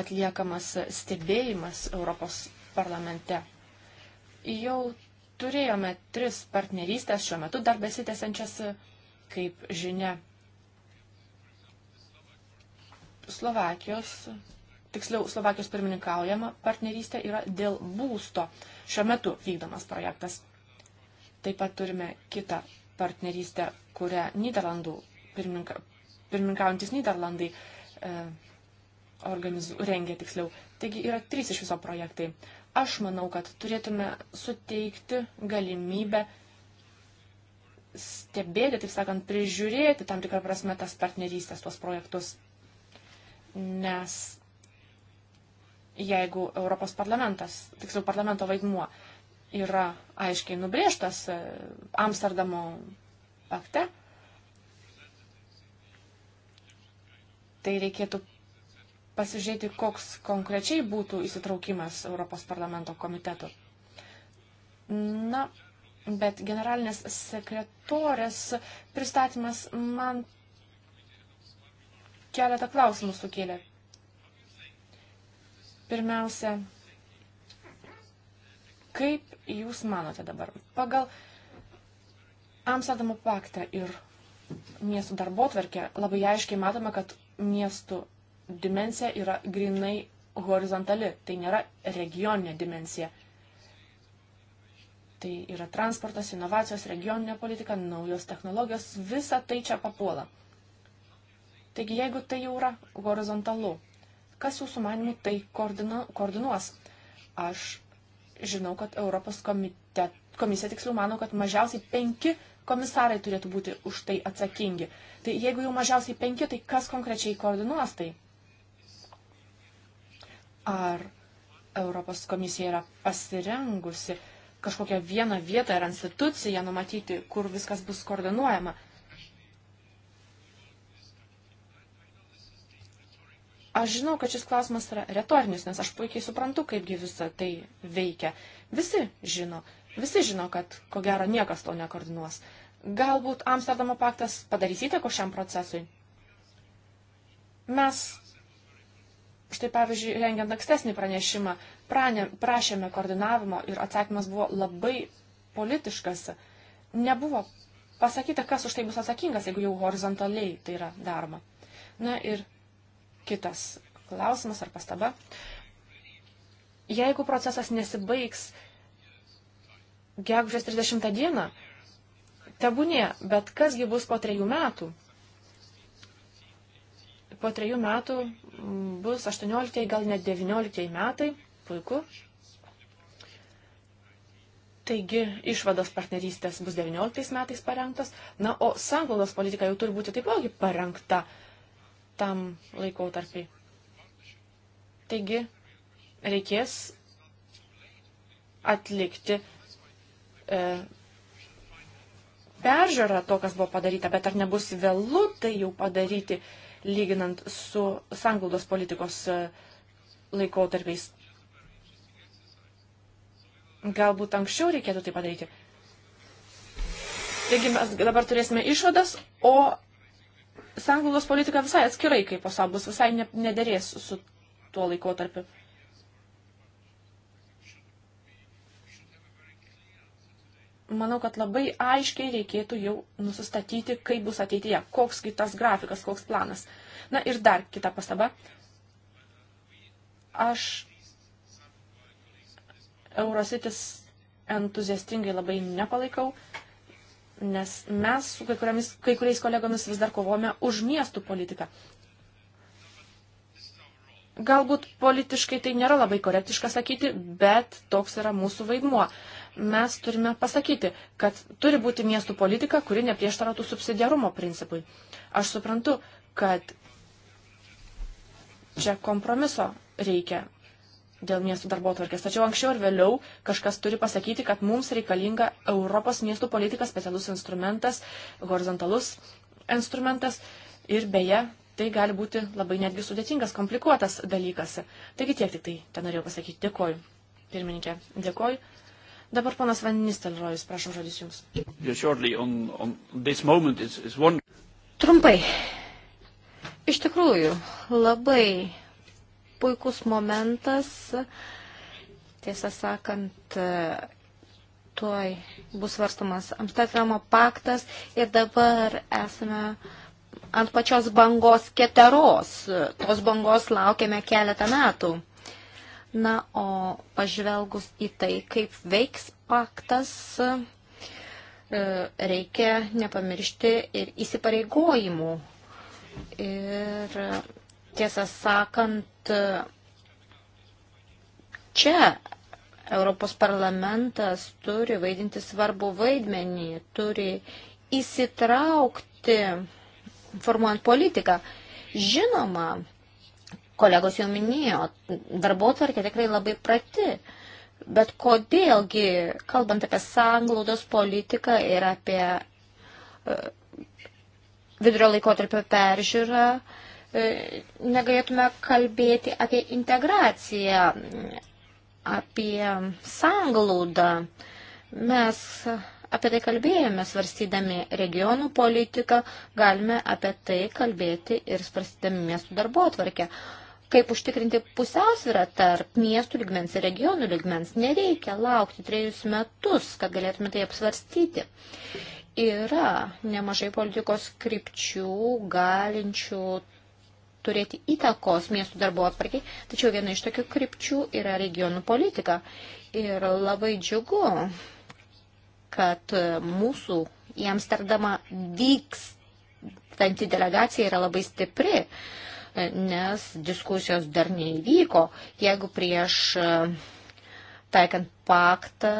atliekamas stebėjimas Europos parlamente. Jau turėjome tris partnerystės šiuo metu dar besitęsiančias, kaip žinia, Slovakijos, tiksliau Slovakijos pirmininkaujama partnerystė yra dėl būsto šiuo metu vykdomas projektas. Taip pat turime kitą partnerystę, kurią Niderlandų pirmininka, pirmininkaujantis Niderlandai e, organizu, rengia tiksliau. Taigi yra trys iš viso projektai. Aš manau, kad turėtume suteikti galimybę stebėti, taip sakant, prižiūrėti tam tikrą prasme tas partnerystės, tuos projektus nes jeigu Europos parlamentas, tiksliau parlamento vaidmuo yra aiškiai nubrėžtas e, Amsterdamo akte, tai reikėtų pasižiūrėti, koks konkrečiai būtų įsitraukimas Europos parlamento komitetų. Na, bet generalinės sekretorės pristatymas man keletą klausimų sukėlė. Pirmiausia, kaip jūs manote dabar, pagal Amsterdamo paktą ir miestų darbo tvarkę labai aiškiai matome, kad miestų dimensija yra grinai horizontali, tai nėra regioninė dimensija. Tai yra transportas, inovacijos, regioninė politika, naujos technologijos, visa tai čia papuola. Taigi, jeigu tai jau yra horizontalu, kas jūsų manimų tai koordina, koordinuos? Aš žinau, kad Europos komite, komisija tiksliau mano, kad mažiausiai penki komisarai turėtų būti už tai atsakingi. Tai jeigu jau mažiausiai penki, tai kas konkrečiai koordinuos tai? Ar Europos komisija yra pasirengusi kažkokią vieną vietą ir instituciją numatyti, kur viskas bus koordinuojama? Aš žinau, kad šis klausimas yra retorinis, nes aš puikiai suprantu, kaipgi visa tai veikia. Visi žino, visi žino, kad ko gero niekas to nekoordinuos. Galbūt Amsterdamo paktas padarys įtako šiam procesui. Mes, štai pavyzdžiui, rengiant ankstesnį pranešimą, pranė, prašėme koordinavimo ir atsakymas buvo labai politiškas. Nebuvo pasakyta, kas už tai bus atsakingas, jeigu jau horizontaliai tai yra daroma. Na ir kitas klausimas ar pastaba. Jeigu procesas nesibaigs gegužės 30 dieną, tebūnie, bet kasgi bus po trejų metų? Po trejų metų bus 18, gal net 19 metai. Puiku. Taigi išvados partnerystės bus 19 metais parengtos, na, o sanglaudos politika jau turi būti taipogi parengta tam laikotarpiai. Taigi reikės atlikti e, peržiūrą to, kas buvo padaryta, bet ar nebus vėlų tai jau padaryti, lyginant su sanglaudos politikos e, laikotarpiais. Galbūt anksčiau reikėtų tai padaryti. Taigi mes dabar turėsime išvadas, o sanglaudos politika visai atskirai, kaip posą bus, visai ne, nederės su tuo laikotarpiu. Manau, kad labai aiškiai reikėtų jau nusistatyti, kaip bus ateityje, koks kitas grafikas, koks planas. Na ir dar kita pastaba. Aš Eurositis entuziastingai labai nepalaikau, nes mes su kai, kuriamis, kai kuriais kolegomis vis dar kovome už miestų politiką. Galbūt politiškai tai nėra labai korektiška sakyti, bet toks yra mūsų vaidmuo. Mes turime pasakyti, kad turi būti miestų politika, kuri neprieštarautų subsidiarumo principui. Aš suprantu, kad čia kompromiso reikia, dėl miestų darbo tvarkės. Tačiau anksčiau ar vėliau kažkas turi pasakyti, kad mums reikalinga Europos miestų politika specialus instrumentas, horizontalus instrumentas ir beje, tai gali būti labai netgi sudėtingas, komplikuotas dalykas. Taigi tiek tik tai ten norėjau pasakyti. Dėkoju. Pirmininkė, dėkoju. Dabar panas Vaninis Telrojus, prašom žodis jums. Trumpai. Iš tikrųjų, labai puikus momentas. Tiesą sakant, tuoj bus varstomas Amsterdamo paktas ir dabar esame ant pačios bangos keteros. Tos bangos laukiame keletą metų. Na, o pažvelgus į tai, kaip veiks paktas, e, reikia nepamiršti ir įsipareigojimų. Ir Tiesą sakant, čia Europos parlamentas turi vaidinti svarbų vaidmenį, turi įsitraukti, formuojant politiką. Žinoma, kolegos jau minėjo, darbo tvarkė tikrai labai prati, bet kodėlgi, kalbant apie sanglaudos politiką ir apie e, vidurio laikotarpio peržiūrą, uh, E, negalėtume kalbėti apie integraciją, apie sanglaudą. Mes apie tai kalbėjome, svarstydami regionų politiką, galime apie tai kalbėti ir svarstydami miestų darbo atvarkę. Kaip užtikrinti pusiausvyrą tarp miestų ligmens ir regionų ligmens, nereikia laukti trejus metus, kad galėtume tai apsvarstyti. Yra nemažai politikos krypčių, galinčių turėti įtakos miestų darbo atvarkiai, tačiau viena iš tokių krypčių yra regionų politika. Ir labai džiugu, kad mūsų į Amsterdamą vykstanti delegacija yra labai stipri, nes diskusijos dar neįvyko. Jeigu prieš e, taikant paktą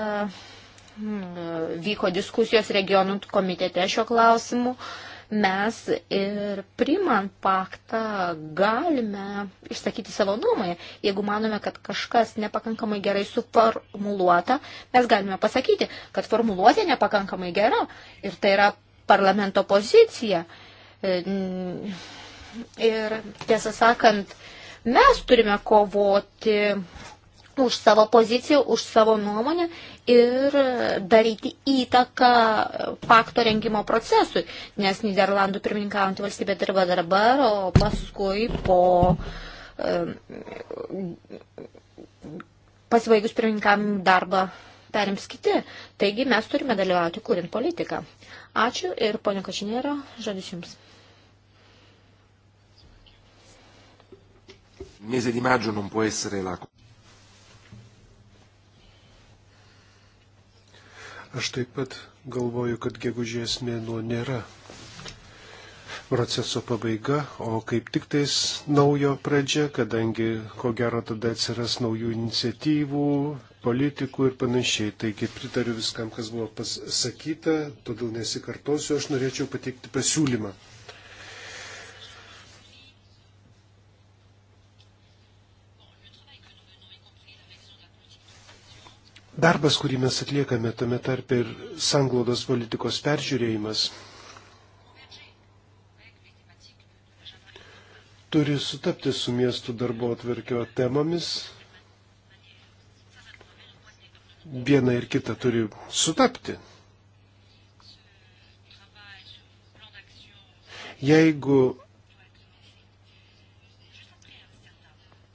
vyko diskusijos regionų komitete šio klausimu, uh, mes ir primant paktą galime išsakyti savo nuomonę. Jeigu manome, kad kažkas nepakankamai gerai suformuluota, mes galime pasakyti, kad formuluotė nepakankamai gera ir tai yra parlamento pozicija. E, ir tiesą sakant, mes turime kovoti už savo poziciją, už savo nuomonę ir daryti įtaką pakto rengimo procesui, nes Niderlandų pirmininkaujantį valstybę dirba dabar, o paskui po pasibaigus pirmininkam darbą perims kiti. Taigi mes turime dalyvauti kūrint politiką. Ačiū ir ponio Kačinėro, žodis jums. mese di maggio non può essere la Aš taip pat galvoju, kad gegužės mėnuo nėra proceso pabaiga, o kaip tik tais naujo pradžia, kadangi ko gero tada atsiras naujų iniciatyvų, politikų ir panašiai. Taigi pritariu viskam, kas buvo pasakyta, todėl nesikartosiu, aš norėčiau pateikti pasiūlymą. Darbas, kurį mes atliekame tame tarpe ir sanglaudos politikos peržiūrėjimas, turi sutapti su miestų darbo atverkio temomis. Viena ir kita turi sutapti. Jeigu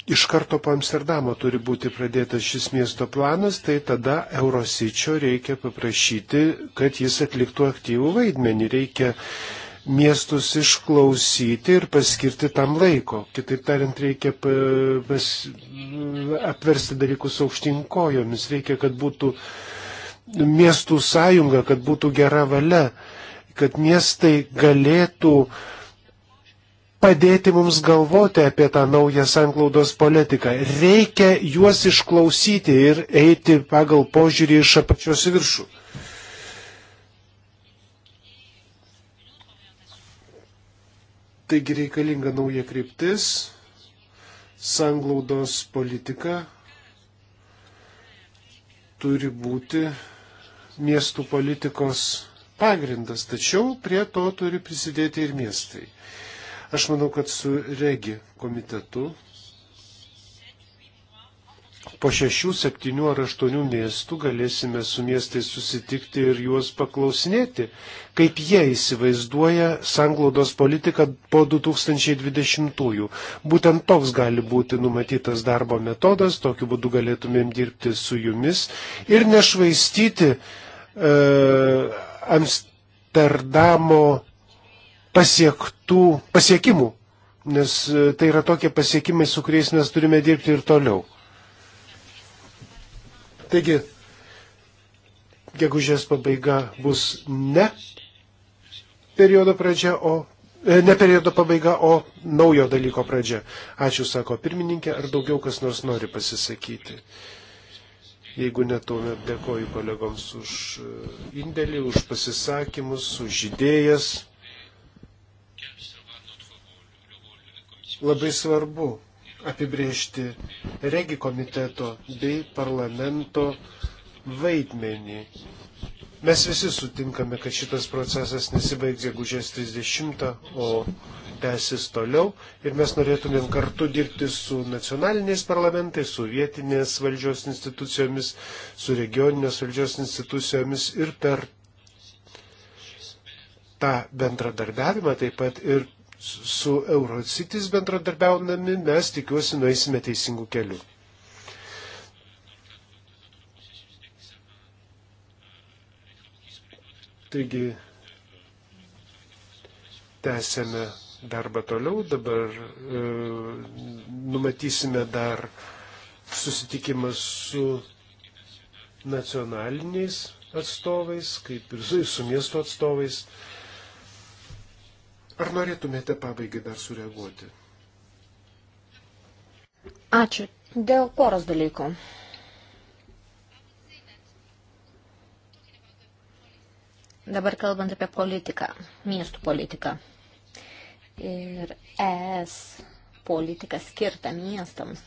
iš karto po Amsterdamo turi būti pradėtas šis miesto planas, tai tada Eurosičio reikia paprašyti, kad jis atliktų aktyvų vaidmenį. Reikia miestus išklausyti ir paskirti tam laiko. Kitaip tariant, reikia pas, apversti dalykus aukštinkojomis, reikia, kad būtų miestų sąjunga, kad būtų gera valia, kad miestai galėtų uh, padėti mums galvoti apie tą naują sanklaudos politiką. Reikia juos išklausyti ir eiti pagal požiūrį iš apačios į viršų. Taigi reikalinga nauja kryptis, sanglaudos politika turi būti miestų politikos pagrindas, tačiau prie to turi prisidėti ir miestai. Aš manau, kad su regi komitetu po šešių, septynių ar aštuonių miestų galėsime su miestais susitikti ir juos paklausinėti, kaip jie įsivaizduoja sanglaudos politiką po 2020-ųjų. Būtent toks gali būti numatytas darbo metodas, tokiu būdu galėtumėm dirbti su jumis ir nešvaistyti e, Amsterdamo pasiektų, pasiekimų, nes e, tai yra tokie pasiekimai, su kuriais mes turime dirbti ir toliau. Taigi, gegužės pabaiga bus ne periodo pradžia, o e, ne periodo pabaiga, o naujo dalyko pradžia. Ačiū, sako pirmininkė, ar daugiau kas nors nori pasisakyti. Jeigu netuomet dėkoju kolegoms už e, indėlį, už pasisakymus, už idėjas. Labai svarbu apibriežti regi komiteto bei parlamento vaidmenį. Mes visi sutinkame, kad šitas procesas nesibaigs gegužės 30, o tęsis toliau ir mes norėtumėm kartu dirbti su nacionaliniais parlamentais, su vietinės valdžios institucijomis, su regioninės valdžios institucijomis ir per tą bendradarbiavimą taip pat ir su Eurocitis bendradarbiaudami mes tikiuosi nueisime teisingų kelių. Taigi, tęsėme darbą toliau, dabar e, numatysime dar susitikimą su nacionaliniais atstovais, kaip ir su, su miesto atstovais. E, Ar norėtumėte pabaigai dar sureaguoti? Ačiū. Dėl poros dalykų. Dabar kalbant apie politiką, miestų politiką ir ES politiką skirtą miestams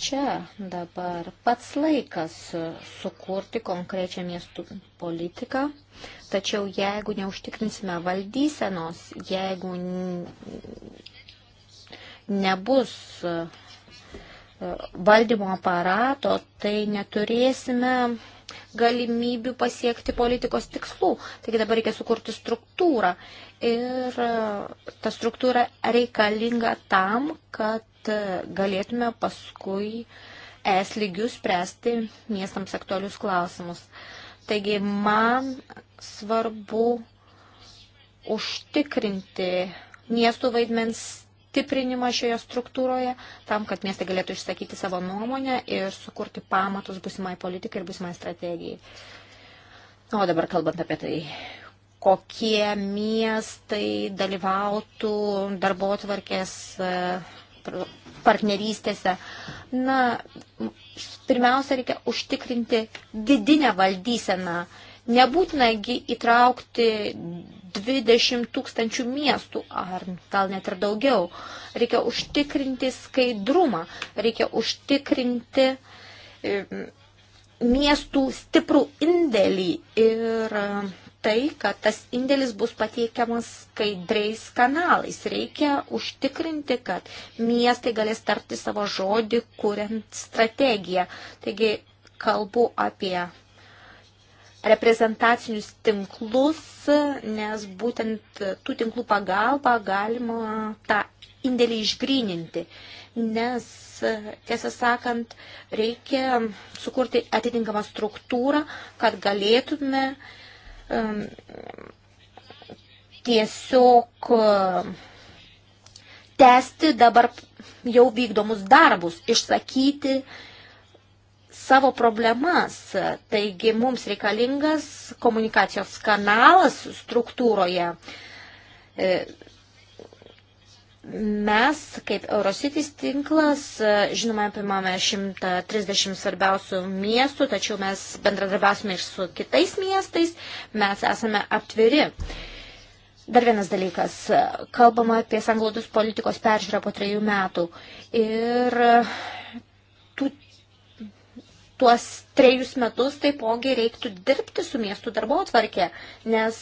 čia dabar pats laikas sukurti konkrečią miestų politiką, tačiau jeigu neužtikrinsime valdysenos, jeigu nebus e, valdymo aparato, tai neturėsime galimybių pasiekti politikos tikslų. Taigi dabar reikia sukurti struktūrą. Ir e, ta struktūra reikalinga tam, kad E, galėtume paskui es lygių spręsti miestams aktualius klausimus. Taigi man svarbu užtikrinti miestų vaidmens stiprinimą šioje struktūroje, tam, kad miestai galėtų išsakyti savo nuomonę ir sukurti pamatus busimai politikai ir busimai strategijai. O dabar kalbant apie tai, kokie miestai dalyvautų darbo atvarkės e, partnerystėse. Na, pirmiausia, reikia užtikrinti vidinę valdyseną. Nebūtina įtraukti 20 tūkstančių miestų, ar gal net ir daugiau. Reikia užtikrinti skaidrumą, reikia užtikrinti miestų stiprų indėlį ir tai, kad tas indėlis bus pateikiamas skaidriais kanalais. Reikia užtikrinti, kad miestai galės tarti savo žodį, kuriant strategiją. Taigi kalbu apie reprezentacinius tinklus, nes būtent tų tinklų pagalba galima tą indėlį išgryninti. Nes, tiesą sakant, reikia sukurti atitinkamą struktūrą, kad galėtume uh, tiesiog tęsti dabar jau vykdomus darbus, išsakyti savo problemas. Taigi mums reikalingas komunikacijos kanalas struktūroje e, Mes, kaip Eurocities tinklas, e, žinoma, apimame 130 svarbiausių miestų, tačiau mes bendradarbiausime ir su kitais miestais, mes esame aptviri. Dar vienas dalykas, kalbama apie sanglaudos politikos peržiūrą po trejų metų ir tuos trejus metus taipogi reiktų dirbti su miestų darbo atvarkė, nes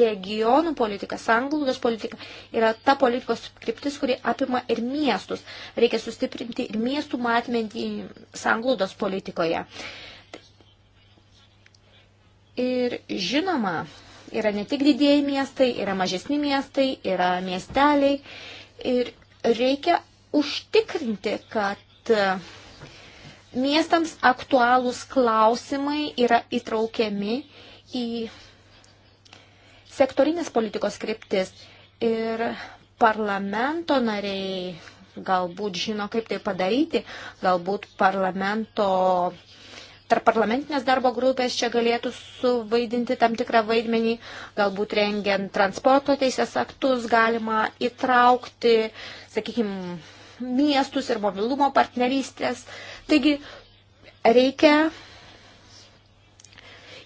regionų politika, sanglaudos politika yra ta politikos kryptis, kuri apima ir miestus. Reikia sustiprinti ir miestų matmentį sanglaudos politikoje. Ir žinoma, yra ne tik didėjai miestai, yra mažesni miestai, yra miesteliai. Ir reikia užtikrinti, kad miestams aktualūs klausimai yra įtraukiami į sektorinės politikos kryptis. Ir parlamento nariai galbūt žino, kaip tai padaryti, galbūt parlamento, tarp parlamentinės darbo grupės čia galėtų suvaidinti tam tikrą vaidmenį, galbūt rengiant transporto teisės aktus galima įtraukti, sakykime, miestus ir mobilumo partnerystės uh, Taigi reikia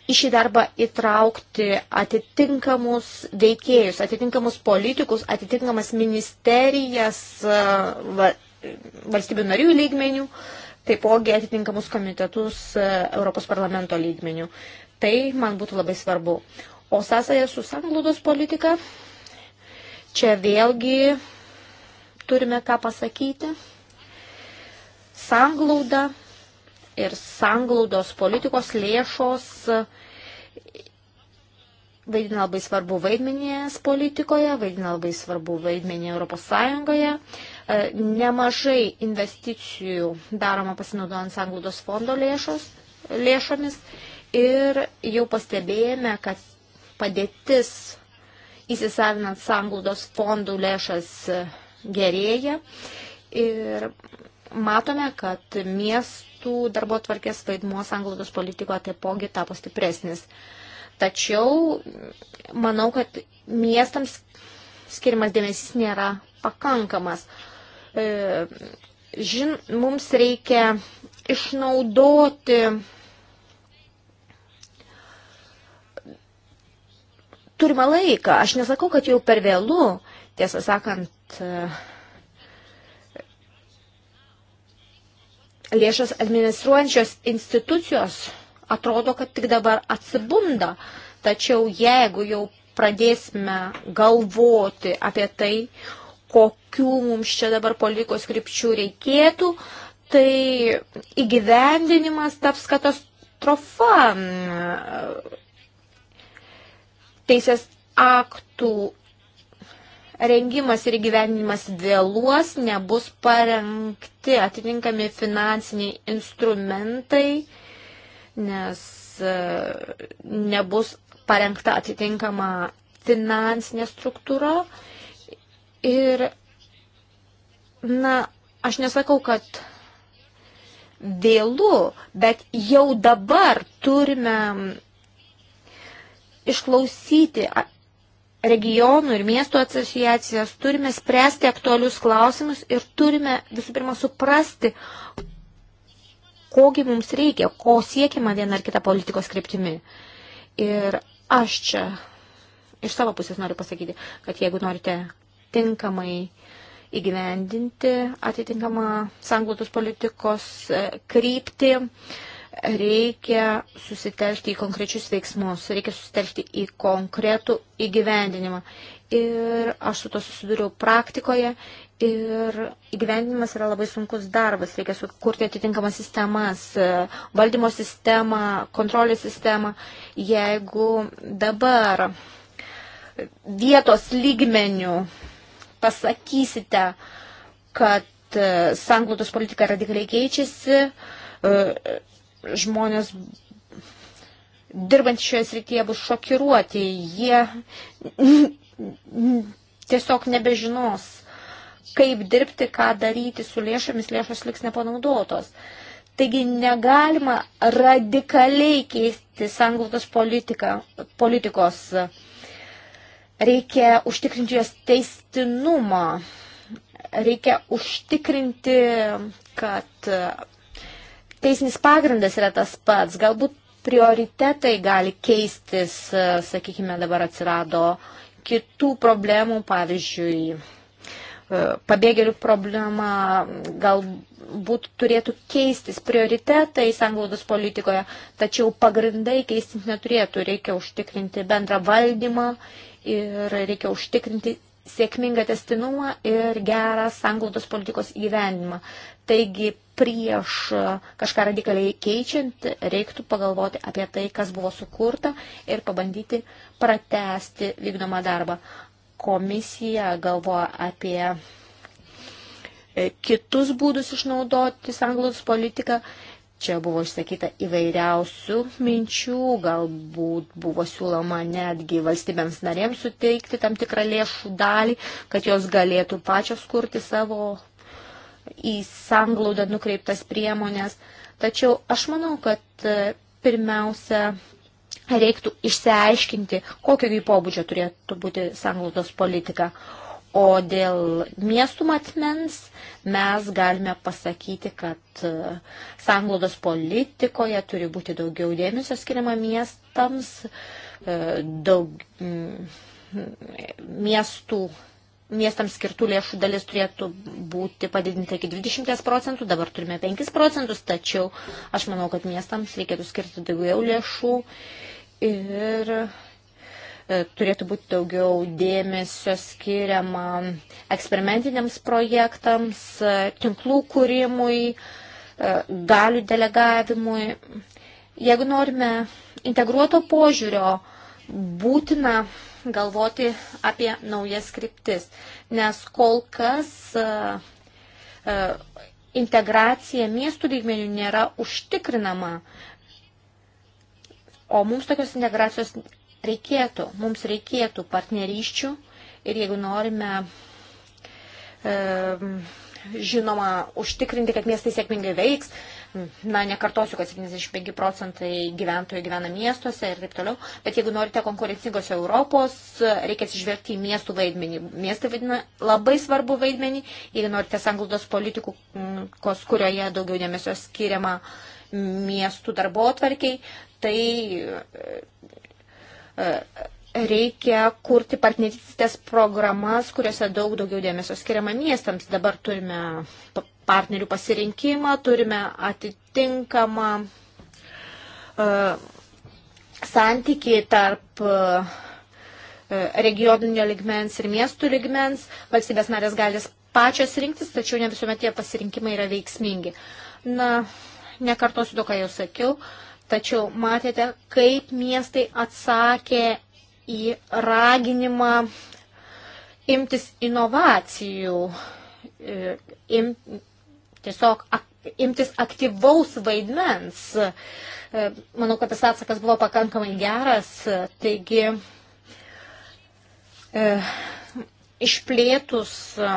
į šį darbą įtraukti atitinkamus veikėjus, atitinkamus politikus, atitinkamas ministerijas e, valstybių narių lygmenių, taipogi atitinkamus komitetus e, Europos parlamento lygmenių. Tai man būtų labai svarbu. O sąsaja su sanglaudos politika, čia vėlgi turime ką pasakyti sanglauda ir sanglaudos politikos lėšos vaidina labai svarbu vaidmenės politikoje, vaidina labai svarbu vaidmenį Europos Sąjungoje. E, nemažai investicijų daroma pasinaudojant sanglaudos fondo lėšos, lėšomis ir jau pastebėjome, kad padėtis įsisavinant sanglaudos fondų lėšas gerėja. Ir matome, kad miestų darbo tvarkės vaidmuo sanglaudos politikoje taipogi tapo stipresnis. Tačiau manau, kad miestams skirimas dėmesys nėra pakankamas. E, žin, mums reikia išnaudoti turimą laiką. Aš nesakau, kad jau per vėlų, tiesą sakant, lėšas administruojančios institucijos atrodo, kad tik dabar atsibunda. Tačiau jeigu jau pradėsime galvoti apie tai, kokių mums čia dabar politikos krypčių reikėtų, tai įgyvendinimas taps katastrofa. Teisės aktų rengimas ir gyvenimas vėluos, nebus parengti atitinkami finansiniai instrumentai, nes e, nebus parengta atitinkama finansinė struktūra. Ir, na, aš nesakau, kad vėlu, bet jau dabar turime išklausyti regionų ir miestų asociacijas, turime spręsti aktualius klausimus ir turime visų pirma suprasti, kogi mums reikia, ko siekiama viena ar kita politikos kryptimi. Ir aš čia iš savo pusės noriu pasakyti, kad jeigu norite tinkamai įgyvendinti atitinkamą sanglūtus politikos e, kryptį, uh, reikia susitelkti į konkrečius veiksmus, reikia susitelkti į konkretų įgyvendinimą. Ir aš su to susidūriau praktikoje ir įgyvendinimas yra labai sunkus darbas, reikia sukurti atitinkamas sistemas, valdymo sistemą, kontrolės sistemą. Jeigu dabar vietos lygmenių pasakysite, kad e, sanglūtos politika radikaliai keičiasi, e, žmonės dirbant šioje srityje bus šokiruoti, jie tiesiog nebežinos, kaip dirbti, ką daryti su lėšomis, lėšos liks nepanaudotos. Taigi negalima radikaliai keisti sanglautos politikos. Reikia užtikrinti jos teistinumą. Reikia užtikrinti, kad teisinis pagrindas yra tas pats. Galbūt prioritetai gali keistis, e, sakykime, dabar atsirado kitų problemų, pavyzdžiui, e, pabėgėlių problema galbūt turėtų keistis prioritetai sanglaudos politikoje, tačiau pagrindai keistis neturėtų. Reikia užtikrinti bendrą valdymą ir reikia užtikrinti sėkmingą testinumą ir gerą sanglaudos politikos įgyvendimą. Taigi prieš kažką radikaliai keičiant reiktų pagalvoti apie tai, kas buvo sukurta ir pabandyti pratesti vykdomą darbą. Komisija galvoja apie e, kitus būdus išnaudoti sanglaudos politiką Čia buvo išsakyta įvairiausių minčių, galbūt buvo siūloma netgi valstybėms narėms suteikti tam tikrą lėšų dalį, kad jos galėtų pačios kurti savo į sanglaudą nukreiptas priemonės. Tačiau aš manau, kad e, pirmiausia reiktų išsiaiškinti, kokio jų pobūdžio turėtų būti sanglaudos politika. O dėl miestų matmens mes galime pasakyti, kad e, sanglaudos politikoje turi būti daugiau dėmesio skiriama miestams, e, daug, mm, miestų, miestams skirtų lėšų dalis turėtų būti padidinta iki 20 procentų, dabar turime 5 procentus, tačiau aš manau, kad miestams reikėtų skirti daugiau lėšų. Ir E, turėtų būti daugiau dėmesio skiriama eksperimentiniams projektams, e, tinklų kūrimui, e, galių delegavimui. Jeigu norime integruoto požiūrio, būtina galvoti apie naujas kryptis, nes kol kas integracija miestų lygmenių nėra užtikrinama, o mums tokios integracijos reikėtų, mums reikėtų partnerysčių ir jeigu norime žinoma užtikrinti, kad miestai sėkmingai veiks, na, nekartosiu, kad 75 procentai gyventojų gyvena miestuose ir taip toliau, bet jeigu norite konkurencingos Europos, reikia atsižvelgti į miestų vaidmenį. Miestai vaidina labai svarbu vaidmenį, jeigu norite sanglaudos politikų, kurioje daugiau dėmesio skiriama miestų darbo atvarkiai, tai Reikia kurti partnerystės programas, kuriuose daug daugiau dėmesio skiriama miestams. Dabar turime partnerių pasirinkimą, turime atitinkamą uh, e, santykiai tarp uh, regioninio ligmens ir miestų ligmens. Valstybės narės gali pačios rinktis, tačiau ne visuomet tie pasirinkimai yra veiksmingi. Na, nekartosiu to, ką jau sakiau. Tačiau matėte, kaip miestai atsakė į raginimą imtis inovacijų, e, im, tiesiog ak, imtis aktyvaus vaidmens. E, manau, kad tas atsakas buvo pakankamai geras, taigi e, išplėtus e,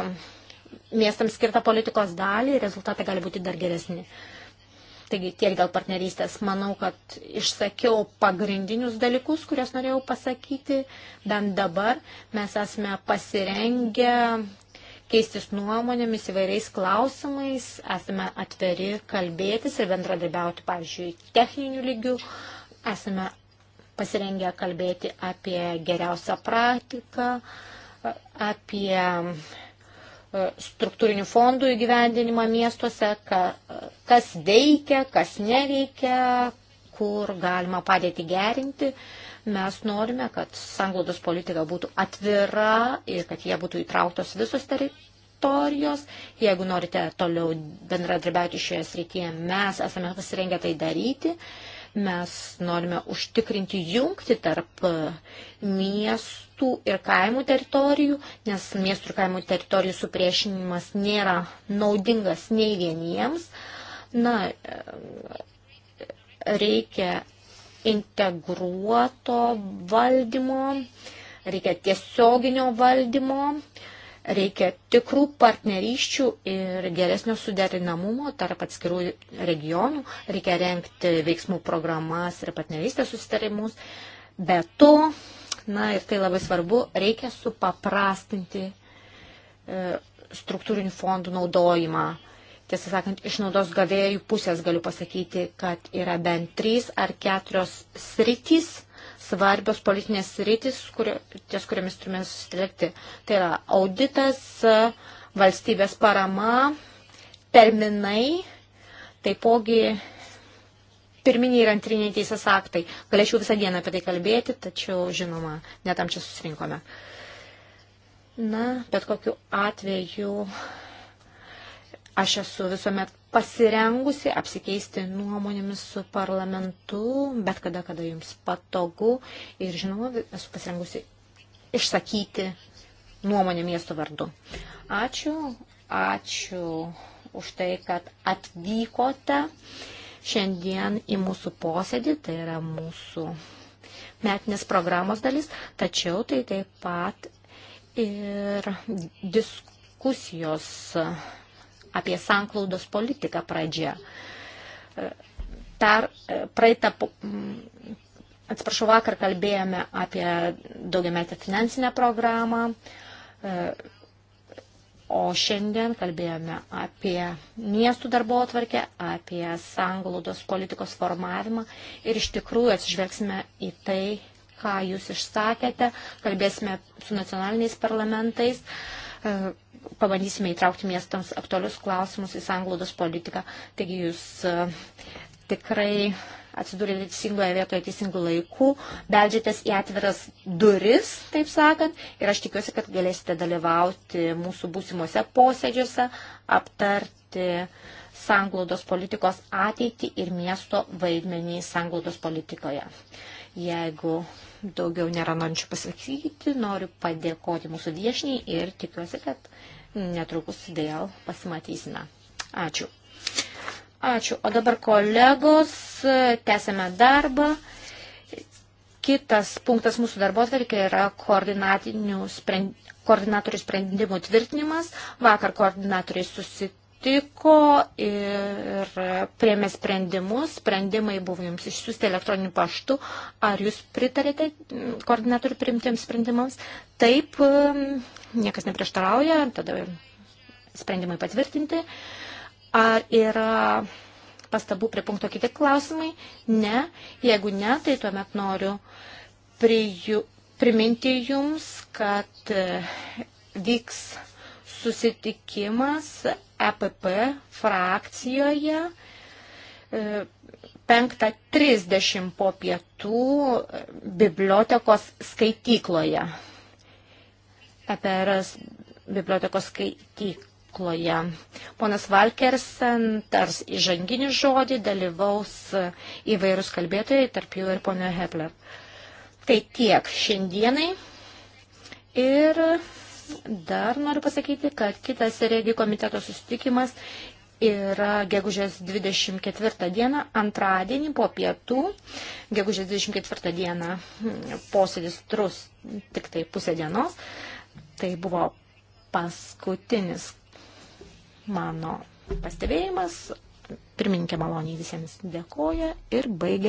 miestams skirtą politikos dalį, rezultatai gali būti dar geresni. Taigi tiek dėl partnerystės. Manau, kad išsakiau pagrindinius dalykus, kuriuos norėjau pasakyti. Bent dabar mes esame pasirengę keistis nuomonėmis įvairiais klausimais, esame atveri kalbėtis ir bendradarbiauti, pavyzdžiui, techninių lygių, esame pasirengę kalbėti apie geriausią praktiką, apie E, struktūrinių fondų įgyvendinimą miestuose, e, kas veikia, kas neveikia, kur galima padėti gerinti. Mes norime, kad sanglaudos politika būtų atvira ir kad jie būtų įtrauktos visos teritorijos. Jeigu norite toliau bendradarbiauti šioje srityje, mes esame pasirengę tai daryti. Uh, Mes norime užtikrinti jungti tarp e, miestų ir kaimų teritorijų, nes miestų ir kaimų teritorijų supriešinimas nėra naudingas nei vieniems. Na, e, reikia integruoto valdymo, reikia tiesioginio valdymo, uh, Reikia tikrų partnerysčių ir geresnio suderinamumo tarp atskirų regionų. Reikia renkti veiksmų programas ir partnerystės susitarimus. Be to, na ir tai labai svarbu, reikia supaprastinti e, struktūrinių fondų naudojimą. Tiesą sakant, iš naudos gavėjų pusės galiu pasakyti, kad yra bent trys ar keturios sritys, svarbios politinės rytis, kurio, ties kuriomis turime susitelkti. Tai yra auditas, valstybės parama, terminai, taipogi pirminiai ir antriniai teisės aktai. Galėčiau visą dieną apie tai kalbėti, tačiau, žinoma, netam čia susirinkome. Na, bet kokiu atveju Aš esu visuomet pasirengusi apsikeisti nuomonėmis su parlamentu, bet kada, kada jums patogu. Ir žinoma, esu pasirengusi išsakyti nuomonę miesto vardu. Ačiū, ačiū už tai, kad atvykote šiandien į mūsų posėdį, tai yra mūsų metinės programos dalis, tačiau tai taip pat ir diskusijos apie sanklaudos politiką pradžią. Per e, praeitą, atsiprašau, vakar kalbėjome apie daugiametę finansinę programą, e, o šiandien kalbėjome apie miestų darbo atvarkę, apie sanglaudos politikos formavimą ir iš tikrųjų atsižvelgsime į tai, ką jūs išsakėte, kalbėsime su nacionaliniais parlamentais. Uh, E, pabandysime įtraukti miestams aktualius klausimus į sanglaudos politiką. Taigi jūs e, tikrai atsidūrėte teisingoje vietoje teisingų laikų, beldžiatės į atviras duris, taip sakant, ir aš tikiuosi, kad galėsite dalyvauti mūsų būsimuose posėdžiuose, aptarti sanglaudos politikos ateitį ir miesto vaidmenį sanglaudos politikoje. Jeigu Daugiau nėra norinčių pasakyti, noriu padėkoti mūsų viešniai ir tikiuosi, kad netrukus vėl pasimatysime. Ačiū. Ačiū. O dabar kolegos, tęsime darbą. Kitas punktas mūsų darbo atverkė yra sprend... koordinatorių sprendimų tvirtinimas. Vakar koordinatoriai susitikė sutiko ir priemė sprendimus. Sprendimai buvo jums išsiųsti elektroniniu paštu. Ar jūs pritarėte koordinatorių priimtiems sprendimams? Taip, um, niekas neprieštarauja, tada sprendimai patvirtinti. Ar yra pastabų prie punkto kiti klausimai? Ne. Jeigu ne, tai tuomet noriu priju, priminti jums, kad e, vyks susitikimas EPP frakcijoje 5.30 e, po pietų e, bibliotekos skaitykloje. EPRS bibliotekos skaitykloje. Ponas Valkersen tars įžanginį žodį, dalyvaus e, įvairūs kalbėtojai, tarp jų ir ponio Hepler. Tai tiek šiandienai ir Dar noriu pasakyti, kad kitas regi komiteto susitikimas yra gegužės 24 dieną, antradienį po pietų, gegužės 24 dieną hmm, posėdis trus tik tai pusę dienos. Tai buvo paskutinis mano pastebėjimas. Pirmininkė maloniai visiems dėkoja ir baigia.